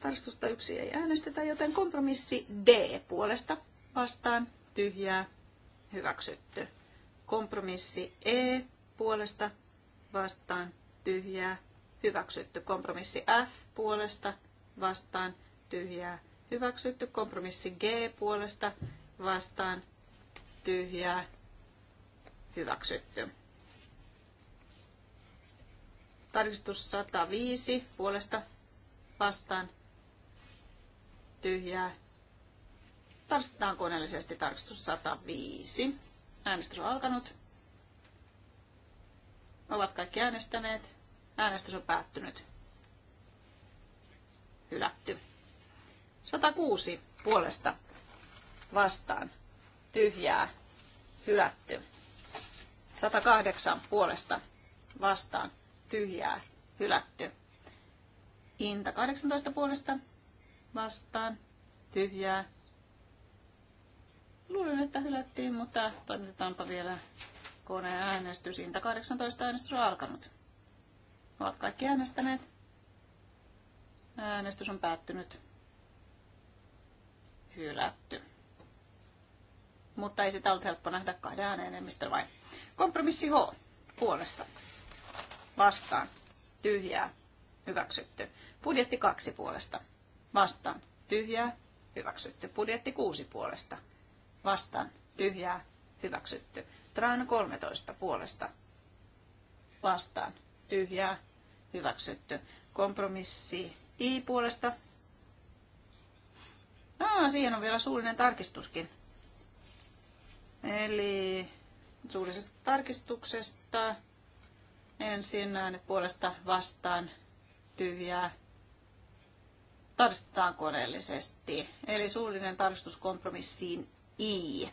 Tarkistusta yksi ei äänestetä, joten kompromissi D puolesta vastaan tyhjää hyväksytty. Kompromissi E puolesta vastaan tyhjää hyväksytty. Kompromissi F puolesta vastaan tyhjää hyväksytty. Kompromissi G puolesta vastaan tyhjää hyväksytty. Tarkistus 105 puolesta vastaan tyhjää. Tarkistetaan koneellisesti tarkistus 105. Äänestys on alkanut. Ovat kaikki äänestäneet. Äänestys on päättynyt. Hylätty. 106 puolesta vastaan. Tyhjää. Hylätty. 108 puolesta vastaan. Tyhjää. Hylätty. Inta 18 puolesta vastaan. Tyhjää. Luulen, että hylättiin, mutta toimitetaanpa vielä äänestys. Inta 18 äänestys on alkanut. Ovat kaikki äänestäneet. Äänestys on päättynyt. Hylätty. Mutta ei sitä ollut helppo nähdä kahden ääneen enemmistön vai? Kompromissi H. Puolesta. Vastaan. Tyhjää. Hyväksytty. Budjetti 2 puolesta. Vastaan. Tyhjää. Hyväksytty. Budjetti 6 puolesta. Vastaan. Tyhjää hyväksytty. Tran 13 puolesta vastaan, tyhjää, hyväksytty. Kompromissi I puolesta. Ah siihen on vielä suullinen tarkistuskin. Eli suullisesta tarkistuksesta ensin äänet puolesta vastaan tyhjää tarkistetaan koneellisesti. Eli suullinen tarkistuskompromissiin I.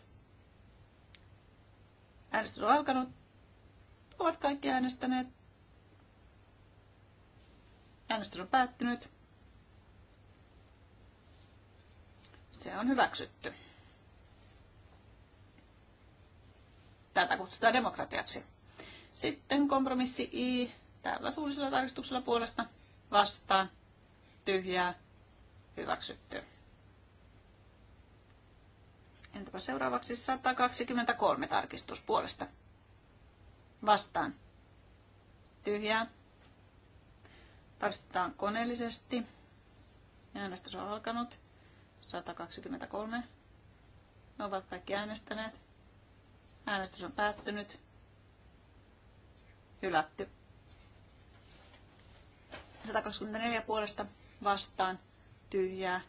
Äänestys on alkanut. Ovat kaikki äänestäneet. Äänestys on päättynyt. Se on hyväksytty. Tätä kutsutaan demokratiaksi. Sitten kompromissi I tällä suullisella tarkistuksella puolesta vastaan tyhjää hyväksytty. Entäpä seuraavaksi 123 tarkistus puolesta. Vastaan. Tyhjää. Tarkistetaan koneellisesti. Äänestys on alkanut. 123. Ne ovat kaikki äänestäneet. Äänestys on päättynyt. Hylätty. 124 puolesta vastaan. Tyhjää.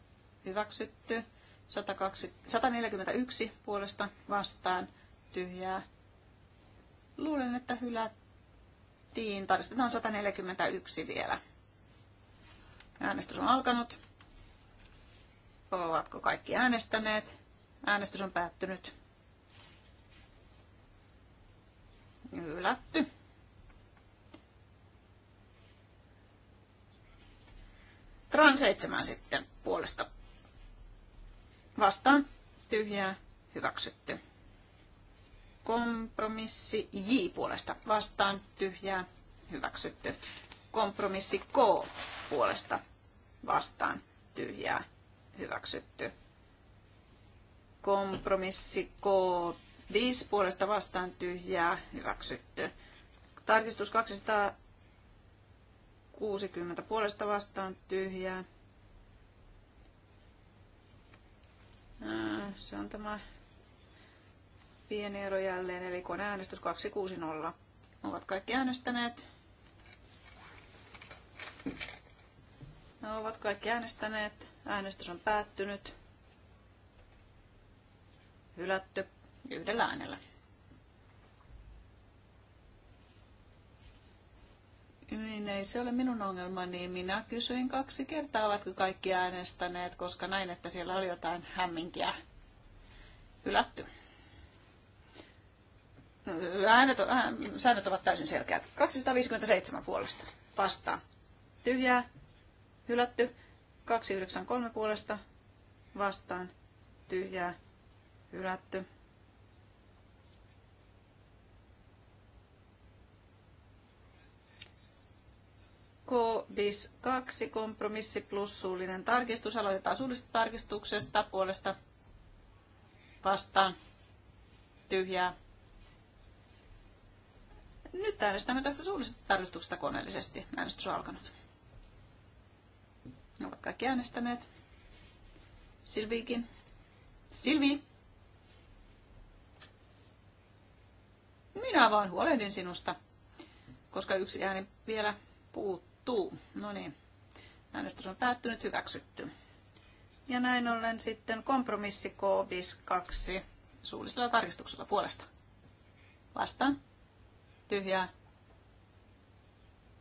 Hyväksytty. 102, 141 puolesta vastaan tyhjää. Luulen, että hylättiin. Tarkistetaan 141 vielä. Äänestys on alkanut. Ovatko kaikki äänestäneet? Äänestys on päättynyt. Hylätty. Tran 7 sitten puolesta Vastaan. Tyhjää. Hyväksytty. Kompromissi J puolesta. Vastaan. Tyhjää. Hyväksytty. Kompromissi K puolesta. Vastaan. Tyhjää. Hyväksytty. Kompromissi K 5 puolesta vastaan tyhjää. Hyväksytty. Tarkistus 260 puolesta vastaan tyhjää. Se on tämä pieni ero jälleen, eli koneäänestys 260. Ovat kaikki äänestäneet. No, ovat kaikki äänestäneet. Äänestys on päättynyt. Hylätty yhdellä äänellä. Niin ei se ole minun ongelmani. Minä kysyin kaksi kertaa, ovatko kaikki äänestäneet, koska näin, että siellä oli jotain hämminkiä ylätty. Äänet, äh, säännöt ovat täysin selkeät. 257 puolesta vastaan. Tyhjää, hylätty. 293 puolesta vastaan. Tyhjää, hylätty. KBIS 2 kompromissi plus suullinen tarkistus. Aloitetaan suullisesta tarkistuksesta puolesta vastaan tyhjää. Nyt äänestämme tästä suullisesta tarkistuksesta koneellisesti. Äänestys on alkanut. Ne ovat kaikki äänestäneet. Silviikin. Silvi! Minä vaan huolehdin sinusta, koska yksi ääni vielä puuttuu tuu. No niin, äänestys on päättynyt, hyväksytty. Ja näin ollen sitten kompromissi k 2 suullisella tarkistuksella puolesta. Vastaan. Tyhjää.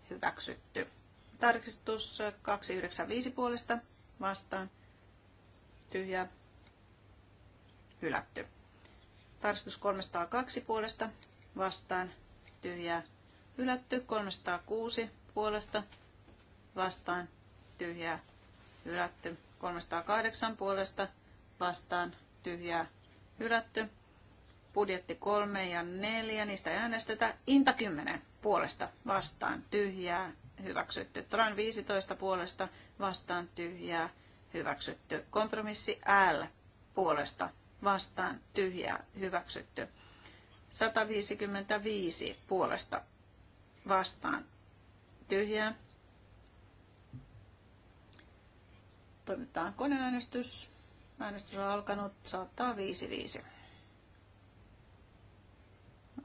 Hyväksytty. Tarkistus 295 puolesta. Vastaan. Tyhjää. Hylätty. Tarkistus 302 puolesta. Vastaan. Tyhjää. Hylätty. 306 puolesta vastaan tyhjää hylätty. 308 puolesta vastaan tyhjää hylätty. Budjetti 3 ja 4, niistä ei äänestetä. Inta 10 puolesta vastaan tyhjää hyväksytty. Tran 15 puolesta vastaan tyhjää hyväksytty. Kompromissi L puolesta vastaan tyhjää hyväksytty. 155 puolesta vastaan tyhjää. Toimitetaan koneäänestys. Äänestys on alkanut. Saattaa 5-5.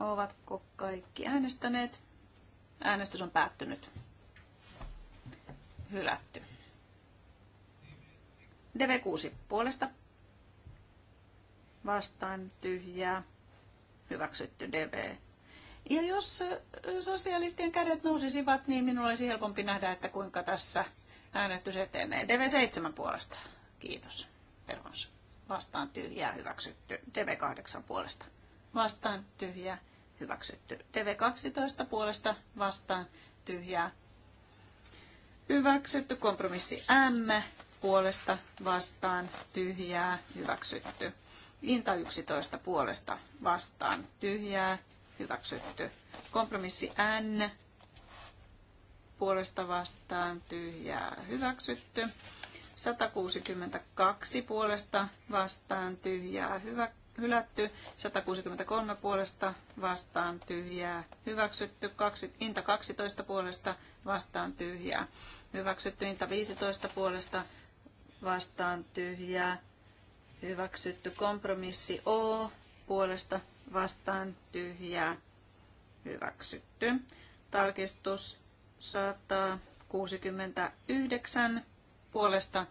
Ovatko kaikki äänestäneet? Äänestys on päättynyt. Hylätty. DV6 puolesta. Vastaan tyhjää. Hyväksytty DV ja jos äh, sosialistien kädet nousisivat, niin minulla olisi helpompi nähdä, että kuinka tässä äänestys etenee. DV7 puolesta. Kiitos. Pervons. Vastaan tyhjää hyväksytty. DV8 puolesta. Vastaan tyhjää hyväksytty. DV12 puolesta vastaan tyhjää hyväksytty. Kompromissi M puolesta vastaan tyhjää hyväksytty. Inta 11 puolesta vastaan tyhjää hyväksytty. Kompromissi N puolesta vastaan tyhjää hyväksytty. 162 puolesta vastaan tyhjää hyvä, hylätty. 163 puolesta vastaan tyhjää hyväksytty. Inta 12 puolesta vastaan tyhjää hyväksytty. Inta 15 puolesta vastaan tyhjää hyväksytty. Kompromissi O puolesta vastaan tyhjää hyväksytty. Tarkistus 169 puolesta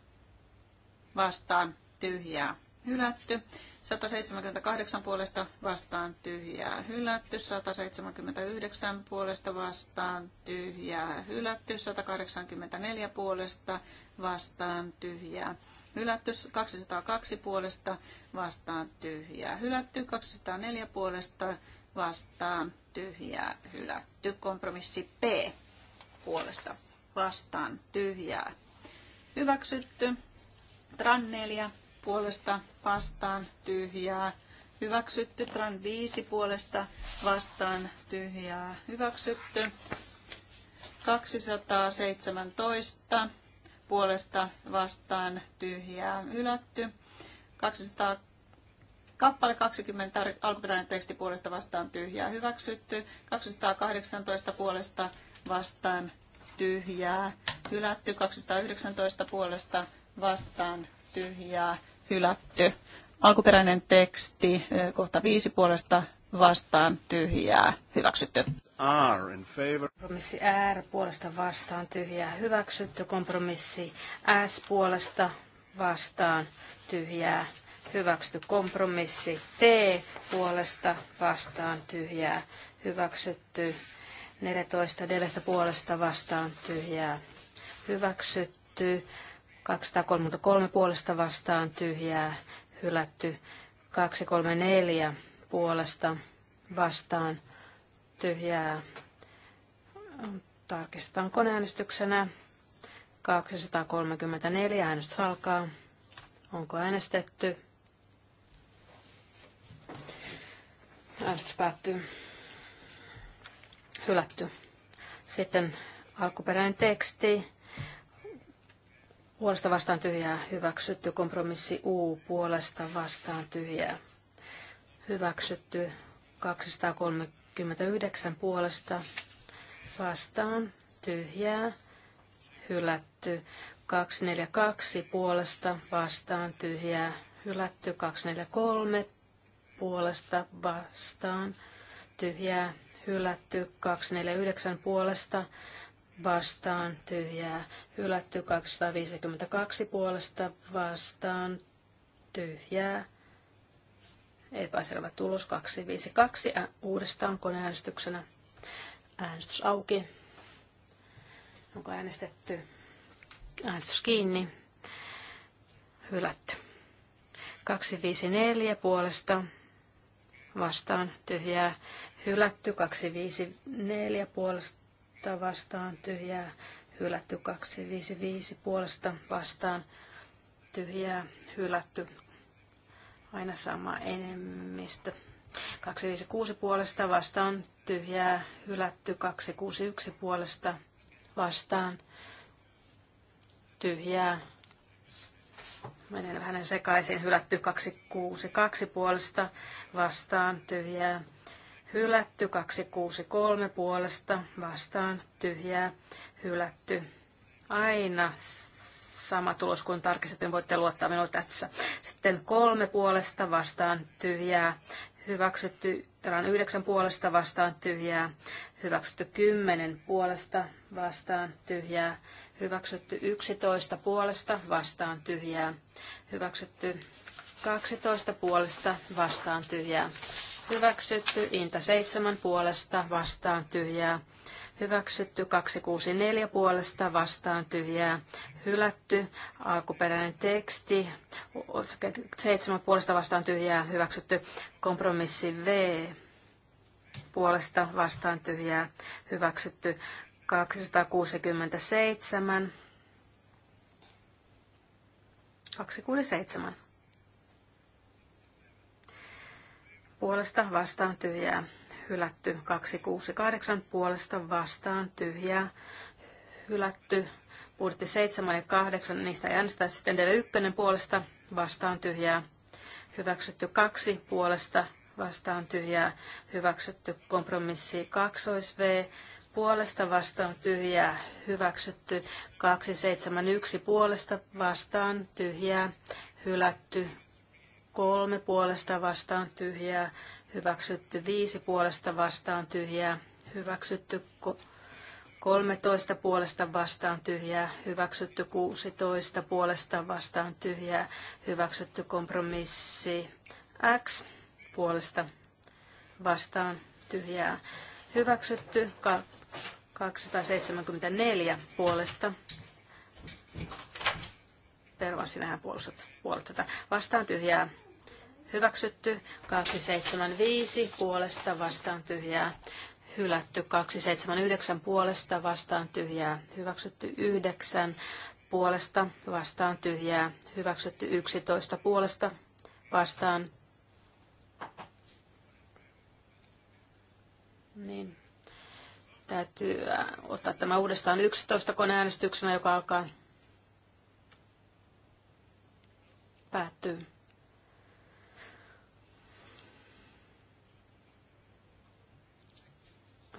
vastaan tyhjää hylätty. 178 puolesta vastaan tyhjää hylätty, 179 puolesta vastaan tyhjää hylätty, 184 puolesta vastaan tyhjää hylätty 202 puolesta vastaan tyhjää hylätty, 204 puolesta vastaan tyhjää hylätty, kompromissi P puolesta vastaan tyhjää hyväksytty, tran 4 puolesta vastaan tyhjää hyväksytty, tran 5 puolesta vastaan tyhjää hyväksytty, 217 puolesta vastaan tyhjää ylätty 200 kappale 20 alkuperäinen teksti puolesta vastaan tyhjää hyväksytty. 218 puolesta vastaan tyhjää hylätty. 219 puolesta vastaan tyhjää hylätty. Alkuperäinen teksti kohta 5 puolesta vastaan tyhjää hyväksytty. R in favor. Kompromissi R puolesta vastaan tyhjää hyväksytty. Kompromissi S puolesta vastaan tyhjää hyväksytty. Kompromissi T puolesta vastaan tyhjää hyväksytty. 14 delestä puolesta vastaan tyhjää hyväksytty. 233 puolesta vastaan tyhjää hylätty. 234 puolesta vastaan tyhjää tyhjää. Tarkistetaan koneäänestyksenä. 234 äänestys alkaa. Onko äänestetty? Äänestys päättyy. Hylätty. Sitten alkuperäinen teksti. Puolesta vastaan tyhjää hyväksytty. Kompromissi U. Puolesta vastaan tyhjää hyväksytty. 230 29 puolesta vastaan tyhjää, hylätty. 242 puolesta vastaan tyhjää, hylätty. 243 puolesta vastaan tyhjää, hylätty. 249 puolesta vastaan tyhjää, hylätty. 252 puolesta vastaan tyhjää, Epäselvä tulos 252 ä, uudestaan koneäänestyksenä. Äänestys auki. Onko äänestetty? Äänestys kiinni. Hylätty. 254 puolesta vastaan tyhjää. Hylätty 254 puolesta vastaan tyhjää. Hylätty 255 puolesta vastaan tyhjää. Hylätty Aina sama enemmistö. 256 puolesta vastaan tyhjää, hylätty 261 puolesta vastaan tyhjää. Menen vähän sekaisin, hylätty 262 puolesta vastaan tyhjää, hylätty 263 puolesta vastaan tyhjää, hylätty aina sama tulos kuin tarkistettiin, voitte luottaa minua tässä. Sitten kolme puolesta vastaan tyhjää, hyväksytty on yhdeksän puolesta vastaan tyhjää, hyväksytty kymmenen puolesta vastaan tyhjää, hyväksytty yksitoista puolesta vastaan tyhjää, hyväksytty kaksitoista puolesta vastaan tyhjää, hyväksytty Inta seitsemän puolesta vastaan tyhjää, hyväksytty 264 puolesta vastaan tyhjää, hylätty. Alkuperäinen teksti, 7 puolesta vastaan tyhjää hyväksytty. Kompromissi V, puolesta vastaan tyhjää hyväksytty. 267. 267. Puolesta vastaan tyhjää hylätty. 268 puolesta vastaan tyhjää hylätty. Budjetti 7 ja 8, niistä äänestää sitten dv ykkönen puolesta vastaan tyhjää. Hyväksytty kaksi puolesta vastaan tyhjää. Hyväksytty kompromissi 2 V puolesta vastaan tyhjää. Hyväksytty 271 puolesta vastaan tyhjää. Hylätty kolme puolesta vastaan tyhjää, hyväksytty viisi puolesta vastaan tyhjää, hyväksytty ko- 13 puolesta vastaan tyhjää, hyväksytty 16 puolesta vastaan tyhjää, hyväksytty kompromissi X puolesta vastaan tyhjää, hyväksytty 274 puolesta. Pervan sinähän puolustat puolta tätä. Vastaan tyhjää, hyväksytty 275 puolesta vastaan tyhjää, hylätty 279 puolesta vastaan tyhjää, hyväksytty 9 puolesta vastaan tyhjää, hyväksytty 11 puolesta vastaan. Niin. Täytyy äh, ottaa tämä uudestaan 11 koneäänestyksenä, joka alkaa päättyy.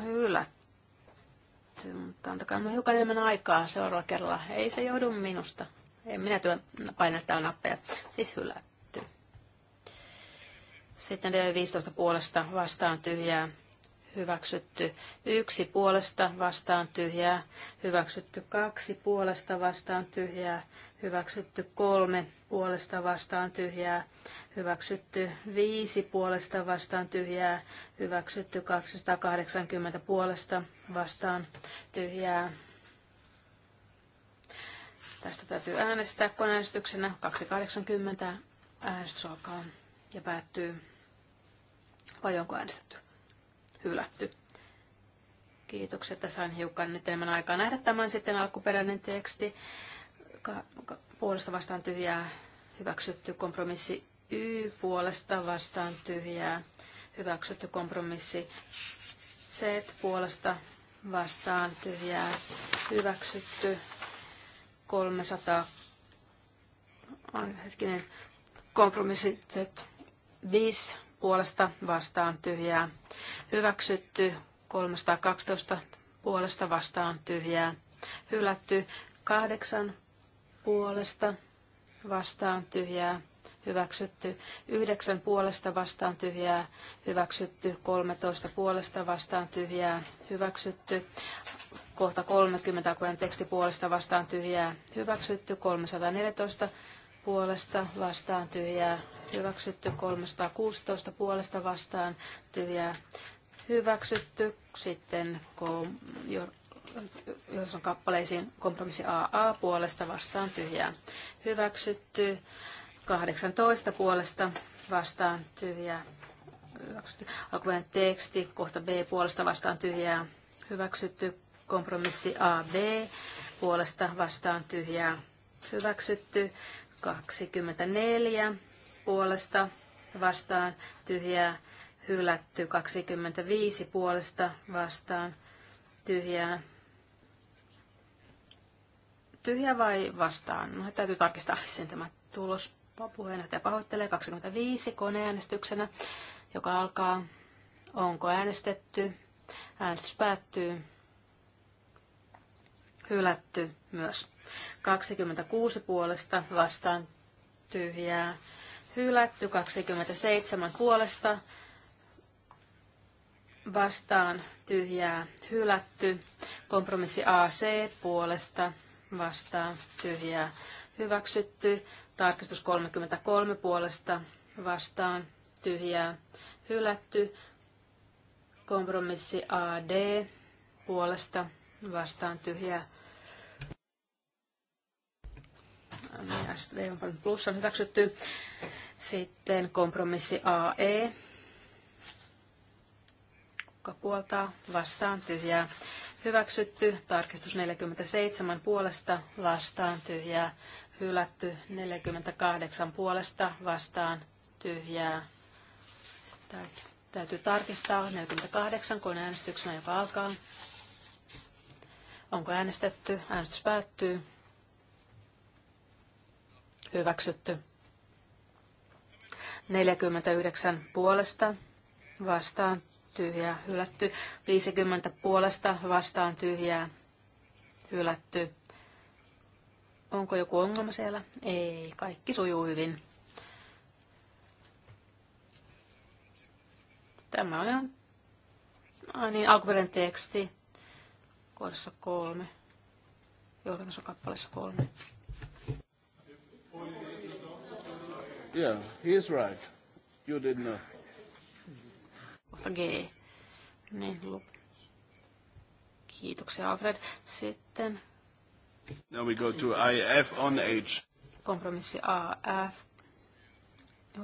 hylätty, mutta antakaa me hiukan enemmän aikaa seuraavalla kerralla. Ei se johdu minusta. En minä työ painetta nappeja. Siis hylätty. Sitten 15 puolesta vastaan tyhjää hyväksytty yksi puolesta vastaan tyhjää, hyväksytty kaksi puolesta vastaan tyhjää, hyväksytty kolme puolesta vastaan tyhjää, hyväksytty viisi puolesta vastaan tyhjää, hyväksytty 280 puolesta vastaan tyhjää. Tästä täytyy äänestää koneäänestyksenä 280 äänestys alkaa ja päättyy. Vai onko äänestetty? Hylätty. Kiitoksia, että sain hiukan nyt enemmän aikaa nähdä tämän sitten alkuperäinen teksti. Ka- puolesta vastaan tyhjää hyväksytty kompromissi Y puolesta vastaan tyhjää. Hyväksytty kompromissi. Z puolesta vastaan tyhjää. Hyväksytty 300. On hetkinen. Kompromissi Z 5 puolesta vastaan tyhjää. Hyväksytty 312 puolesta vastaan tyhjää. Hylätty 8 puolesta vastaan tyhjää hyväksytty, yhdeksän puolesta vastaan tyhjää, hyväksytty, 13 puolesta vastaan tyhjää, hyväksytty, kohta 30 akuinen teksti puolesta vastaan tyhjää, hyväksytty, 314 puolesta vastaan tyhjää, hyväksytty, 316 puolesta vastaan tyhjää, hyväksytty, sitten jos on kappaleisiin kompromissi AA puolesta vastaan tyhjää, hyväksytty, 18 puolesta vastaan tyhjää. Alkuperäinen teksti, kohta B puolesta vastaan tyhjää. Hyväksytty. Kompromissi AB puolesta vastaan tyhjää. Hyväksytty. 24 puolesta vastaan tyhjää. Hylätty. 25 puolesta vastaan tyhjää tyhjä vai vastaan? No, täytyy tarkistaa sen tämä tulos puheenjohtaja pahoittelee 25 koneäänestyksenä, joka alkaa. Onko äänestetty? Äänestys päättyy. Hylätty myös. 26 puolesta vastaan tyhjää. Hylätty 27 puolesta vastaan tyhjää. Hylätty. Kompromissi AC puolesta vastaan tyhjää. Hyväksytty Tarkistus 33 puolesta vastaan tyhjää hylätty. Kompromissi AD puolesta vastaan tyhjää. SD on plus on hyväksytty. Sitten kompromissi AE. Kuka puoltaa? Vastaan tyhjää. Hyväksytty. Tarkistus 47 puolesta. Vastaan tyhjää hylätty 48 puolesta vastaan tyhjää. Täytyy tarkistaa 48 kun äänestyksen joka alkaa. Onko äänestetty? Äänestys päättyy. Hyväksytty. 49 puolesta vastaan tyhjää hylätty. 50 puolesta vastaan tyhjää hylätty. Onko joku ongelma siellä? Ei, kaikki sujuu hyvin. Tämä on ihan ah, niin, alkuperäinen teksti kohdassa kolme, johdannossa kappaleessa kolme. Yeah, he's right. You didn't know. Kohta G. Niin, lup. Kiitoksia Alfred. Sitten Now we go to IF on H. Kompromissi AF.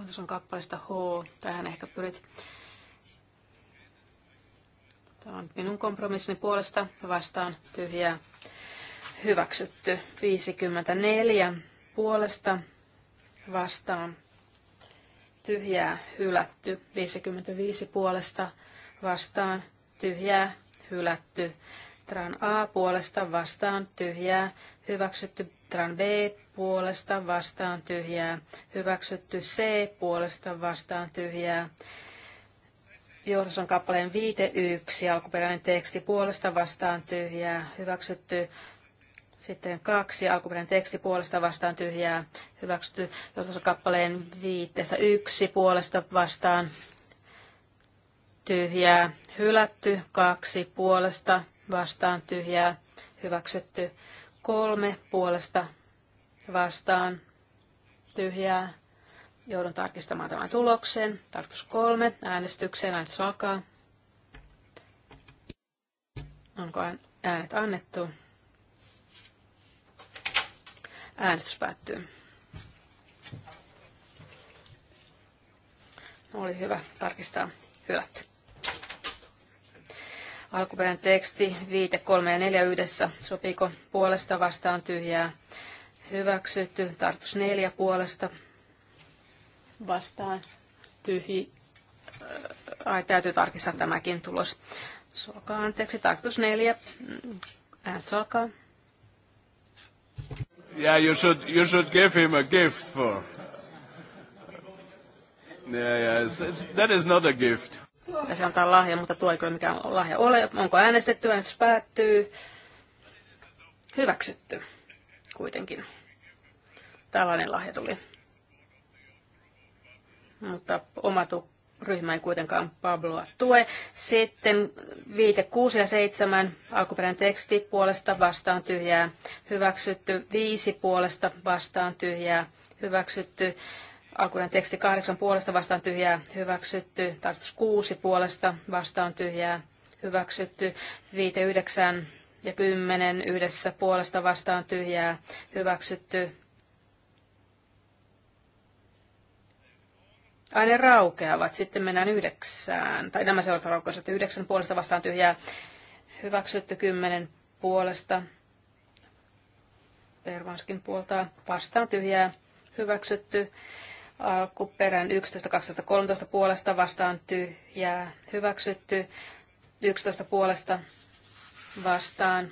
tässä on kappaleista H. Tähän ehkä pyrit. Tämä on minun kompromissini puolesta vastaan tyhjää hyväksytty 54 puolesta vastaan tyhjää hylätty 55 puolesta vastaan tyhjää hylätty Tran A puolesta vastaan tyhjää, hyväksytty Tran B puolesta vastaan tyhjää, hyväksytty C puolesta vastaan tyhjää. on kappaleen viite yksi alkuperäinen teksti puolesta vastaan tyhjää, hyväksytty sitten kaksi alkuperäinen teksti puolesta vastaan tyhjää, hyväksytty Johdosson kappaleen viitteestä yksi puolesta vastaan tyhjää, hylätty kaksi puolesta vastaan tyhjää hyväksytty. Kolme puolesta vastaan tyhjää. Joudun tarkistamaan tämän tuloksen. Tarkoitus kolme äänestykseen. Äänestys alkaa. Onko äänet annettu? Äänestys päättyy. Oli hyvä tarkistaa hylätty. Alkuperäinen teksti, viite, kolme ja neljä yhdessä. Sopiiko puolesta vastaan tyhjää? Hyväksytty. Tartus neljä puolesta vastaan tyhji. Äh, ai, täytyy tarkistaa tämäkin tulos. Suokaa anteeksi. Tartus neljä. Äänestys alkaa. Yeah, you should, you should give him a gift for. Yeah, yeah, it's, it's, that is not a gift se antaa lahja, mutta tuo ei kyllä mikään lahja ole. Onko äänestetty, äänestys päättyy. Hyväksytty kuitenkin. Tällainen lahja tuli. Mutta oma ryhmä ei kuitenkaan Pabloa tue. Sitten viite 6 ja 7, alkuperäinen teksti puolesta vastaan tyhjää, hyväksytty. 5 puolesta vastaan tyhjää, hyväksytty. Alkuinen teksti kahdeksan puolesta vastaan tyhjää hyväksytty. Tarkoitus kuusi puolesta vastaan tyhjää hyväksytty. Viite yhdeksän ja kymmenen yhdessä puolesta vastaan tyhjää hyväksytty. Aine raukeavat. Sitten mennään yhdeksään. Tai nämä seuraavat raukeavat. Yhdeksän puolesta vastaan tyhjää hyväksytty. Kymmenen puolesta. Pervanskin puolta vastaan tyhjää hyväksytty alkuperän 11, 12, 13 puolesta vastaan tyhjää hyväksytty, 11 puolesta vastaan.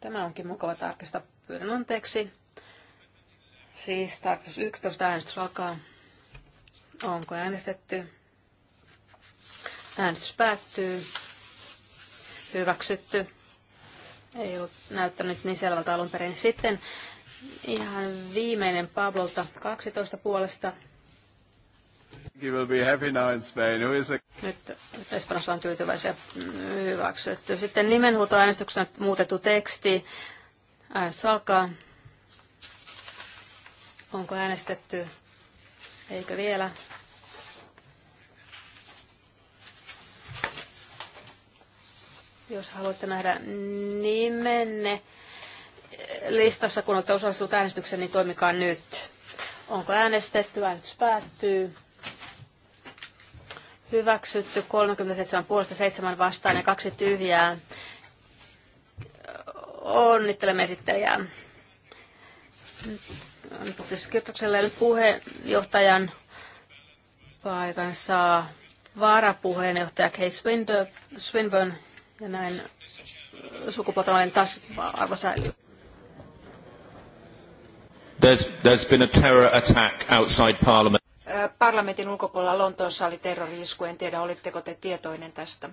Tämä onkin mukava tarkistaa. Pyydän anteeksi. Siis tarkistus 11 äänestys alkaa. Onko äänestetty? Äänestys päättyy. Hyväksytty. Ei ollut näyttänyt niin selvältä alun perin. Sitten Ihan viimeinen Pablolta 12 puolesta. Nyt Espanjassa on tyytyväisiä mm, hyväksytty. Sitten nimenhuutoäänestyksenä muutettu teksti. Äänestys alkaa. Onko äänestetty? Eikö vielä? Jos haluatte nähdä nimenne listassa, kun olette osallistuneet äänestykseen, niin toimikaa nyt. Onko äänestetty? Äänestys päättyy. Hyväksytty 37 puolesta 7 vastaan ja kaksi tyhjää. Onnittelemme esittelijää. Kiitokselle nyt puheenjohtajan paikan saa varapuheenjohtaja Kay Swinburne ja näin sukupuolten taas arvo säilyy. There's, there's been a terror attack outside parliament. Parlamentin ulkopuolella Lontoossa oli terrori-isku. En tiedä, olitteko te tietoinen tästä.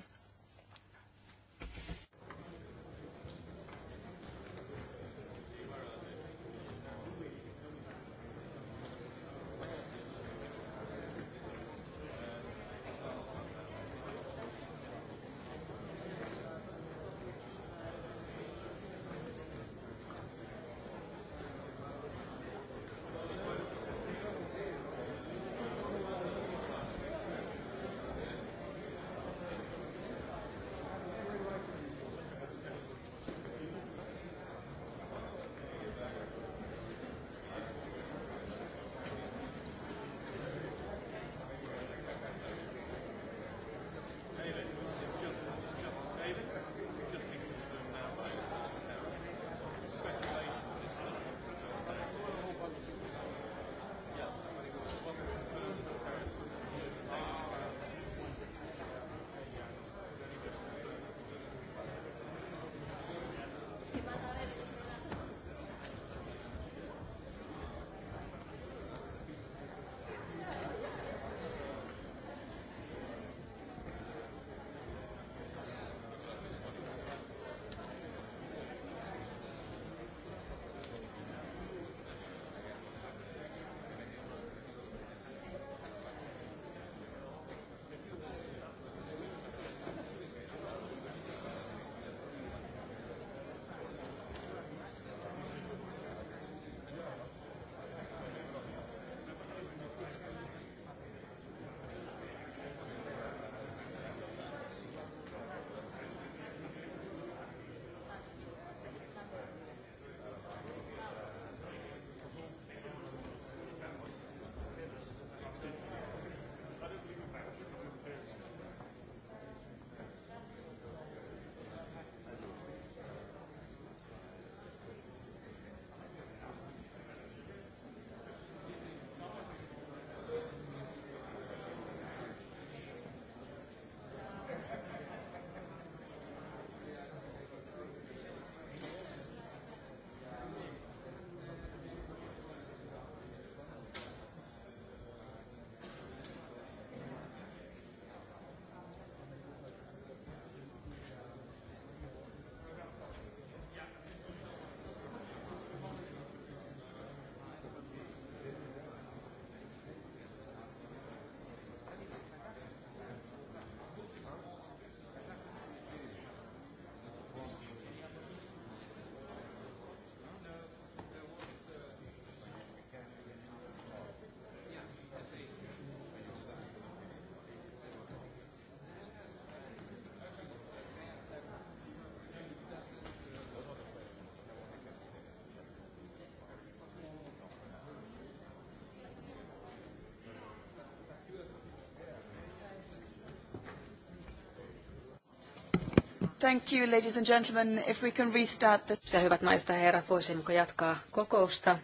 Thank you, ladies and gentlemen. If we can restart the... Ja hyvät naiset ja herrat, voisimmeko jatkaa kokousta?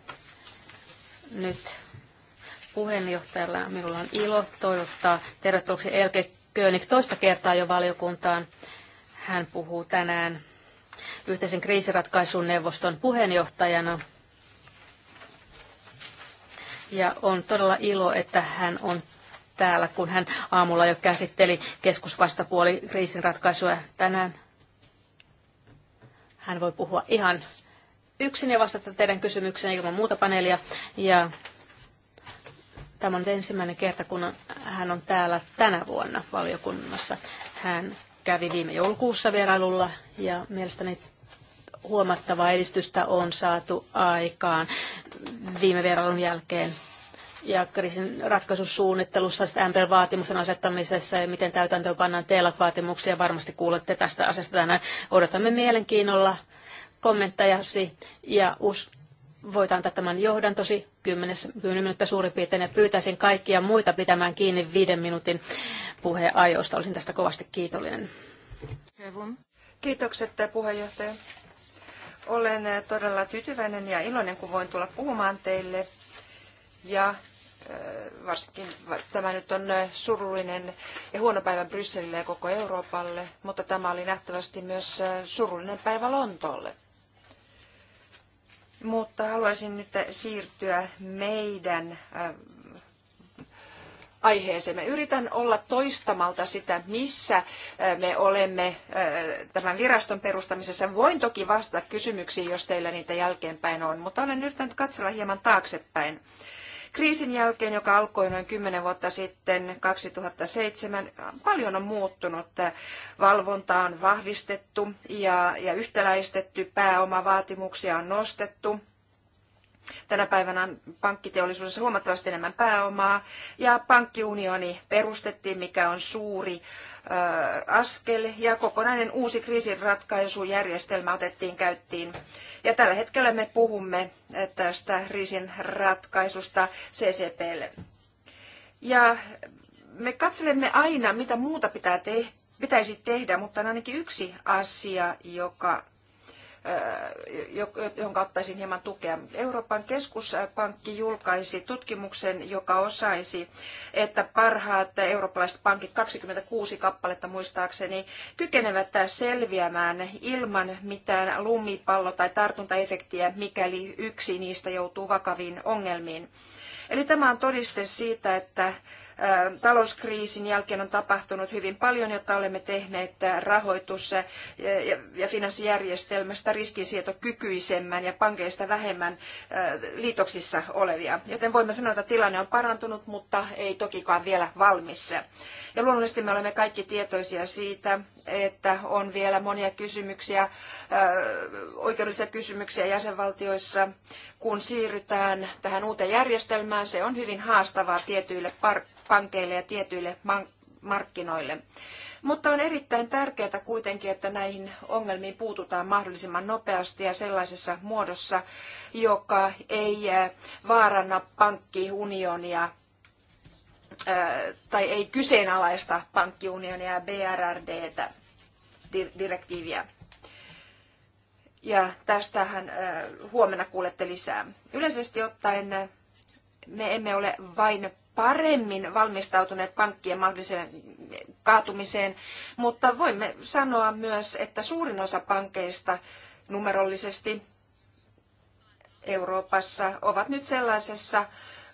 Nyt puheenjohtajalla minulla on ilo toivottaa tervetulleeksi Elke König toista kertaa jo valiokuntaan. Hän puhuu tänään yhteisen kriisiratkaisun neuvoston puheenjohtajana. Ja on todella ilo, että hän on täällä, kun hän aamulla jo käsitteli keskusvastapuoli kriisinratkaisua tänään. Hän voi puhua ihan yksin ja vastata teidän kysymykseen ilman muuta paneelia. Ja tämä on nyt ensimmäinen kerta, kun hän on täällä tänä vuonna valiokunnassa. Hän kävi viime joulukuussa vierailulla ja mielestäni huomattavaa edistystä on saatu aikaan viime vierailun jälkeen ja kriisin ratkaisusuunnittelussa, MPL-vaatimusten asettamisessa ja miten täytäntöön pannaan TELAK-vaatimuksia. Varmasti kuulette tästä asiasta tänään. Odotamme mielenkiinnolla kommenttajasi ja us- voit antaa tämän johdantosi 10, 10 minuuttia suurin piirtein ja pyytäisin kaikkia muita pitämään kiinni viiden minuutin puheajoista Olisin tästä kovasti kiitollinen. Kiitokset puheenjohtaja. Olen todella tyytyväinen ja iloinen, kun voin tulla puhumaan teille. Ja Äh, varsinkin tämä nyt on äh, surullinen ja huono päivä Brysselille ja koko Euroopalle, mutta tämä oli nähtävästi myös äh, surullinen päivä Lontoolle. Mutta haluaisin nyt siirtyä meidän aiheeseemme. Yritän olla toistamalta sitä, missä me olemme tämän viraston perustamisessa. Voin toki vastata kysymyksiin, jos teillä niitä jälkeenpäin on, mutta olen yrittänyt katsella hieman taaksepäin Kriisin jälkeen, joka alkoi noin kymmenen vuotta sitten, 2007, paljon on muuttunut. Valvonta on vahvistettu ja, ja yhtäläistetty, pääomavaatimuksia on nostettu Tänä päivänä on pankkiteollisuudessa huomattavasti enemmän pääomaa ja pankkiunioni perustettiin, mikä on suuri askel ja kokonainen uusi kriisinratkaisujärjestelmä otettiin käyttiin. Ja tällä hetkellä me puhumme tästä kriisinratkaisusta CCPlle. Ja me katselemme aina, mitä muuta pitää tehdä pitäisi tehdä, mutta on ainakin yksi asia, joka jonka ottaisin hieman tukea. Euroopan keskuspankki julkaisi tutkimuksen, joka osaisi, että parhaat eurooppalaiset pankit, 26 kappaletta muistaakseni, kykenevät selviämään ilman mitään lumipallo- tai tartuntaefektiä, mikäli yksi niistä joutuu vakaviin ongelmiin. Eli tämä on todiste siitä, että talouskriisin jälkeen on tapahtunut hyvin paljon, jotta olemme tehneet rahoitus- ja finanssijärjestelmästä riskinsietokykyisemmän ja pankeista vähemmän liitoksissa olevia. Joten voimme sanoa, että tilanne on parantunut, mutta ei tokikaan vielä valmis. Ja luonnollisesti me olemme kaikki tietoisia siitä, että on vielä monia kysymyksiä, oikeudellisia kysymyksiä jäsenvaltioissa. Kun siirrytään tähän uuteen järjestelmään, se on hyvin haastavaa tietyille par- pankeille ja tietyille markkinoille. Mutta on erittäin tärkeää kuitenkin, että näihin ongelmiin puututaan mahdollisimman nopeasti ja sellaisessa muodossa, joka ei äh, vaaranna pankkiunionia äh, tai ei kyseenalaista pankkiunionia ja tä direktiiviä. Ja tästähän äh, huomenna kuulette lisää. Yleisesti ottaen me emme ole vain paremmin valmistautuneet pankkien mahdolliseen kaatumiseen, mutta voimme sanoa myös, että suurin osa pankeista numerollisesti Euroopassa ovat nyt sellaisessa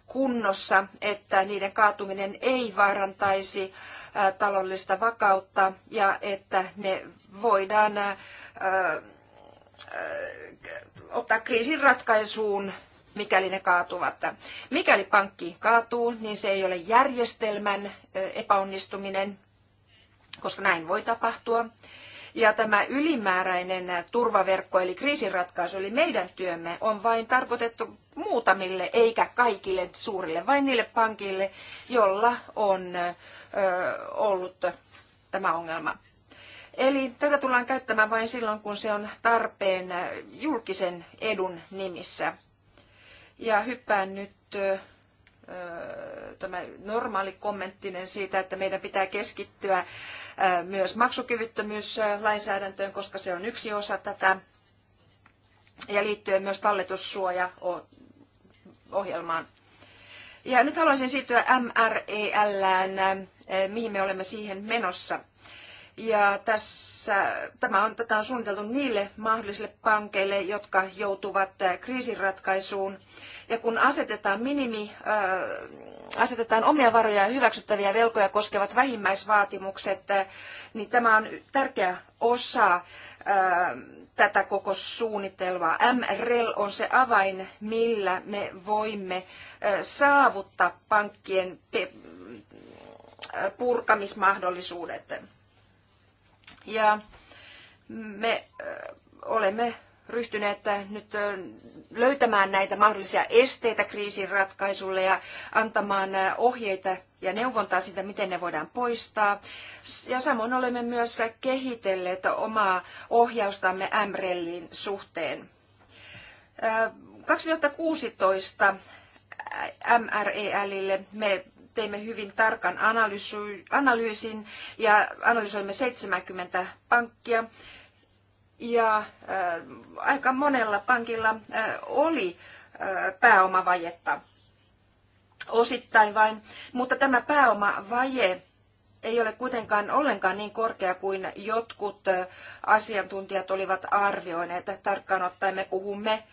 kunnossa, että niiden kaatuminen ei vaarantaisi taloudellista vakautta ja että ne voidaan ottaa kriisin ratkaisuun mikäli ne kaatuvat. Mikäli pankki kaatuu, niin se ei ole järjestelmän epäonnistuminen, koska näin voi tapahtua. Ja tämä ylimääräinen turvaverkko eli kriisinratkaisu eli meidän työmme on vain tarkoitettu muutamille eikä kaikille suurille, vain niille pankille, jolla on ö, ollut tämä ongelma. Eli tätä tullaan käyttämään vain silloin, kun se on tarpeen julkisen edun nimissä. Ja hyppään nyt tämä normaali kommenttinen siitä, että meidän pitää keskittyä myös maksukyvyttömyyslainsäädäntöön, koska se on yksi osa tätä, ja liittyen myös talletussuojaohjelmaan. Ja nyt haluaisin siirtyä MREL, mihin me olemme siihen menossa. Ja tässä, tämä on, tätä on suunniteltu niille mahdollisille pankeille, jotka joutuvat äh, kriisinratkaisuun. Ja kun asetetaan minimi, äh, asetetaan omia varoja ja hyväksyttäviä velkoja koskevat vähimmäisvaatimukset, äh, niin tämä on tärkeä osa tätä koko suunnitelmaa. MREL on se avain, millä me voimme saavuttaa pankkien purkamismahdollisuudet. Ja me äh, olemme ryhtyneet että äh, nyt äh, löytämään näitä mahdollisia esteitä kriisin ratkaisulle ja antamaan ohjeita ja neuvontaa siitä, miten ne voidaan poistaa. Ja samoin olemme myös kehitelleet omaa ohjaustamme MRELin suhteen. 2016 MRELille me teimme hyvin tarkan analyysin ja analysoimme 70 pankkia. Ja äh, aika monella pankilla äh, oli äh, pääomavajetta osittain vain, mutta tämä pääomavaje ei ole kuitenkaan ollenkaan niin korkea kuin jotkut asiantuntijat olivat arvioineet. Tarkkaan ottaen me puhumme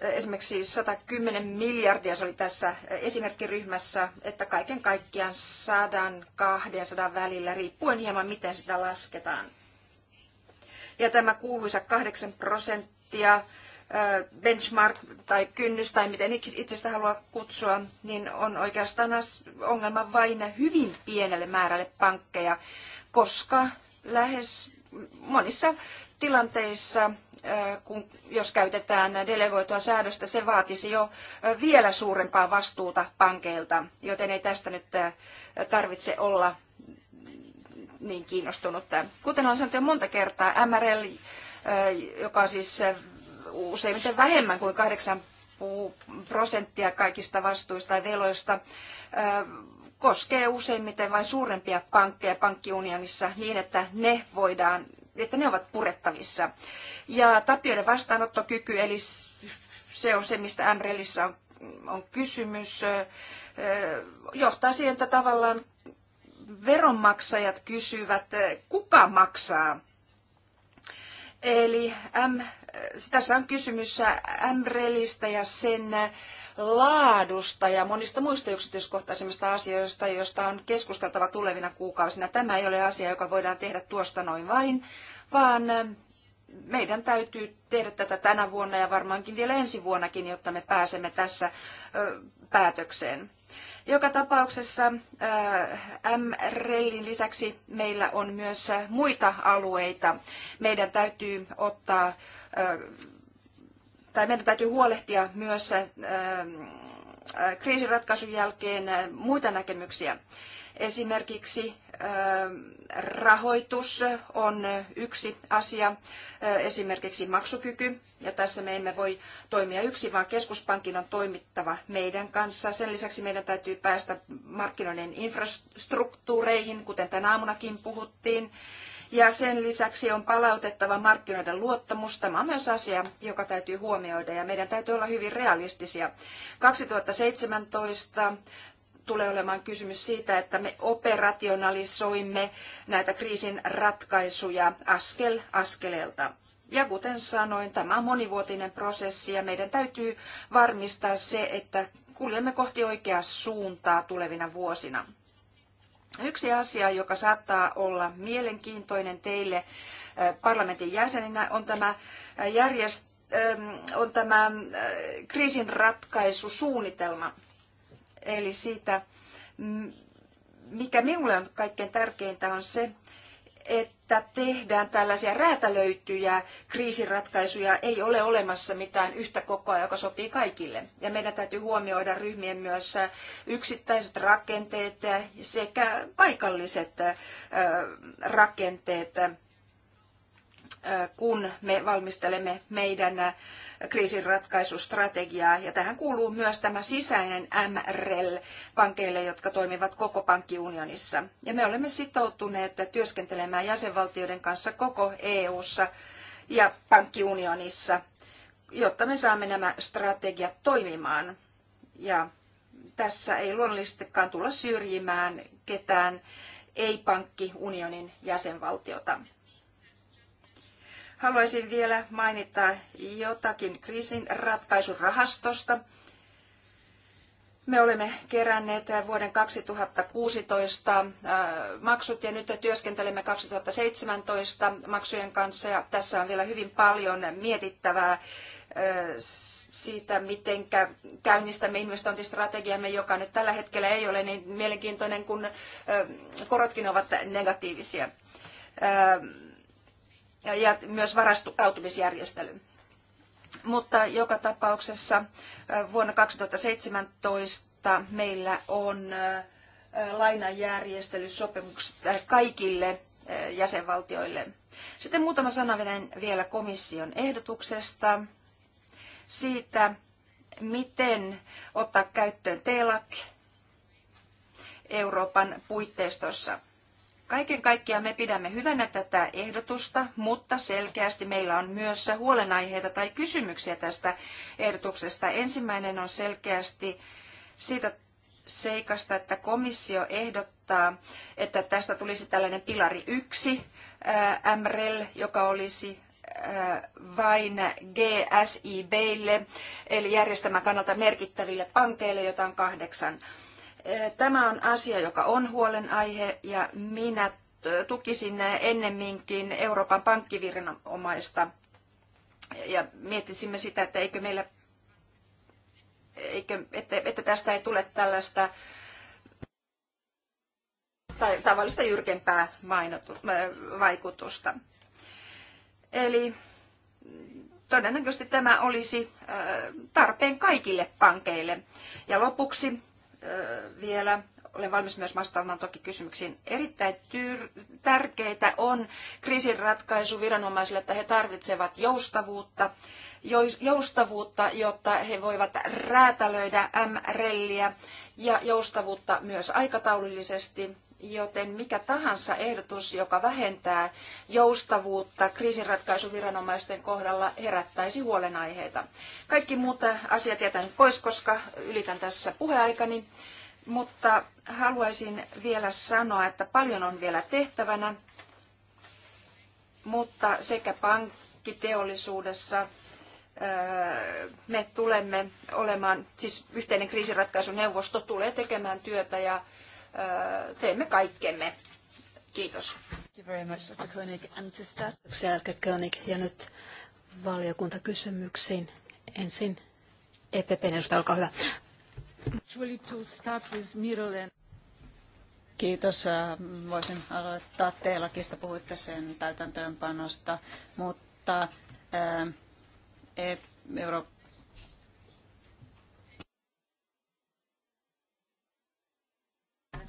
esimerkiksi 110 miljardia, se oli tässä esimerkkiryhmässä, että kaiken kaikkiaan 100-200 välillä, riippuen hieman miten sitä lasketaan. Ja tämä kuuluisa 8 prosenttia benchmark tai kynnys tai miten itse sitä haluaa kutsua, niin on oikeastaan ongelma vain hyvin pienelle määrälle pankkeja, koska lähes monissa tilanteissa kun, jos käytetään delegoitua säädöstä, se vaatisi jo vielä suurempaa vastuuta pankeilta, joten ei tästä nyt tarvitse olla niin kiinnostunut. Kuten olen sanonut jo monta kertaa, MRL, joka on siis useimmiten vähemmän kuin 8 prosenttia kaikista vastuista ja veloista, koskee useimmiten vain suurempia pankkeja pankkiunionissa niin, että ne voidaan että ne ovat purettavissa. Ja tapioiden vastaanottokyky, eli se on se, mistä MRELissä on, on kysymys, johtaa siihen, että tavallaan veronmaksajat kysyvät, kuka maksaa. Eli M, tässä on kysymys MREListä ja sen laadusta ja monista muista yksityiskohtaisemmista asioista, joista on keskusteltava tulevina kuukausina. Tämä ei ole asia, joka voidaan tehdä tuosta noin vain, vaan meidän täytyy tehdä tätä tänä vuonna ja varmaankin vielä ensi vuonnakin, jotta me pääsemme tässä päätökseen. Joka tapauksessa M-rellin lisäksi meillä on myös muita alueita. Meidän täytyy ottaa tai meidän täytyy huolehtia myös äh, äh, kriisiratkaisun jälkeen äh, muita näkemyksiä. Esimerkiksi rahoitus on yksi asia, esimerkiksi maksukyky. Ja tässä me emme voi toimia yksin, vaan keskuspankin on toimittava meidän kanssa. Sen lisäksi meidän täytyy päästä markkinoiden infrastruktuureihin, kuten tänä aamunakin puhuttiin. Ja sen lisäksi on palautettava markkinoiden luottamus. Tämä on myös asia, joka täytyy huomioida ja meidän täytyy olla hyvin realistisia. 2017 tulee olemaan kysymys siitä, että me operationalisoimme näitä kriisin ratkaisuja askel askeleelta. Ja kuten sanoin, tämä on monivuotinen prosessi ja meidän täytyy varmistaa se, että kuljemme kohti oikeaa suuntaa tulevina vuosina. Yksi asia, joka saattaa olla mielenkiintoinen teille eh, parlamentin jäseninä, on tämä, eh, järjest, on tämä eh, kriisinratkaisusuunnitelma. Eli siitä, mikä minulle on kaikkein tärkeintä, on se, että tehdään tällaisia räätälöityjä kriisiratkaisuja. Ei ole olemassa mitään yhtä kokoa, joka sopii kaikille. Ja meidän täytyy huomioida ryhmien myös yksittäiset rakenteet sekä paikalliset rakenteet kun me valmistelemme meidän kriisinratkaisustrategiaa. Ja tähän kuuluu myös tämä sisäinen MRL pankeille, jotka toimivat koko pankkiunionissa. Ja me olemme sitoutuneet työskentelemään jäsenvaltioiden kanssa koko EU:ssa ja pankkiunionissa, jotta me saamme nämä strategiat toimimaan. Ja tässä ei luonnollisestikaan tulla syrjimään ketään ei-pankkiunionin jäsenvaltiota. Haluaisin vielä mainita jotakin kriisin ratkaisurahastosta. Me olemme keränneet vuoden 2016 äh, maksut ja nyt työskentelemme 2017 maksujen kanssa ja tässä on vielä hyvin paljon mietittävää äh, siitä, miten käynnistämme investointistrategiamme, joka nyt tällä hetkellä ei ole niin mielenkiintoinen, kun äh, korotkin ovat negatiivisia ja myös varastautumisjärjestely. Mutta joka tapauksessa vuonna 2017 meillä on lainajärjestelysopimukset äh, kaikille jäsenvaltioille. Sitten muutama sana vielä komission ehdotuksesta siitä, miten ottaa käyttöön TELAC Euroopan puitteistossa. Kaiken kaikkiaan me pidämme hyvänä tätä ehdotusta, mutta selkeästi meillä on myös huolenaiheita tai kysymyksiä tästä ehdotuksesta. Ensimmäinen on selkeästi siitä seikasta, että komissio ehdottaa, että tästä tulisi tällainen pilari yksi MREL, joka olisi vain GSIBille, eli järjestelmän kannalta merkittäville pankeille, joita on kahdeksan. Tämä on asia, joka on huolenaihe ja minä tukisin ennemminkin Euroopan pankkiviranomaista ja miettisimme sitä, että eikö meillä, eikö, että, että tästä ei tule tällaista tai tavallista jyrkempää mainotu, vaikutusta. Eli todennäköisesti tämä olisi äh, tarpeen kaikille pankeille. Ja lopuksi vielä. Olen valmis myös vastaamaan toki kysymyksiin. Erittäin tyr- tärkeitä on kriisinratkaisu viranomaisille, että he tarvitsevat joustavuutta, joustavuutta, jotta he voivat räätälöidä MRLiä ja joustavuutta myös aikataulullisesti joten mikä tahansa ehdotus, joka vähentää joustavuutta kriisinratkaisuviranomaisten kohdalla, herättäisi huolenaiheita. Kaikki muut asiat jätän pois, koska ylitän tässä puheaikani, mutta haluaisin vielä sanoa, että paljon on vielä tehtävänä, mutta sekä pankkiteollisuudessa öö, me tulemme olemaan, siis yhteinen kriisinratkaisuneuvosto tulee tekemään työtä ja teemme kaikkemme. Kiitos. König. Ja nyt valiokuntakysymyksiin. Ensin EPPn edustaja, olkaa hyvä. Kiitos. Voisin aloittaa teilakista. Puhuitte sen täytäntöönpanosta, mutta e- Euroopan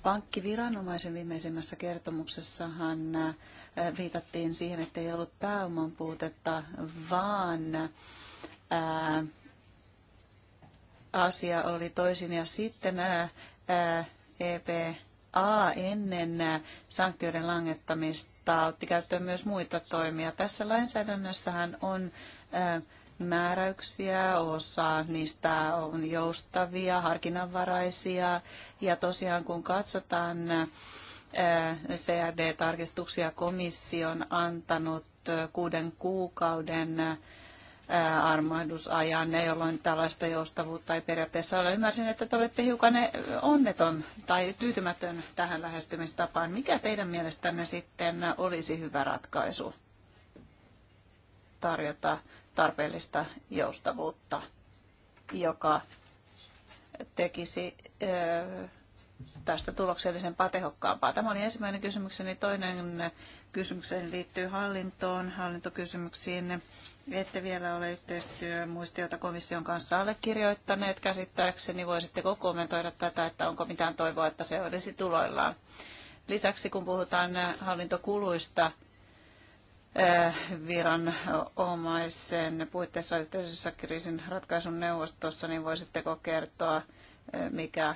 Pankkiviranomaisen viimeisimmässä kertomuksessahan äh, viitattiin siihen, että ei ollut pääoman puutetta, vaan ää, äh, asia oli toisin. Ja sitten ää, äh, EPA ennen sanktioiden langettamista otti käyttöön myös muita toimia. Tässä lainsäädännössähän on ää, määräyksiä, osa niistä on joustavia, harkinnanvaraisia ja tosiaan kun katsotaan CRD-tarkistuksia komission antanut kuuden kuukauden armahdusajan, jolloin tällaista joustavuutta ei periaatteessa ole. Ymmärsin, että te olette hiukan onneton tai tyytymätön tähän lähestymistapaan. Mikä teidän mielestänne sitten olisi hyvä ratkaisu tarjota tarpeellista joustavuutta, joka tekisi tästä tuloksellisempaa, tehokkaampaa. Tämä oli ensimmäinen kysymykseni. Toinen kysymykseni liittyy hallintoon, hallintokysymyksiin. Ette vielä ole yhteistyömuistiota komission kanssa allekirjoittaneet käsittääkseni. Voisitteko kommentoida tätä, että onko mitään toivoa, että se olisi tuloillaan? Lisäksi kun puhutaan hallintokuluista, Äh, viranomaisen puitteissa yhteisessä kriisin ratkaisun neuvostossa, niin voisitteko kertoa, äh, mikä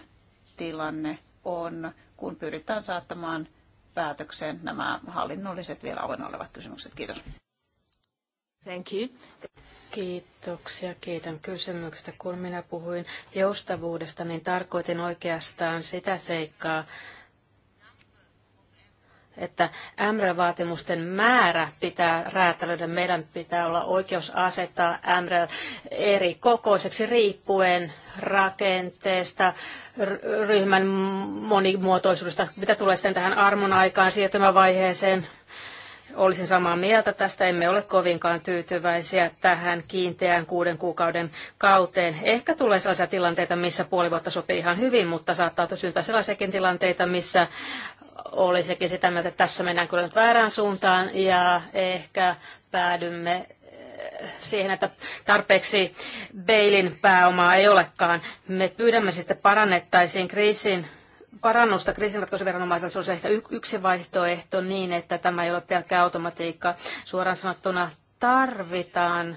tilanne on, kun pyritään saattamaan päätökseen nämä hallinnolliset vielä avoinna olevat kysymykset. Kiitos. Thank you. Kiitoksia, kiitän kysymyksestä. Kun minä puhuin joustavuudesta, niin tarkoitin oikeastaan sitä seikkaa, että MREL-vaatimusten määrä pitää räätälöidä. Meidän pitää olla oikeus asettaa MREL eri kokoiseksi riippuen rakenteesta, ryhmän monimuotoisuudesta, mitä tulee sitten tähän armon aikaan siirtymävaiheeseen. Olisin samaa mieltä tästä, emme ole kovinkaan tyytyväisiä tähän kiinteään kuuden kuukauden kauteen. Ehkä tulee sellaisia tilanteita, missä puoli vuotta sopii ihan hyvin, mutta saattaa syntyä sellaisiakin tilanteita, missä olisikin sitä mieltä, että tässä mennään kyllä nyt väärään suuntaan ja ehkä päädymme eh, siihen, että tarpeeksi Beilin pääomaa ei olekaan. Me pyydämme sitten siis, parannettaisiin kriisin parannusta kriisinratkaisuviranomaisella, se olisi ehkä yksi vaihtoehto niin, että tämä ei ole pelkkä automatiikka. Suoraan sanottuna tarvitaan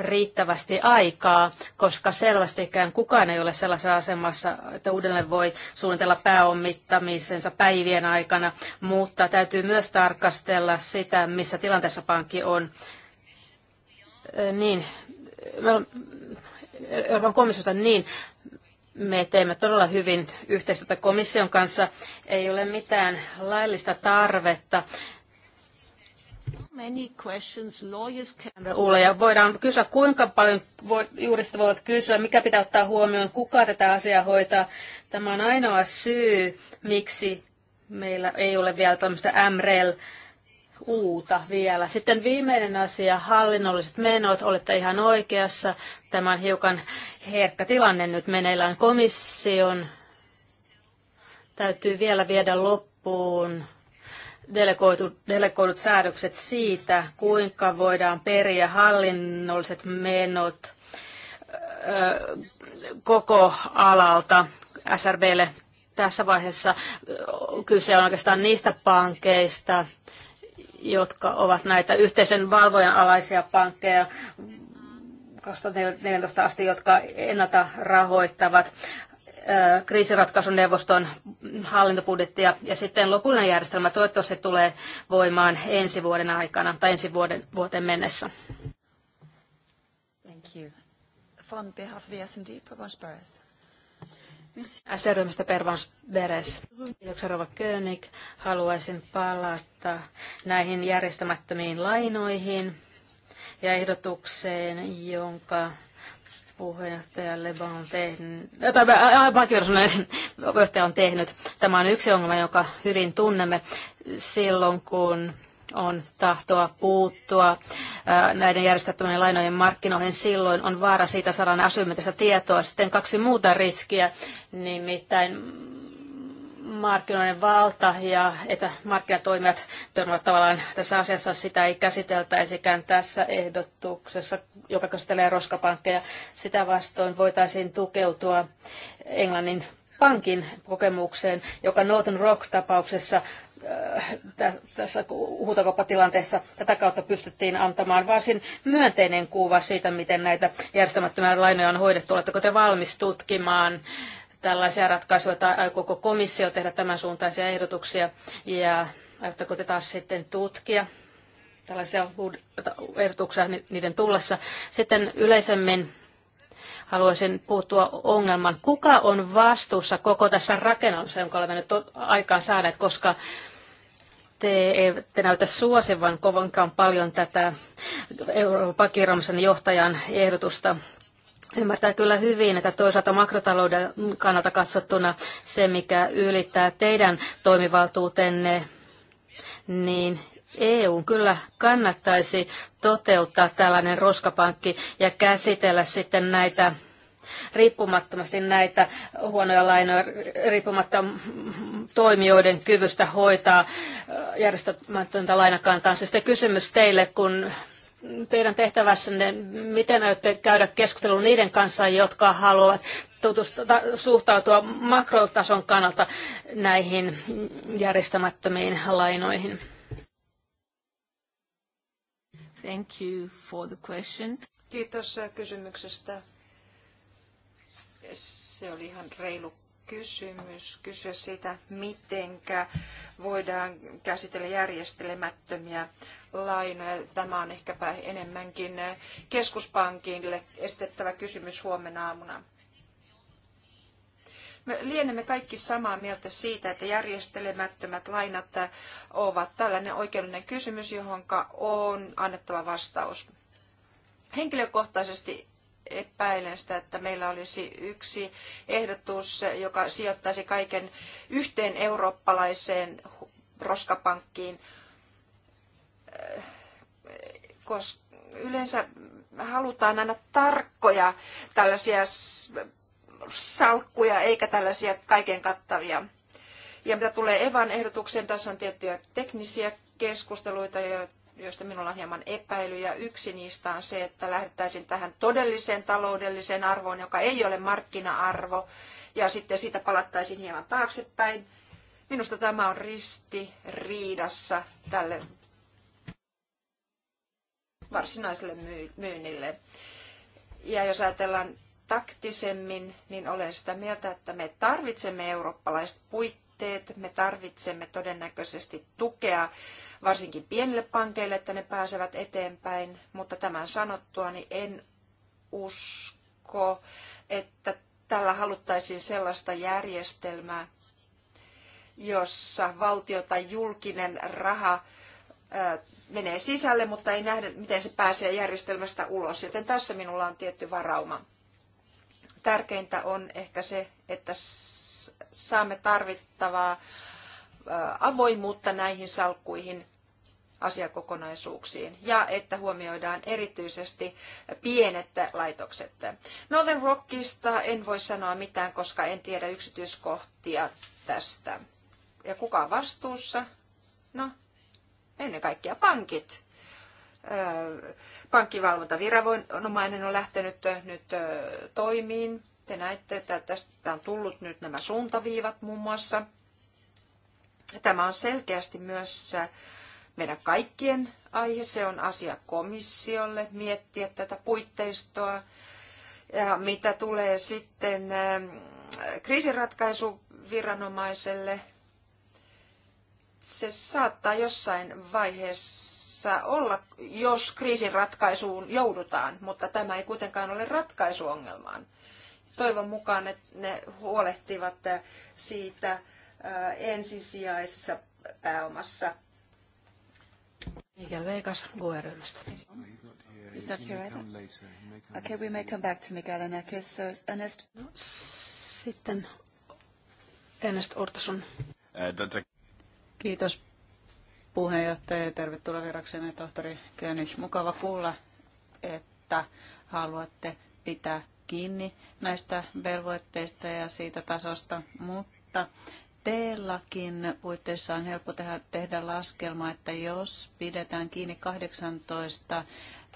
riittävästi aikaa, koska selvästikään kukaan ei ole sellaisessa asemassa, että uudelleen voi suunnitella pääomittamisensa päivien aikana, mutta täytyy myös tarkastella sitä, missä tilanteessa pankki on. Niin, Euroopan komissiosta niin, me teemme todella hyvin yhteistyötä komission kanssa. Ei ole mitään laillista tarvetta many questions lawyers can... ja voidaan kysyä, kuinka paljon juurista juristit voivat kysyä, mikä pitää ottaa huomioon, kuka tätä asiaa hoitaa. Tämä on ainoa syy, miksi meillä ei ole vielä tämmöistä MREL uuta vielä. Sitten viimeinen asia, hallinnolliset menot, olette ihan oikeassa. Tämä on hiukan herkkä tilanne nyt meneillään komission. Täytyy vielä viedä loppuun delegoidut, delegoidut säädökset siitä, kuinka voidaan periä hallinnolliset menot koko alalta SRBlle tässä vaiheessa. Kyse on oikeastaan niistä pankeista, jotka ovat näitä yhteisen valvojan alaisia pankkeja 2014 asti, jotka ennalta rahoittavat kriisiratkaisuneuvoston hallintobudjettia ja sitten lopullinen järjestelmä toivottavasti tulee voimaan ensi vuoden aikana tai ensi vuoden vuoteen mennessä. Thank you. On behalf of the S&D, SR-ryhmästä Pervans Beres. Rova König. Haluaisin palata näihin järjestämättömiin lainoihin ja ehdotukseen, jonka puheenjohtaja Leban on tehnyt, tai äh, pankkiviraston äh, äh, (laughs) on tehnyt. Tämä on yksi ongelma, jonka hyvin tunnemme silloin, kun on tahtoa puuttua näiden järjestettömien lainojen markkinoihin, silloin on vaara siitä saada asymmetristä tietoa. Sitten kaksi muuta riskiä, nimittäin markkinoiden valta ja että markkinatoimijat törmäävät tavallaan tässä asiassa sitä ei käsiteltäisikään tässä ehdotuksessa, joka käsittelee roskapankkeja. Sitä vastoin voitaisiin tukeutua Englannin pankin kokemukseen, joka Northern Rock-tapauksessa äh, tässä huutokauppatilanteessa tätä kautta pystyttiin antamaan varsin myönteinen kuva siitä, miten näitä järjestämättömiä lainoja on hoidettu. Oletteko te valmis tutkimaan tällaisia ratkaisuja tai aikooko komissio tehdä tämän suuntaisia ehdotuksia ja aiotteko te taas sitten tutkia tällaisia ehdotuksia niiden tullessa. Sitten yleisemmin haluaisin puuttua ongelman. Kuka on vastuussa koko tässä rakennelmassa, jonka olemme nyt aikaan saaneet, koska te te näytä suosivan kovinkaan paljon tätä Euroopan johtajan ehdotusta. Ymmärtää kyllä hyvin, että toisaalta makrotalouden kannalta katsottuna se, mikä ylittää teidän toimivaltuutenne, niin EU kyllä kannattaisi toteuttaa tällainen roskapankki ja käsitellä sitten näitä riippumattomasti näitä huonoja lainoja, riippumatta toimijoiden kyvystä hoitaa järjestämätöntä lainakantaa. Sitten siis kysymys teille, kun teidän tehtävässänne, miten aiotte käydä keskustelua niiden kanssa, jotka haluavat tutustua, suhtautua makrotason kannalta näihin järjestämättömiin lainoihin? Thank you for the question. Kiitos äh, kysymyksestä. Se oli ihan reilu kysymys kysyä siitä, miten voidaan käsitellä järjestelemättömiä laina Tämä on ehkäpä enemmänkin keskuspankille estettävä kysymys huomenna aamuna. Me lienemme kaikki samaa mieltä siitä, että järjestelemättömät lainat ovat tällainen oikeudellinen kysymys, johon on annettava vastaus. Henkilökohtaisesti epäilen sitä, että meillä olisi yksi ehdotus, joka sijoittaisi kaiken yhteen eurooppalaiseen roskapankkiin – koska yleensä halutaan aina tarkkoja tällaisia salkkuja eikä tällaisia kaiken kattavia. Ja mitä tulee Evan ehdotukseen, tässä on tiettyjä teknisiä keskusteluita, joista minulla on hieman epäilyjä. Yksi niistä on se, että lähdettäisiin tähän todelliseen taloudelliseen arvoon, joka ei ole markkina-arvo, ja sitten siitä palattaisiin hieman taaksepäin. Minusta tämä on risti riidassa tälle varsinaiselle myynnille. Ja jos ajatellaan taktisemmin, niin olen sitä mieltä, että me tarvitsemme eurooppalaiset puitteet, me tarvitsemme todennäköisesti tukea varsinkin pienille pankeille, että ne pääsevät eteenpäin, mutta tämän sanottua niin en usko, että tällä haluttaisiin sellaista järjestelmää, jossa valtio tai julkinen raha menee sisälle, mutta ei nähdä, miten se pääsee järjestelmästä ulos. Joten tässä minulla on tietty varauma. Tärkeintä on ehkä se, että saamme tarvittavaa avoimuutta näihin salkkuihin asiakokonaisuuksiin ja että huomioidaan erityisesti pienet laitokset. Northern Rockista en voi sanoa mitään, koska en tiedä yksityiskohtia tästä. Ja kuka on vastuussa? No, ennen kaikkea pankit. Pankkivalvontaviranomainen on lähtenyt nyt toimiin. Te näette, että tästä on tullut nyt nämä suuntaviivat muun muassa. Tämä on selkeästi myös meidän kaikkien aihe. Se on asia komissiolle miettiä tätä puitteistoa. Ja mitä tulee sitten kriisinratkaisuviranomaiselle, se saattaa jossain vaiheessa olla, jos kriisin ratkaisuun joudutaan, mutta tämä ei kuitenkaan ole ratkaisu ongelmaan. Toivon mukaan että ne huolehtivat siitä ensisijaisessa pääomassa. Miguel Vegas, GUE-ryhmästä. Is that here Okay, we may come back to Miguel Anakis. So Ernest... No, sitten Ernest Ortason. Uh, Kiitos puheenjohtaja ja tervetuloa viraksemme tohtori König. Mukava kuulla, että haluatte pitää kiinni näistä velvoitteista ja siitä tasosta, mutta teillakin puitteissa on helppo tehdä, tehdä laskelma, että jos pidetään kiinni 18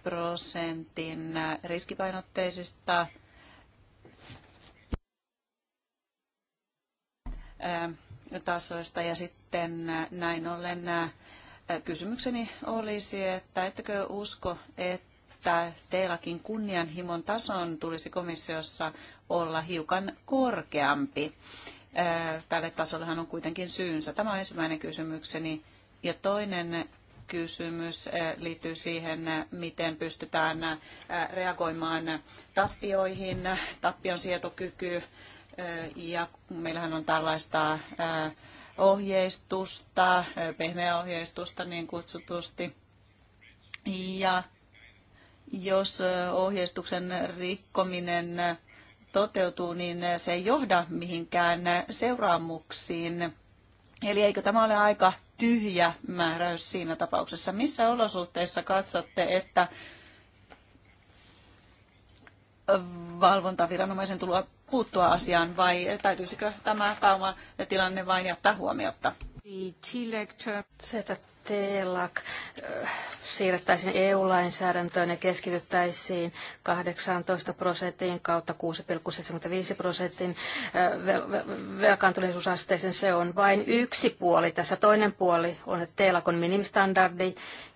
prosentin riskipainotteisista tasoista ja sitten äh, näin ollen äh, kysymykseni olisi, että ettekö usko, että teilläkin kunnianhimon tason tulisi komissiossa olla hiukan korkeampi. Äh, tälle tasollehan on kuitenkin syynsä. Tämä on ensimmäinen kysymykseni. Ja toinen kysymys liittyy siihen, miten pystytään reagoimaan tappioihin, tappion sietokykyyn ja meillähän on tällaista ohjeistusta, pehmeä ohjeistusta niin kutsutusti. Ja jos ohjeistuksen rikkominen toteutuu, niin se ei johda mihinkään seuraamuksiin. Eli eikö tämä ole aika tyhjä määräys siinä tapauksessa? Missä olosuhteissa katsotte, että valvontaviranomaisen tuloa puuttua asiaan vai täytyisikö tämä pääomatilanne vain jättää huomiota? Se, äh, siirrettäisiin EU-lainsäädäntöön ja keskityttäisiin 18 prosentin kautta 6,75 prosentin äh, velkaantuneisuusasteeseen. Se on vain yksi puoli. Tässä toinen puoli on, että minimistandardi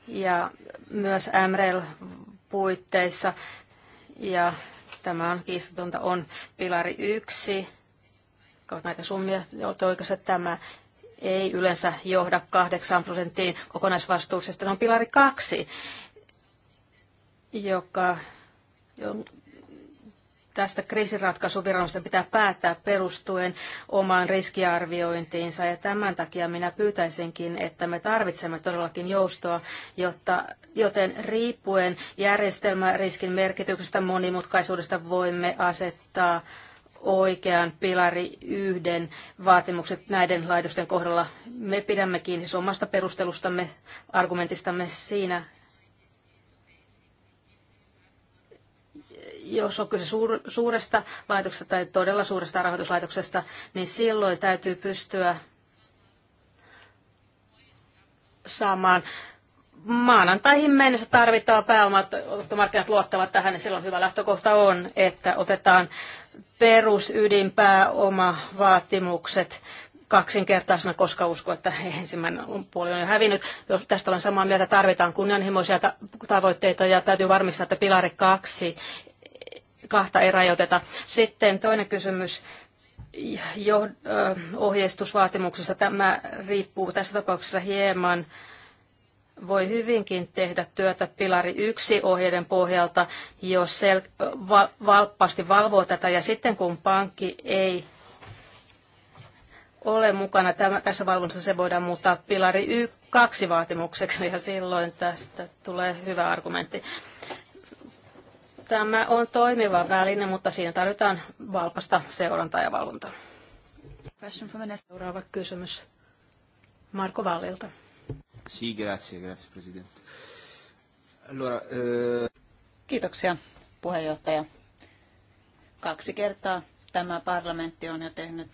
ja myös MREL puitteissa ja tämä on kiistatonta, on pilari yksi, näitä summia, olette oikeassa, tämä ei yleensä johda 8 prosenttiin kokonaisvastuusta. on pilari kaksi, joka tästä kriisiratkaisuviranosta pitää päättää perustuen omaan riskiarviointiinsa. Ja tämän takia minä pyytäisinkin, että me tarvitsemme todellakin joustoa, jotta joten riippuen järjestelmäriskin merkityksestä monimutkaisuudesta voimme asettaa oikean pilari yhden vaatimukset näiden laitosten kohdalla. Me pidämme kiinni siis omasta perustelustamme, argumentistamme siinä, jos on kyse suur, suuresta laitoksesta tai todella suuresta rahoituslaitoksesta, niin silloin täytyy pystyä saamaan maanantaihin mennessä tarvittava pääoma, että markkinat luottavat tähän, niin silloin hyvä lähtökohta on, että otetaan perusydinpääomavaatimukset kaksinkertaisena, koska usko, että ensimmäinen puoli on jo hävinnyt. Jos tästä olen samaa mieltä, tarvitaan kunnianhimoisia tavoitteita ja täytyy varmistaa, että pilari kaksi, kahta ei rajoiteta. Sitten toinen kysymys jo, ohjeistusvaatimuksista. Tämä riippuu tässä tapauksessa hieman voi hyvinkin tehdä työtä pilari yksi ohjeiden pohjalta, jos sel- val- valppaasti valvoo tätä ja sitten kun pankki ei ole mukana tässä valvonnassa, se voidaan muuttaa pilari y- kaksi vaatimukseksi ja silloin tästä tulee hyvä argumentti. Tämä on toimiva väline, mutta siinä tarvitaan valpasta seurantaa ja valvontaa. Seuraava kysymys Marko Vallilta. Sì, grazie, grazie Presidente. Allora, eh... Kiitoksia puheenjohtaja. Kaksi kertaa tämä parlamentti on jo tehnyt,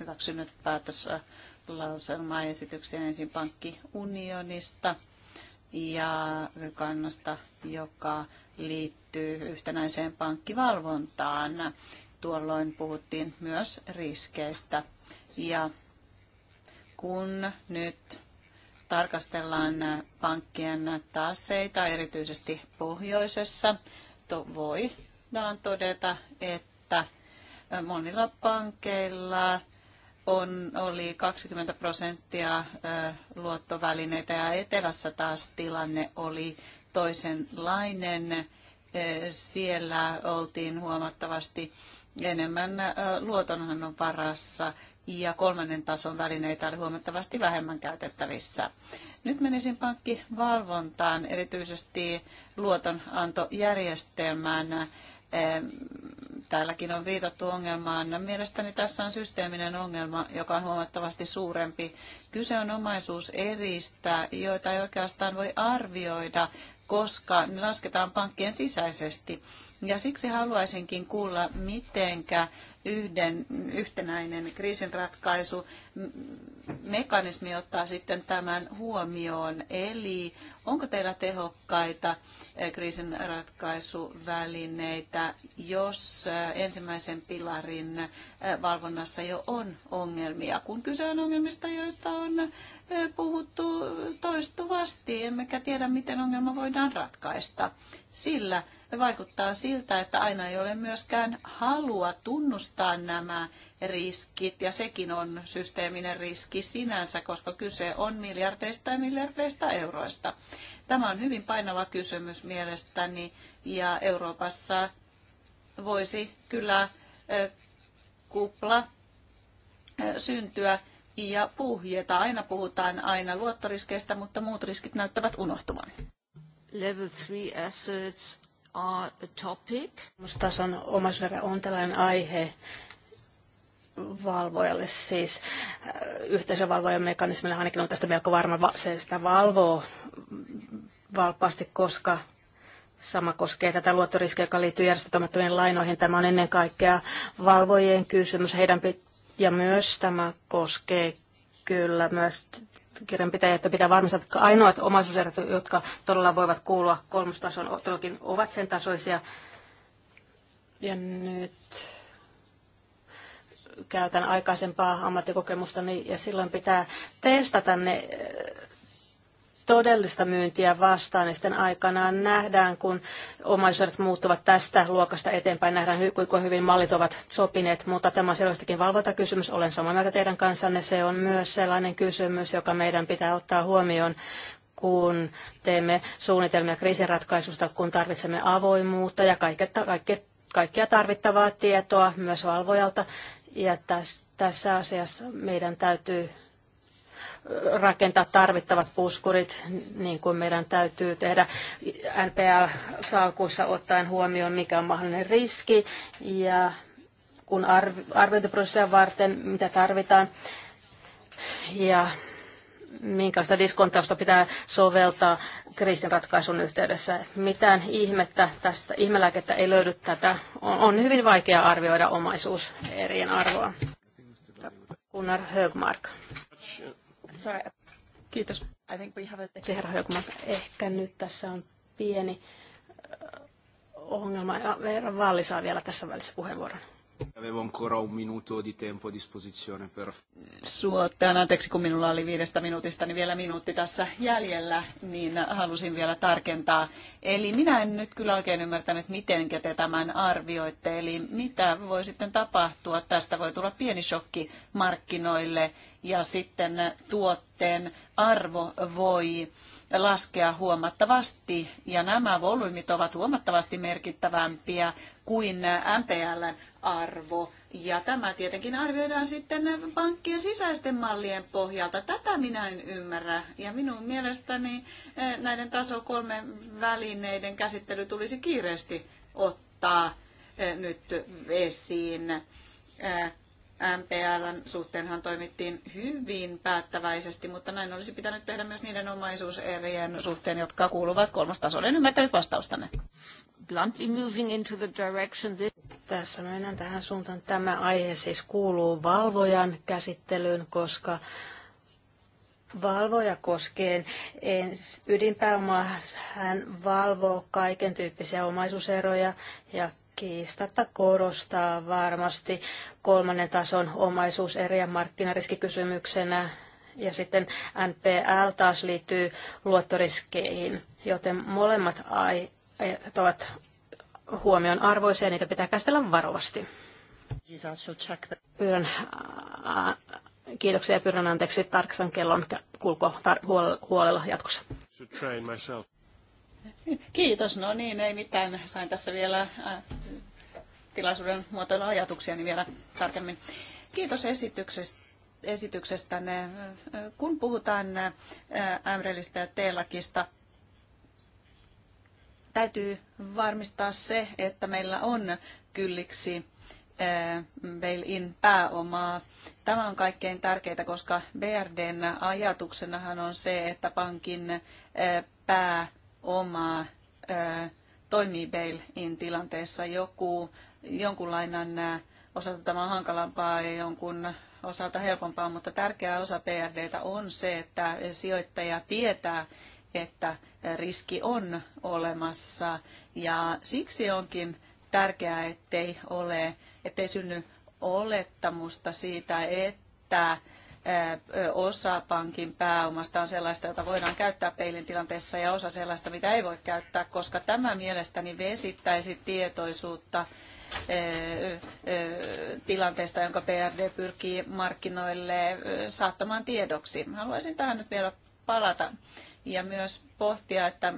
hyväksynyt päätös lauselmaesityksen ensin pankkiunionista ja kannasta, joka liittyy yhtenäiseen pankkivalvontaan. Tuolloin puhuttiin myös riskeistä. Ja kun nyt tarkastellaan pankkien taseita, erityisesti pohjoisessa, to, voidaan todeta, että monilla pankeilla on, oli 20 prosenttia luottovälineitä ja etelässä taas tilanne oli toisenlainen. Siellä oltiin huomattavasti enemmän luotonhannon varassa ja kolmannen tason välineitä oli huomattavasti vähemmän käytettävissä. Nyt menisin pankkivalvontaan, erityisesti luotonantojärjestelmään. Täälläkin on viitattu ongelmaan. Mielestäni tässä on systeeminen ongelma, joka on huomattavasti suurempi. Kyse on omaisuuseristä, joita ei oikeastaan voi arvioida, koska ne lasketaan pankkien sisäisesti. Ja siksi haluaisinkin kuulla, mitenkä yhden, yhtenäinen kriisinratkaisu mekanismi ottaa sitten tämän huomioon. Eli onko teillä tehokkaita eh, kriisinratkaisuvälineitä, jos eh, ensimmäisen pilarin eh, valvonnassa jo on ongelmia, kun kyse on ongelmista, joista on puhuttu toistuvasti, emmekä tiedä, miten ongelma voidaan ratkaista. Sillä vaikuttaa siltä, että aina ei ole myöskään halua tunnustaa nämä riskit, ja sekin on systeeminen riski sinänsä, koska kyse on miljardeista ja miljardeista euroista. Tämä on hyvin painava kysymys mielestäni, ja Euroopassa voisi kyllä kupla syntyä ja puhjeta. Aina puhutaan aina luottoriskeistä, mutta muut riskit näyttävät unohtuvan. Level 3 assets are a topic. Tason omaisuusvero on tällainen aihe valvojalle, siis äh, yhteisövalvojan mekanismille ainakin on tästä melko varma, se sitä valvoo valppaasti, koska Sama koskee tätä luottoriskiä, joka liittyy järjestelmättömiin lainoihin. Tämä on ennen kaikkea valvojien kysymys. Heidän pit- ja myös tämä koskee kyllä myös kirjanpitäjä, että pitää varmistaa, että ainoat omaisuuserät, jotka todella voivat kuulua kolmustason, todellakin ovat sen tasoisia. Ja nyt käytän aikaisempaa ammattikokemustani niin- ja silloin pitää testata ne todellista myyntiä vastaan, Ja niin sitten aikanaan nähdään, kun omaisuudet muuttuvat tästä luokasta eteenpäin, nähdään, kuinka hyvin mallit ovat sopineet, mutta tämä on selvästikin valvontakysymys. Olen samaa mieltä teidän kanssanne. Se on myös sellainen kysymys, joka meidän pitää ottaa huomioon, kun teemme suunnitelmia kriisinratkaisusta, kun tarvitsemme avoimuutta ja kaikkea tarvittavaa tietoa myös valvojalta. Ja tässä asiassa meidän täytyy rakentaa tarvittavat puskurit, niin kuin meidän täytyy tehdä NPL-salkuissa ottaen huomioon, mikä on mahdollinen riski ja kun arviointiprosessia varten, mitä tarvitaan ja minkälaista diskontausta pitää soveltaa kriisinratkaisun yhteydessä. Mitään ihmettä tästä, ihmelääkettä ei löydy tätä. On, on hyvin vaikea arvioida omaisuus erien arvoa. Gunnar Högmark. Sorry. Kiitos. I think we have a... Herra ehkä nyt tässä on pieni ongelma. Veera Valli saa vielä tässä välissä puheenvuoron. Avevo ancora un minuto di tempo a disposizione per... Suottaan, anteeksi kun minulla oli viidestä minuutista, niin vielä minuutti tässä jäljellä, niin halusin vielä tarkentaa. Eli minä en nyt kyllä oikein ymmärtänyt, miten te tämän arvioitte, eli mitä voi sitten tapahtua. Tästä voi tulla pieni shokki markkinoille ja sitten tuotteen arvo voi laskea huomattavasti ja nämä volyymit ovat huomattavasti merkittävämpiä kuin MPLn arvo. Ja tämä tietenkin arvioidaan sitten pankkien sisäisten mallien pohjalta. Tätä minä en ymmärrä. Ja minun mielestäni eh, näiden taso kolme välineiden käsittely tulisi kiireesti ottaa eh, nyt esiin. Eh, MPLn suhteenhan toimittiin hyvin päättäväisesti, mutta näin olisi pitänyt tehdä myös niiden omaisuuserien suhteen, jotka kuuluvat kolmostasolle. En ymmärtänyt vastaustanne bluntly moving into the direction that... Tässä mennään tähän suuntaan. Tämä aihe siis kuuluu valvojan käsittelyyn, koska valvoja koskee ydinpääomaa. Hän valvoo kaiken tyyppisiä omaisuuseroja ja kiistatta korostaa varmasti kolmannen tason omaisuuseriä markkinariskikysymyksenä ja sitten NPL taas liittyy luottoriskeihin, joten molemmat ai- ovat huomion arvoisia ja niitä pitää käsitellä varovasti. Pyydän, kiitoksia ja pyydän anteeksi tarkistan kellon kulko huolella jatkossa. Kiitos, no niin, ei mitään. Sain tässä vielä tilaisuuden muotoilla ajatuksiani niin vielä tarkemmin. Kiitos esityksestä esityksestä. Kun puhutaan MREListä ja Teelakista, Täytyy varmistaa se, että meillä on kylliksi bail-in pääomaa. Tämä on kaikkein tärkeintä, koska BRDn ajatuksenahan on se, että pankin pääomaa toimii bail-in tilanteessa. Joku, jonkun lainan osalta tämä on hankalampaa ja jonkun osalta helpompaa, mutta tärkeä osa BRDtä on se, että sijoittaja tietää, että riski on olemassa ja siksi onkin tärkeää, ettei, ole, ettei synny olettamusta siitä, että osa pankin pääomasta on sellaista, jota voidaan käyttää peilin tilanteessa ja osa sellaista, mitä ei voi käyttää, koska tämä mielestäni vesittäisi tietoisuutta tilanteesta, jonka PRD pyrkii markkinoille saattamaan tiedoksi. Haluaisin tähän nyt vielä palata ja myös pohtia, että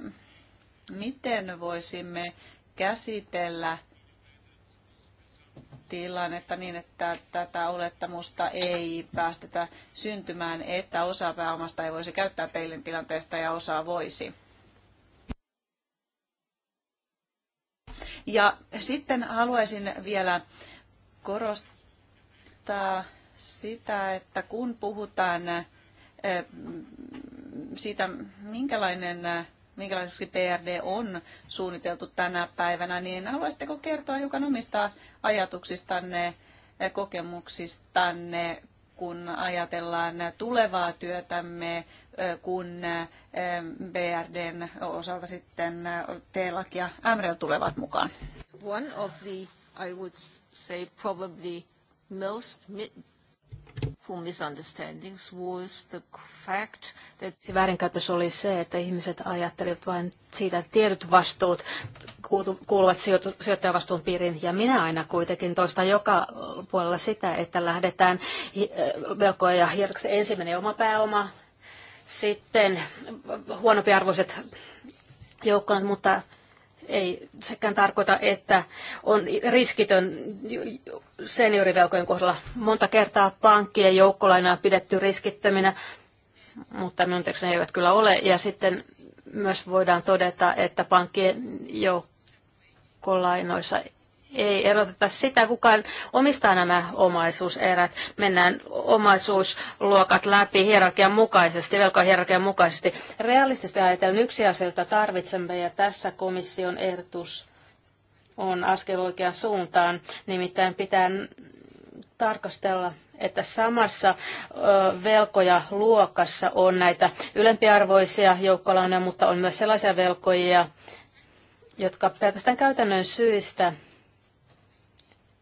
miten voisimme käsitellä tilannetta niin, että tätä olettamusta ei päästetä syntymään, että osa pääomasta ei voisi käyttää peilin tilanteesta ja osa voisi. Ja sitten haluaisin vielä korostaa sitä, että kun puhutaan siitä, minkälainen minkälaiseksi PRD on suunniteltu tänä päivänä, niin haluaisitteko kertoa hiukan omista ajatuksistanne, kokemuksistanne, kun ajatellaan tulevaa työtämme, kun eh, BRDn osalta sitten T-laki ja MREL tulevat mukaan? One of the, I would say, probably most harmful misunderstandings was the fact that... Se väärinkäytös oli se, että ihmiset ajattelivat vain siitä, että tietyt vastuut kuuluvat sijoittajavastuun piiriin. Ja minä aina kuitenkin toistan joka puolella sitä, että lähdetään äh, velkoja ja hieroksen ensimmäinen oma pääoma, sitten huonompiarvoiset joukkoon, mutta ei sekään tarkoita, että on riskitön seniorivelkojen kohdalla. Monta kertaa pankkien joukkolainaa pidetty riskittöminä, mutta minun ne eivät kyllä ole. Ja sitten myös voidaan todeta, että pankkien joukkolainoissa ei eroteta sitä, kukaan omistaa nämä omaisuuserät. Mennään omaisuusluokat läpi hierarkian mukaisesti, velkahierarkian mukaisesti. Realistisesti ajatellen yksi asia, jota tarvitsemme, ja tässä komission ehdotus on askel oikeaan suuntaan, nimittäin pitää tarkastella että samassa velkoja luokassa on näitä ylempiarvoisia joukkolainoja, mutta on myös sellaisia velkoja, jotka pelkästään käytännön syistä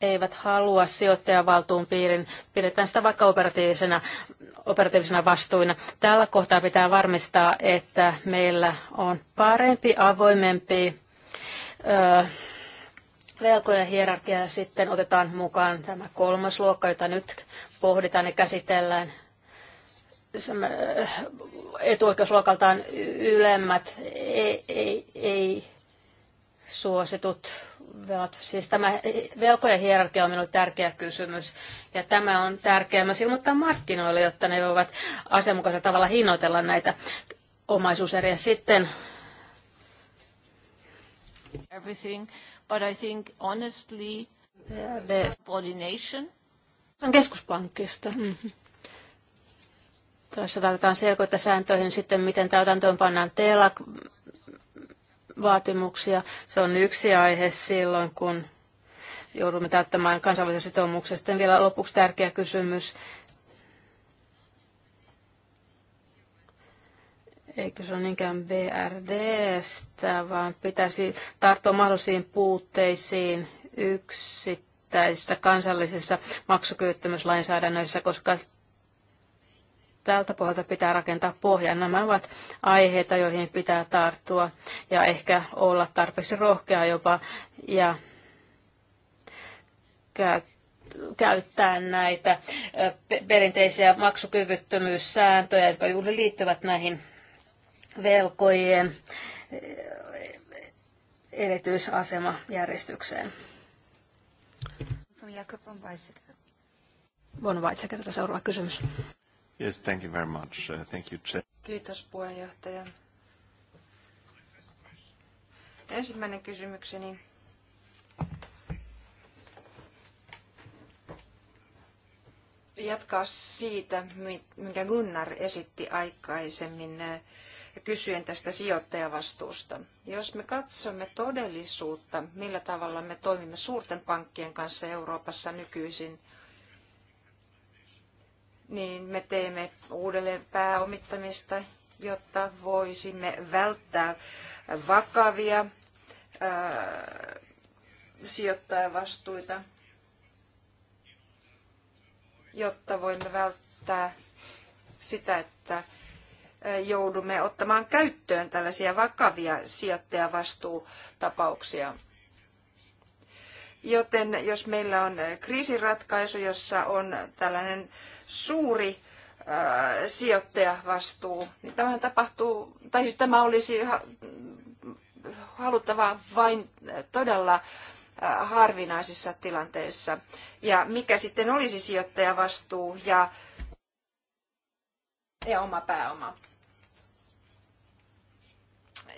eivät halua sijoittajavaltuun piirin, pidetään sitä vaikka operatiivisena, operatiivisena vastuina. Tällä kohtaa pitää varmistaa, että meillä on parempi, avoimempi öö, velkojen hierarkia sitten otetaan mukaan tämä kolmas luokka, jota nyt pohditaan ja käsitellään etuoikeusluokaltaan ylemmät ei, ei, ei suositut velat. Siis tämä velkojen hierarkia on minulle tärkeä kysymys ja tämä on tärkeää myös ilmoittaa markkinoille, jotta ne voivat asianmukaisella tavalla hinnoitella näitä omaisuuseriä sitten. Everything, but I think honestly subordination. Keskuspankista. Mm-hmm. Tässä tarvitaan selkoita sääntöihin sitten, miten täytäntöön pannaan TELAK, vaatimuksia. Se on yksi aihe silloin, kun joudumme täyttämään kansainvälisiä sitoumuksen. Sitten vielä lopuksi tärkeä kysymys. Eikö se ole niinkään BRDstä, vaan pitäisi tarttua mahdollisiin puutteisiin yksittäisissä kansallisissa maksukyvyttömyyslainsäädännöissä, koska tältä pohjalta pitää rakentaa pohja. Nämä ovat aiheita, joihin pitää tarttua ja ehkä olla tarpeeksi rohkea jopa ja käyttää näitä perinteisiä maksukyvyttömyyssääntöjä, jotka juuri liittyvät näihin velkojen erityisasemajärjestykseen. Von Weizsäkerta seuraava kysymys. Yes, thank you very much. Uh, thank you, Chair. Kiitos puheenjohtaja. Ensimmäinen kysymykseni jatkaa siitä, minkä Gunnar esitti aikaisemmin äh, kysyen tästä sijoittajavastuusta. Jos me katsomme todellisuutta, millä tavalla me toimimme suurten pankkien kanssa Euroopassa nykyisin, niin me teemme uudelleen pääomittamista, jotta voisimme välttää vakavia ää, sijoittajavastuita, jotta voimme välttää sitä, että joudumme ottamaan käyttöön tällaisia vakavia sijoittajavastuutapauksia. Joten jos meillä on kriisiratkaisu, jossa on tällainen suuri sijoittajavastuu. Niin tämä tapahtuu, tai siis tämä olisi haluttavaa vain todella harvinaisissa tilanteissa. Ja mikä sitten olisi sijoittajavastuu ja, ja oma pääoma.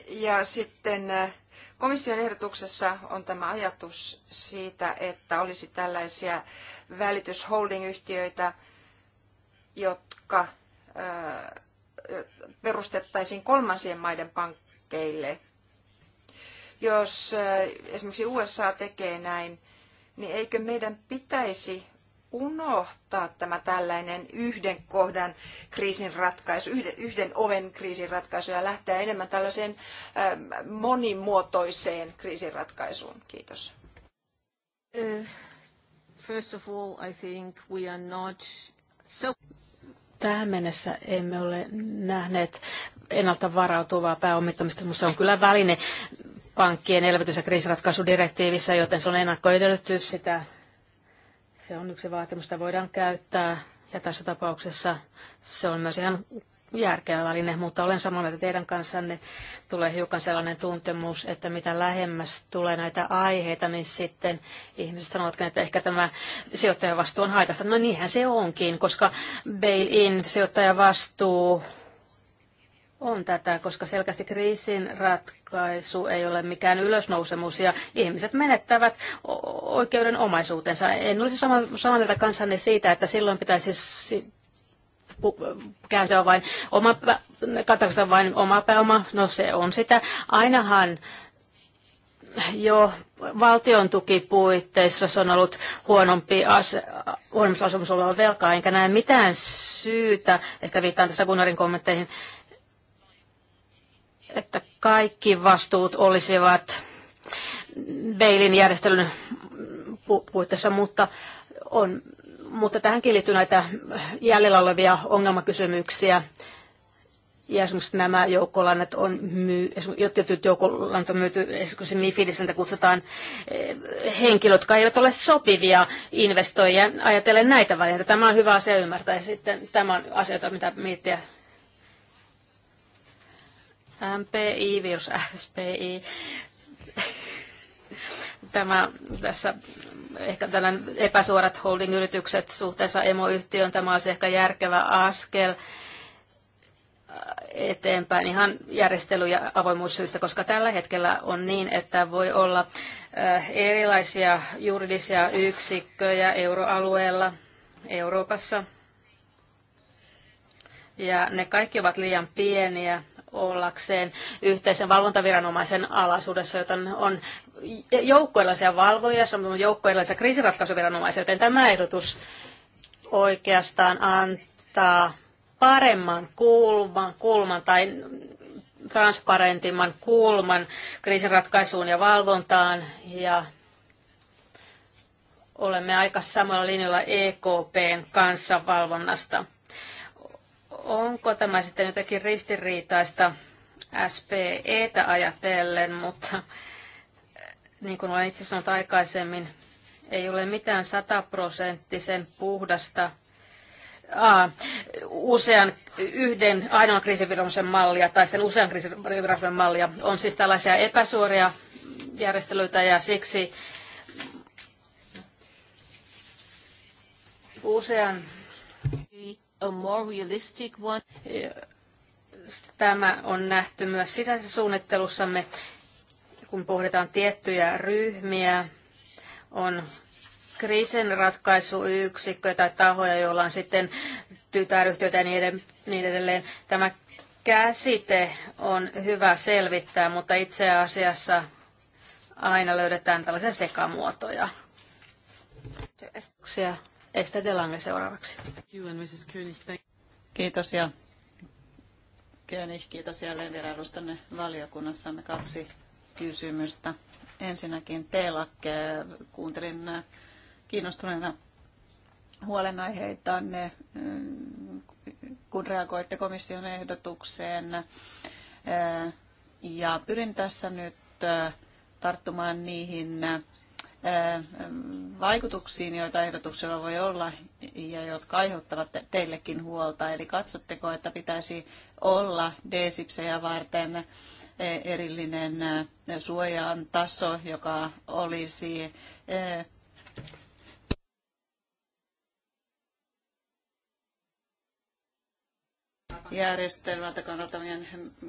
Ja sitten komission ehdotuksessa on tämä ajatus siitä, että olisi tällaisia välitysholding-yhtiöitä, jotka äh, perustettaisiin kolmansien maiden pankkeille. Jos äh, esimerkiksi USA tekee näin, niin eikö meidän pitäisi unohtaa tämä tällainen yhden kohdan kriisin ratkaisu, yhden, yhden oven kriisin ratkaisu ja lähteä enemmän tällaiseen ähm, monimuotoiseen kriisin ratkaisuun? Kiitos. Uh, first of all, I think we are not so Tähän mennessä emme ole nähneet ennalta varautuvaa pääomittamista, mutta se on kyllä väline pankkien elvytys- ja kriisiratkaisudirektiivissä, joten se on ennakkoedellytys sitä. Se on yksi vaatimus, sitä voidaan käyttää. Ja tässä tapauksessa se on myös ihan järkevä väline, mutta olen samaa mieltä teidän kanssanne. Tulee hiukan sellainen tuntemus, että mitä lähemmäs tulee näitä aiheita, niin sitten ihmiset sanovatkin, että ehkä tämä vastuu on haitasta. No niinhän se onkin, koska bail-in, vastuu on tätä, koska selkeästi kriisin ratkaisu ei ole mikään ylösnousemus ja ihmiset menettävät oikeuden omaisuutensa. En olisi samaa mieltä kanssanne siitä, että silloin pitäisi käytetään vain oma, katsotaan vain oma pääoma, no se on sitä. Ainahan jo valtion tukipuitteissa se on ollut huonompi ase, huonommassa olla velkaa, enkä näe mitään syytä, ehkä viittaan tässä Gunnarin kommentteihin, että kaikki vastuut olisivat Beilin järjestelyn puitteissa, mutta on mutta tähänkin liittyy näitä jäljellä olevia ongelmakysymyksiä. Ja esimerkiksi nämä joukkolannat on myy, tietyt joukkolannat on myyty, esimerkiksi Mifidissä kutsutaan eh, henkilöt, jotka eivät ole sopivia investoijia. Ajatellen näitä välineitä. Tämä on hyvä asia ymmärtää. Ja sitten tämä on asioita, mitä miettiä. MPI virus SPI. Tämä tässä ehkä tällainen epäsuorat holding-yritykset suhteessa emoyhtiöön, tämä olisi ehkä järkevä askel eteenpäin ihan järjestely- ja avoimuussyistä, koska tällä hetkellä on niin, että voi olla äh, erilaisia juridisia yksikköjä euroalueella, Euroopassa, ja ne kaikki ovat liian pieniä ollakseen yhteisen valvontaviranomaisen alaisuudessa, joten on joukko erilaisia valvojia, samoin joukko erilaisia kriisiratkaisuviranomaisia, joten tämä ehdotus oikeastaan antaa paremman kulman, kulman tai transparentimman kulman kriisinratkaisuun ja valvontaan ja olemme aika samalla linjalla EKPn kanssa valvonnasta onko tämä sitten jotenkin ristiriitaista SPEtä ajatellen, mutta eh, niin kuin olen itse sanonut aikaisemmin, ei ole mitään sataprosenttisen puhdasta Aa, usean yhden ainoan kriisiviranomaisen mallia tai sitten usean kriisiviranomaisen mallia. On siis tällaisia epäsuoria järjestelyitä ja siksi usean a more realistic one. Tämä on nähty myös sisäisessä suunnittelussamme, kun pohditaan tiettyjä ryhmiä, on kriisinratkaisuyksikköjä tai tahoja, joilla on sitten tytäryhtiöitä ja niin edelleen. Tämä käsite on hyvä selvittää, mutta itse asiassa aina löydetään tällaisia sekamuotoja. Estelle Lange seuraavaksi. Kiitos ja König, kiitos jälleen vierailustanne valiokunnassamme kaksi kysymystä. Ensinnäkin Teelak, kuuntelin kiinnostuneena huolenaiheitanne, kun reagoitte komission ehdotukseen. Ja pyrin tässä nyt tarttumaan niihin vaikutuksiin, joita ehdotuksella voi olla ja jotka aiheuttavat teillekin huolta. Eli katsotteko, että pitäisi olla D-sipsejä varten e, erillinen suojan taso, joka olisi järjestelmältä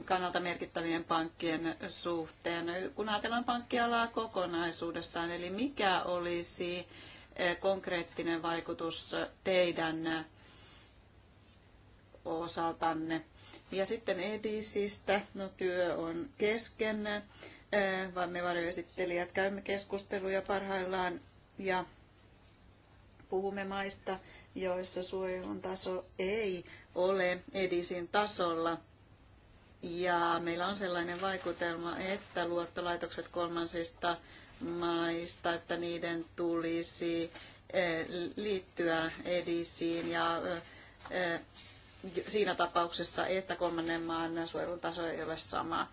kannalta merkittävien pankkien suhteen, kun ajatellaan pankkialaa kokonaisuudessaan, eli mikä olisi eh, konkreettinen vaikutus teidän osaltanne. Ja sitten Edisistä, no työ on kesken, eh, vaan me varjoesittelijät käymme keskusteluja parhaillaan ja puhumme maista, joissa suojelun taso ei ole edisin tasolla. Ja meillä on sellainen vaikutelma, että luottolaitokset kolmansista maista, että niiden tulisi eh, liittyä edisiin ja eh, eh, siinä tapauksessa, että kolmannen maan suojelun taso ei ole sama.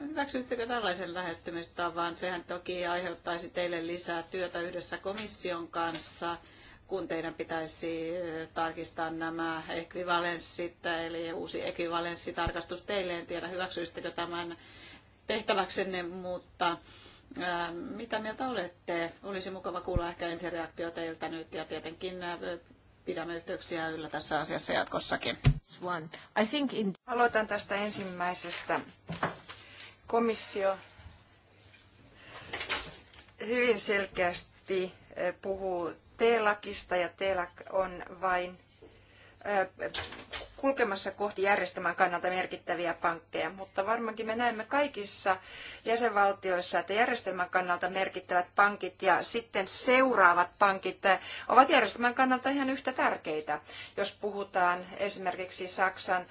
Hyväksyttekö tällaisen lähestymistavan? Sehän toki aiheuttaisi teille lisää työtä yhdessä komission kanssa kun teidän pitäisi eh, tarkistaa nämä ekvivalenssit, eli uusi ekvivalenssitarkastus teille. En tiedä, hyväksyisittekö tämän tehtäväksenne, mutta eh, mitä mieltä olette? Olisi mukava kuulla ehkä reaktio teiltä nyt ja tietenkin eh, pidämme yhteyksiä yllä tässä asiassa jatkossakin. I think in... Aloitan tästä ensimmäisestä. Komissio hyvin selkeästi puhuu TELAKista ja TELAK on vain kulkemassa kohti järjestelmän kannalta merkittäviä pankkeja, mutta varmaankin me näemme kaikissa jäsenvaltioissa, että järjestelmän kannalta merkittävät pankit ja sitten seuraavat pankit ovat järjestelmän kannalta ihan yhtä tärkeitä. Jos puhutaan esimerkiksi Saksan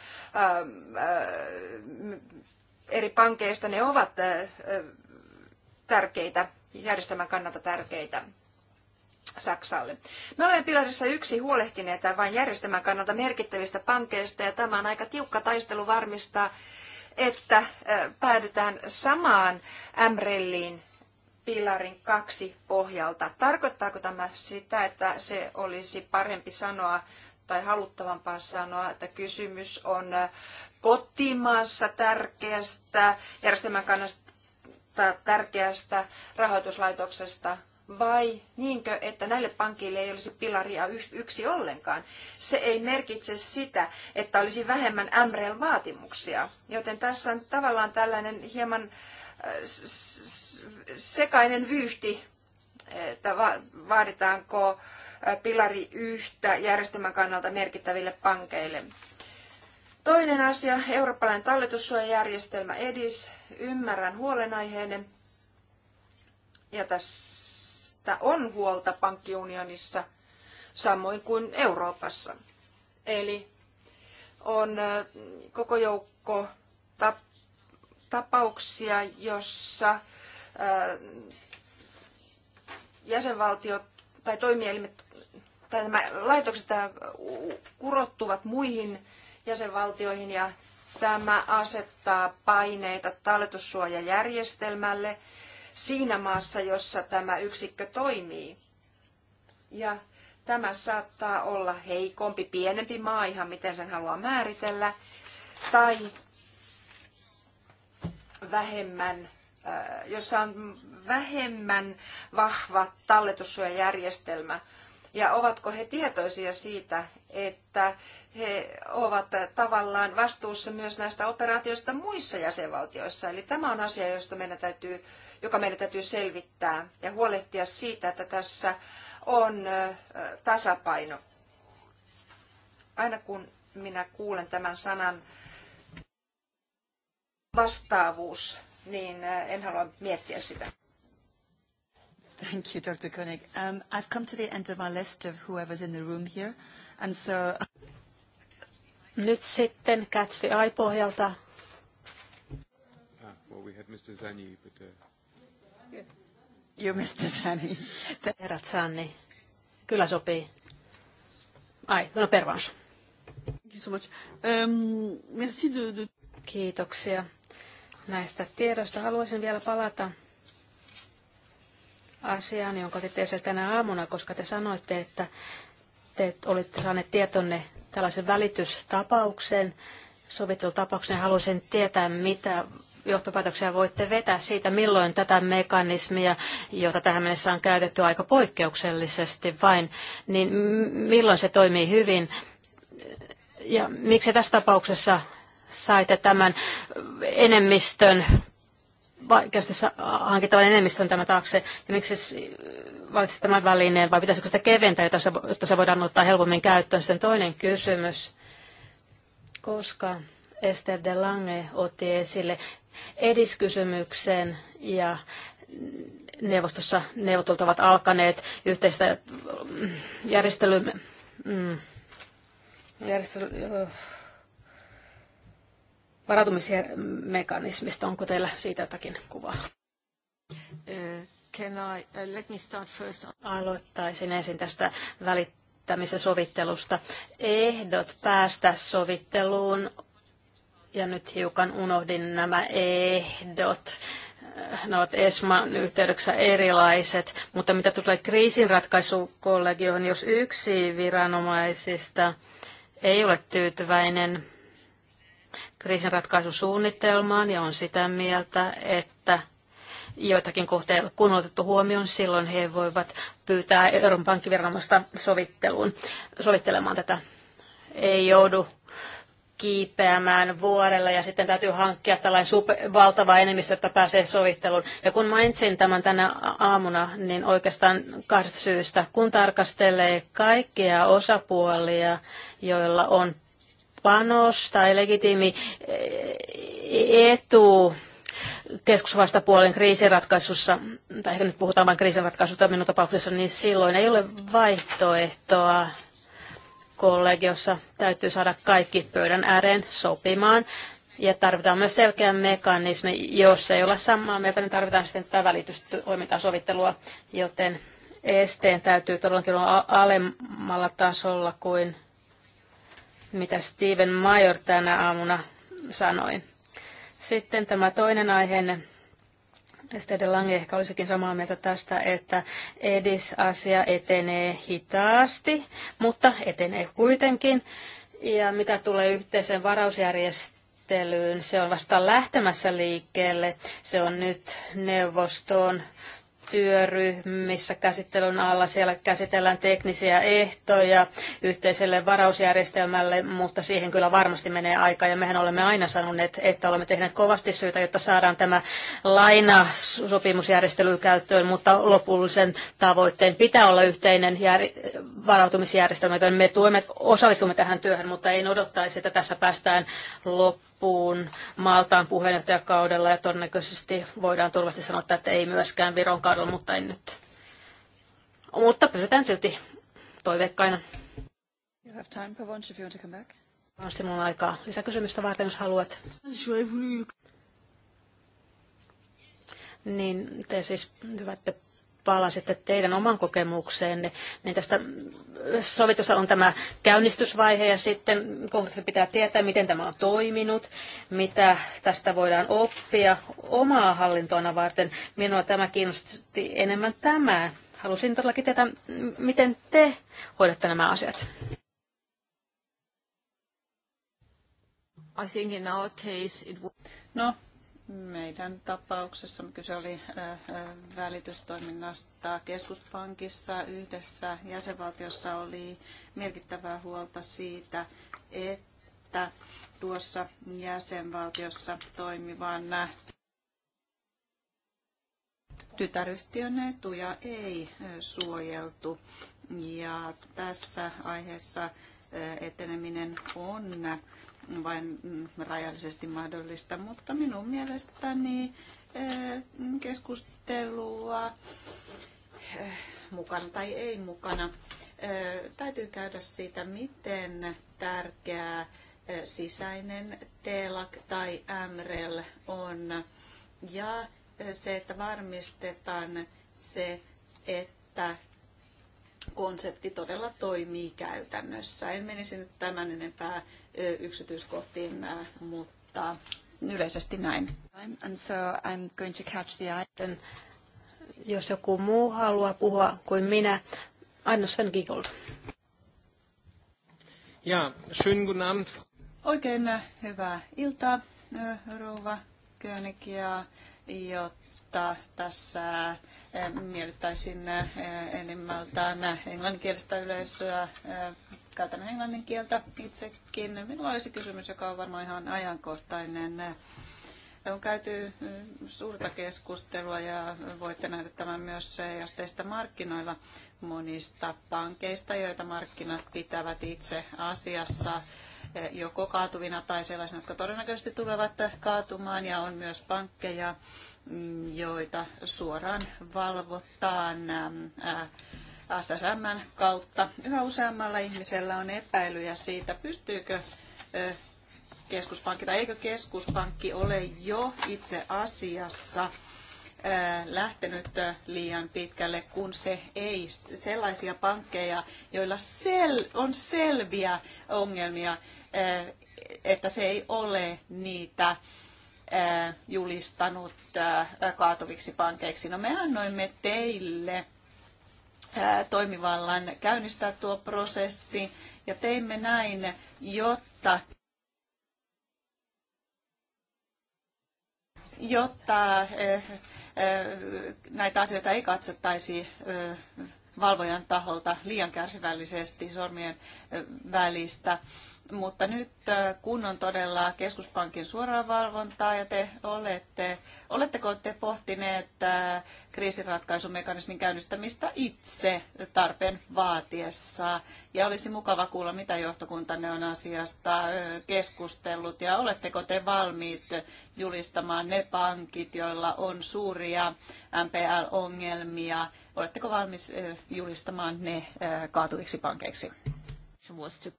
eri pankeista, ne ovat tärkeitä, järjestelmän kannalta tärkeitä. Saksalle. Me olemme pilarissa yksi huolehtineet vain järjestelmän kannalta merkittävistä pankeista ja tämä on aika tiukka taistelu varmistaa, että päädytään samaan MRELliin pilarin kaksi pohjalta. Tarkoittaako tämä sitä, että se olisi parempi sanoa tai haluttavampaa sanoa, että kysymys on kotimaassa tärkeästä järjestelmän kannalta tärkeästä rahoituslaitoksesta vai niinkö, että näille pankeille ei olisi pilaria yksi ollenkaan. Se ei merkitse sitä, että olisi vähemmän MREL-vaatimuksia, joten tässä on tavallaan tällainen hieman äh, sekainen vyyhti, että vaaditaanko äh, pilari yhtä järjestelmän kannalta merkittäville pankeille. Toinen asia, eurooppalainen talletussuojajärjestelmä EDIS. Ymmärrän huolenaiheenne. Ja tässä että on huolta pankkiunionissa, samoin kuin Euroopassa. Eli on koko joukko tapauksia, jossa jäsenvaltiot tai toimielimet tai nämä laitokset kurottuvat muihin jäsenvaltioihin ja tämä asettaa paineita talletussuojajärjestelmälle siinä maassa, jossa tämä yksikkö toimii. Ja tämä saattaa olla heikompi, pienempi maa, ihan miten sen haluaa määritellä, tai vähemmän, äh, jossa on vähemmän vahva talletussuojajärjestelmä, ja ovatko he tietoisia siitä, että he ovat tavallaan vastuussa myös näistä operaatioista muissa jäsenvaltioissa. Eli tämä on asia, josta meidän täytyy, joka meidän täytyy selvittää ja huolehtia siitä, että tässä on tasapaino. Aina kun minä kuulen tämän sanan vastaavuus, niin en halua miettiä sitä. Thank you, Dr. Koenig. Um, I've come to the end of my list of whoever's in the room here, and so... Uh, Nyt sitten Catch the Eye-pohjalta. Ah, well, we had Mr. Zanni, but... Uh... You, Mr. Zanni. (laughs) Herra Zanni. Kyllä sopii. Ai, no pervaus. Thank you so much. Um, merci de, de... Kiitoksia näistä tiedoista. Haluaisin vielä palata asiaan, jonka te teette tänä aamuna, koska te sanoitte, että te olitte saaneet tietonne tällaisen välitystapauksen, sovittelutapauksen, ja haluaisin tietää, mitä johtopäätöksiä voitte vetää siitä, milloin tätä mekanismia, jota tähän mennessä on käytetty aika poikkeuksellisesti vain, niin milloin se toimii hyvin, ja miksi tässä tapauksessa saitte tämän enemmistön vaikeasti hankittavan enemmistön tämä taakse. Ja miksi valitsit tämän välineen vai pitäisikö sitä keventää, jotta se, jotta se voidaan ottaa helpommin käyttöön? Sitten toinen kysymys, koska Esther de Lange otti esille ediskysymyksen ja neuvostossa neuvottelut ovat alkaneet yhteistä järjestelyä. Mm, järjestely, mm, varautumismekanismista. Onko teillä siitä jotakin kuvaa? Can I, uh, let me start first on... Aloittaisin ensin tästä välittämisen sovittelusta. Ehdot päästä sovitteluun, ja nyt hiukan unohdin nämä ehdot. Äh, ne ovat ESMAn yhteydessä erilaiset, mutta mitä tulee kriisinratkaisukollegioon, jos yksi viranomaisista ei ole tyytyväinen kriisinratkaisusuunnitelmaan ja on sitä mieltä, että joitakin kohteita kun on otettu huomioon, silloin he voivat pyytää Euroopan pankkiviranomaista sovitteluun, sovittelemaan tätä. Ei joudu kiipeämään vuorella ja sitten täytyy hankkia tällainen super, valtava enemmistö, että pääsee sovitteluun. Ja kun mainitsin tämän tänä aamuna, niin oikeastaan kahdesta syystä. Kun tarkastelee kaikkia osapuolia, joilla on panos tai legitiimi eh, etu keskusvastapuolen kriisinratkaisussa, tai ehkä nyt puhutaan vain kriisinratkaisusta minun tapauksessa, niin silloin ei ole vaihtoehtoa kollegiossa. Täytyy saada kaikki pöydän ääreen sopimaan. Ja tarvitaan myös selkeä mekanismi, jos ei olla samaa mieltä, niin tarvitaan sitten tätä välitystoimintaa sovittelua, joten esteen täytyy todellakin olla alemmalla tasolla kuin mitä Steven Major tänä aamuna sanoi. Sitten tämä toinen aihe, Stede Lange ehkä olisikin samaa mieltä tästä, että edisasia etenee hitaasti, mutta etenee kuitenkin. Ja mitä tulee yhteiseen varausjärjestelyyn, se on vasta lähtemässä liikkeelle. Se on nyt neuvostoon työryhmissä käsittelyn alla. Siellä käsitellään teknisiä ehtoja yhteiselle varausjärjestelmälle, mutta siihen kyllä varmasti menee aika. Ja mehän olemme aina sanoneet, että olemme tehneet kovasti syytä, jotta saadaan tämä lainasopimusjärjestely käyttöön, mutta lopullisen tavoitteen pitää olla yhteinen varautumisjärjestelmä, me tuemme, osallistumme tähän työhön, mutta ei odottaisi, että tässä päästään loppuun loppuun Maltaan puheenjohtajakaudella ja todennäköisesti voidaan turvasti sanoa, että ei myöskään Viron kaudella, mutta ei nyt. Mutta pysytään silti toiveikkaina. You have time, Pavons, if you want to come back. On sinun aikaa lisäkysymystä varten, jos haluat. Niin, te siis hyvät palasitte teidän oman kokemukseenne, niin tästä äh, sovitusta on tämä käynnistysvaihe ja sitten kohdassa pitää tietää, miten tämä on toiminut, mitä tästä voidaan oppia omaa hallintoana varten. Minua tämä kiinnosti enemmän tämä. Halusin todellakin tietää, miten te hoidatte nämä asiat. I think in our case it... No, meidän tapauksessa kyse oli äh, äh, välitystoiminnasta keskuspankissa yhdessä jäsenvaltiossa oli merkittävää huolta siitä, että tuossa jäsenvaltiossa toimivan tytäryhtiön etuja ei äh, suojeltu. Ja tässä aiheessa eteneminen on vain rajallisesti mahdollista, mutta minun mielestäni keskustelua mukana tai ei mukana täytyy käydä siitä, miten tärkeää sisäinen TELAC tai MREL on ja se, että varmistetaan se, että konsepti todella toimii käytännössä. En menisi nyt tämän enempää yksityiskohtiin, mutta yleisesti näin. And so I'm going to catch the Jos joku muu haluaa puhua kuin minä, Anna sen Gigold. Ja, schönen guten Abend. Oikein hyvää iltaa, rouva König, ja jotta tässä miellyttäisiin enimmältään englanninkielistä yleisöä. Käytän englannin kieltä itsekin. Minulla olisi kysymys, joka on varmaan ihan ajankohtainen. On käyty suurta keskustelua ja voitte nähdä tämän myös jos teistä markkinoilla monista pankeista, joita markkinat pitävät itse asiassa joko kaatuvina tai sellaisina, jotka todennäköisesti tulevat kaatumaan ja on myös pankkeja, joita suoraan valvotaan SSMn kautta. Yhä useammalla ihmisellä on epäilyjä siitä, pystyykö keskuspankki tai eikö keskuspankki ole jo itse asiassa lähtenyt liian pitkälle, kun se ei sellaisia pankkeja, joilla sel, on selviä ongelmia, että se ei ole niitä Eh, julistanut eh, kaatuviksi pankeiksi. No me annoimme teille eh, toimivallan käynnistää tuo prosessi ja teimme näin, jotta jotta näitä asioita ei katsottaisi valvojan taholta liian kärsivällisesti sormien välistä mutta nyt äh, kun on todella keskuspankin suoraa valvontaa ja te olette, oletteko te pohtineet äh, kriisiratkaisumekanismin käynnistämistä itse tarpeen vaatiessa? Ja olisi mukava kuulla, mitä johtokuntanne on asiasta äh, keskustellut ja oletteko te valmiit julistamaan ne pankit, joilla on suuria MPL-ongelmia, oletteko valmis julistamaan ne kaatuviksi pankeiksi?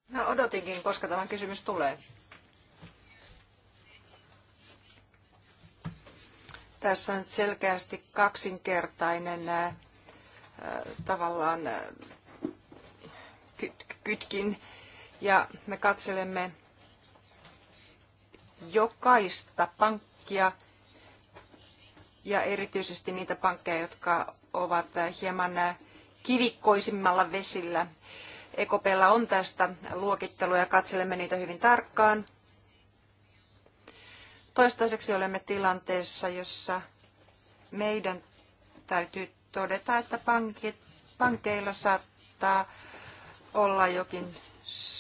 No, odotinkin, koska tämä kysymys tulee. Tässä on selkeästi kaksinkertainen äh, äh, tavallaan äh, kyt, kytkin ja me katselemme jokaista pankkia ja erityisesti niitä pankkeja, jotka ovat äh, hieman äh, kivikkoisimmalla vesillä Ekopella on tästä luokittelu ja katselemme niitä hyvin tarkkaan. Toistaiseksi olemme tilanteessa, jossa meidän täytyy todeta, että pankit, pankeilla saattaa olla jokin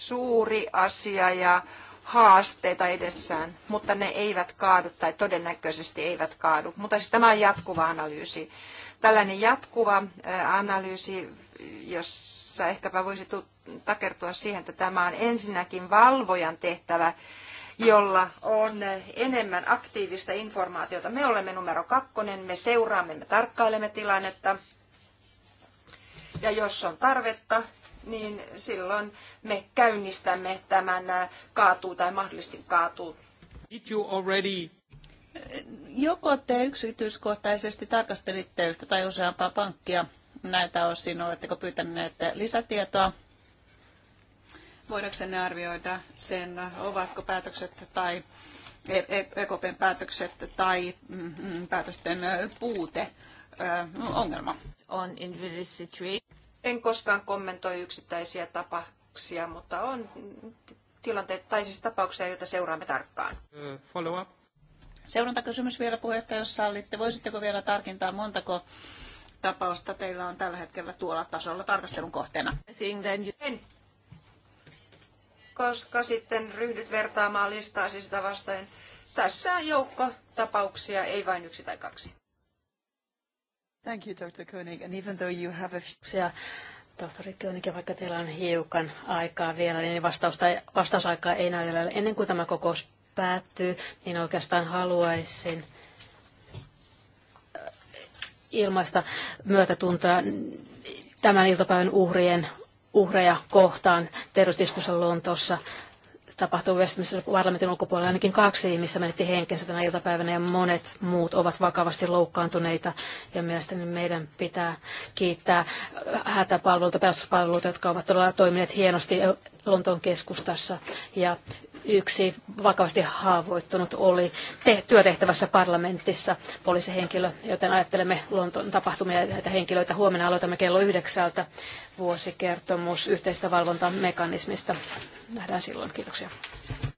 suuri asia ja haasteita edessään, mutta ne eivät kaadu tai todennäköisesti eivät kaadu. Mutta siis tämä on jatkuva analyysi. Tällainen jatkuva analyysi jossa ehkäpä voisi takertua siihen, että tämä on ensinnäkin valvojan tehtävä, jolla on enemmän aktiivista informaatiota. Me olemme numero kakkonen, me seuraamme, me tarkkailemme tilannetta. Ja jos on tarvetta, niin silloin me käynnistämme tämän äh, kaatuu tai mahdollisesti kaatuu. Did you already... Joko te yksityiskohtaisesti tarkastelitte yhtä tai useampaa pankkia näiltä osin? Oletteko pyytäneet lisätietoa? ne arvioida sen, ovatko päätökset tai EKPn e- e päätökset tai mm, mm, päätösten puute ongelma? On in en koskaan kommentoi yksittäisiä tapauksia, mutta on tilanteita tai siis tapauksia, joita seuraamme tarkkaan. Follow up. Seurantakysymys vielä puheenjohtaja, jos sallitte. Voisitteko vielä tarkintaa, montako tapausta teillä on tällä hetkellä tuolla tasolla tarkastelun kohteena? Koska sitten ryhdyt vertaamaan listaa siis sitä vastaan. Tässä on joukko tapauksia, ei vain yksi tai kaksi. Thank you, Dr. Koenig. And even though you have a few... Tohtori König, vaikka teillä on hiukan aikaa vielä, niin vastausta, vastausaikaa ei näy vielä. Ennen kuin tämä kokous päättyy, niin oikeastaan haluaisin ilmaista myötätuntoa tämän iltapäivän uhrien uhreja kohtaan terroristiskussa Lontoossa tapahtuu Westminster parlamentin ulkopuolella ainakin kaksi ihmistä menetti henkensä tänä iltapäivänä ja monet muut ovat vakavasti loukkaantuneita. Ja mielestäni meidän pitää kiittää hätäpalveluita, pelastuspalveluita, jotka ovat todella toimineet hienosti Lontoon keskustassa ja yksi vakavasti haavoittunut oli te- työtehtävässä parlamentissa poliisihenkilö, joten ajattelemme Lontoon tapahtumia ja näitä henkilöitä. Huomenna aloitamme kello yhdeksältä vuosikertomus yhteistä valvontamekanismista. Nähdään silloin. Kiitoksia.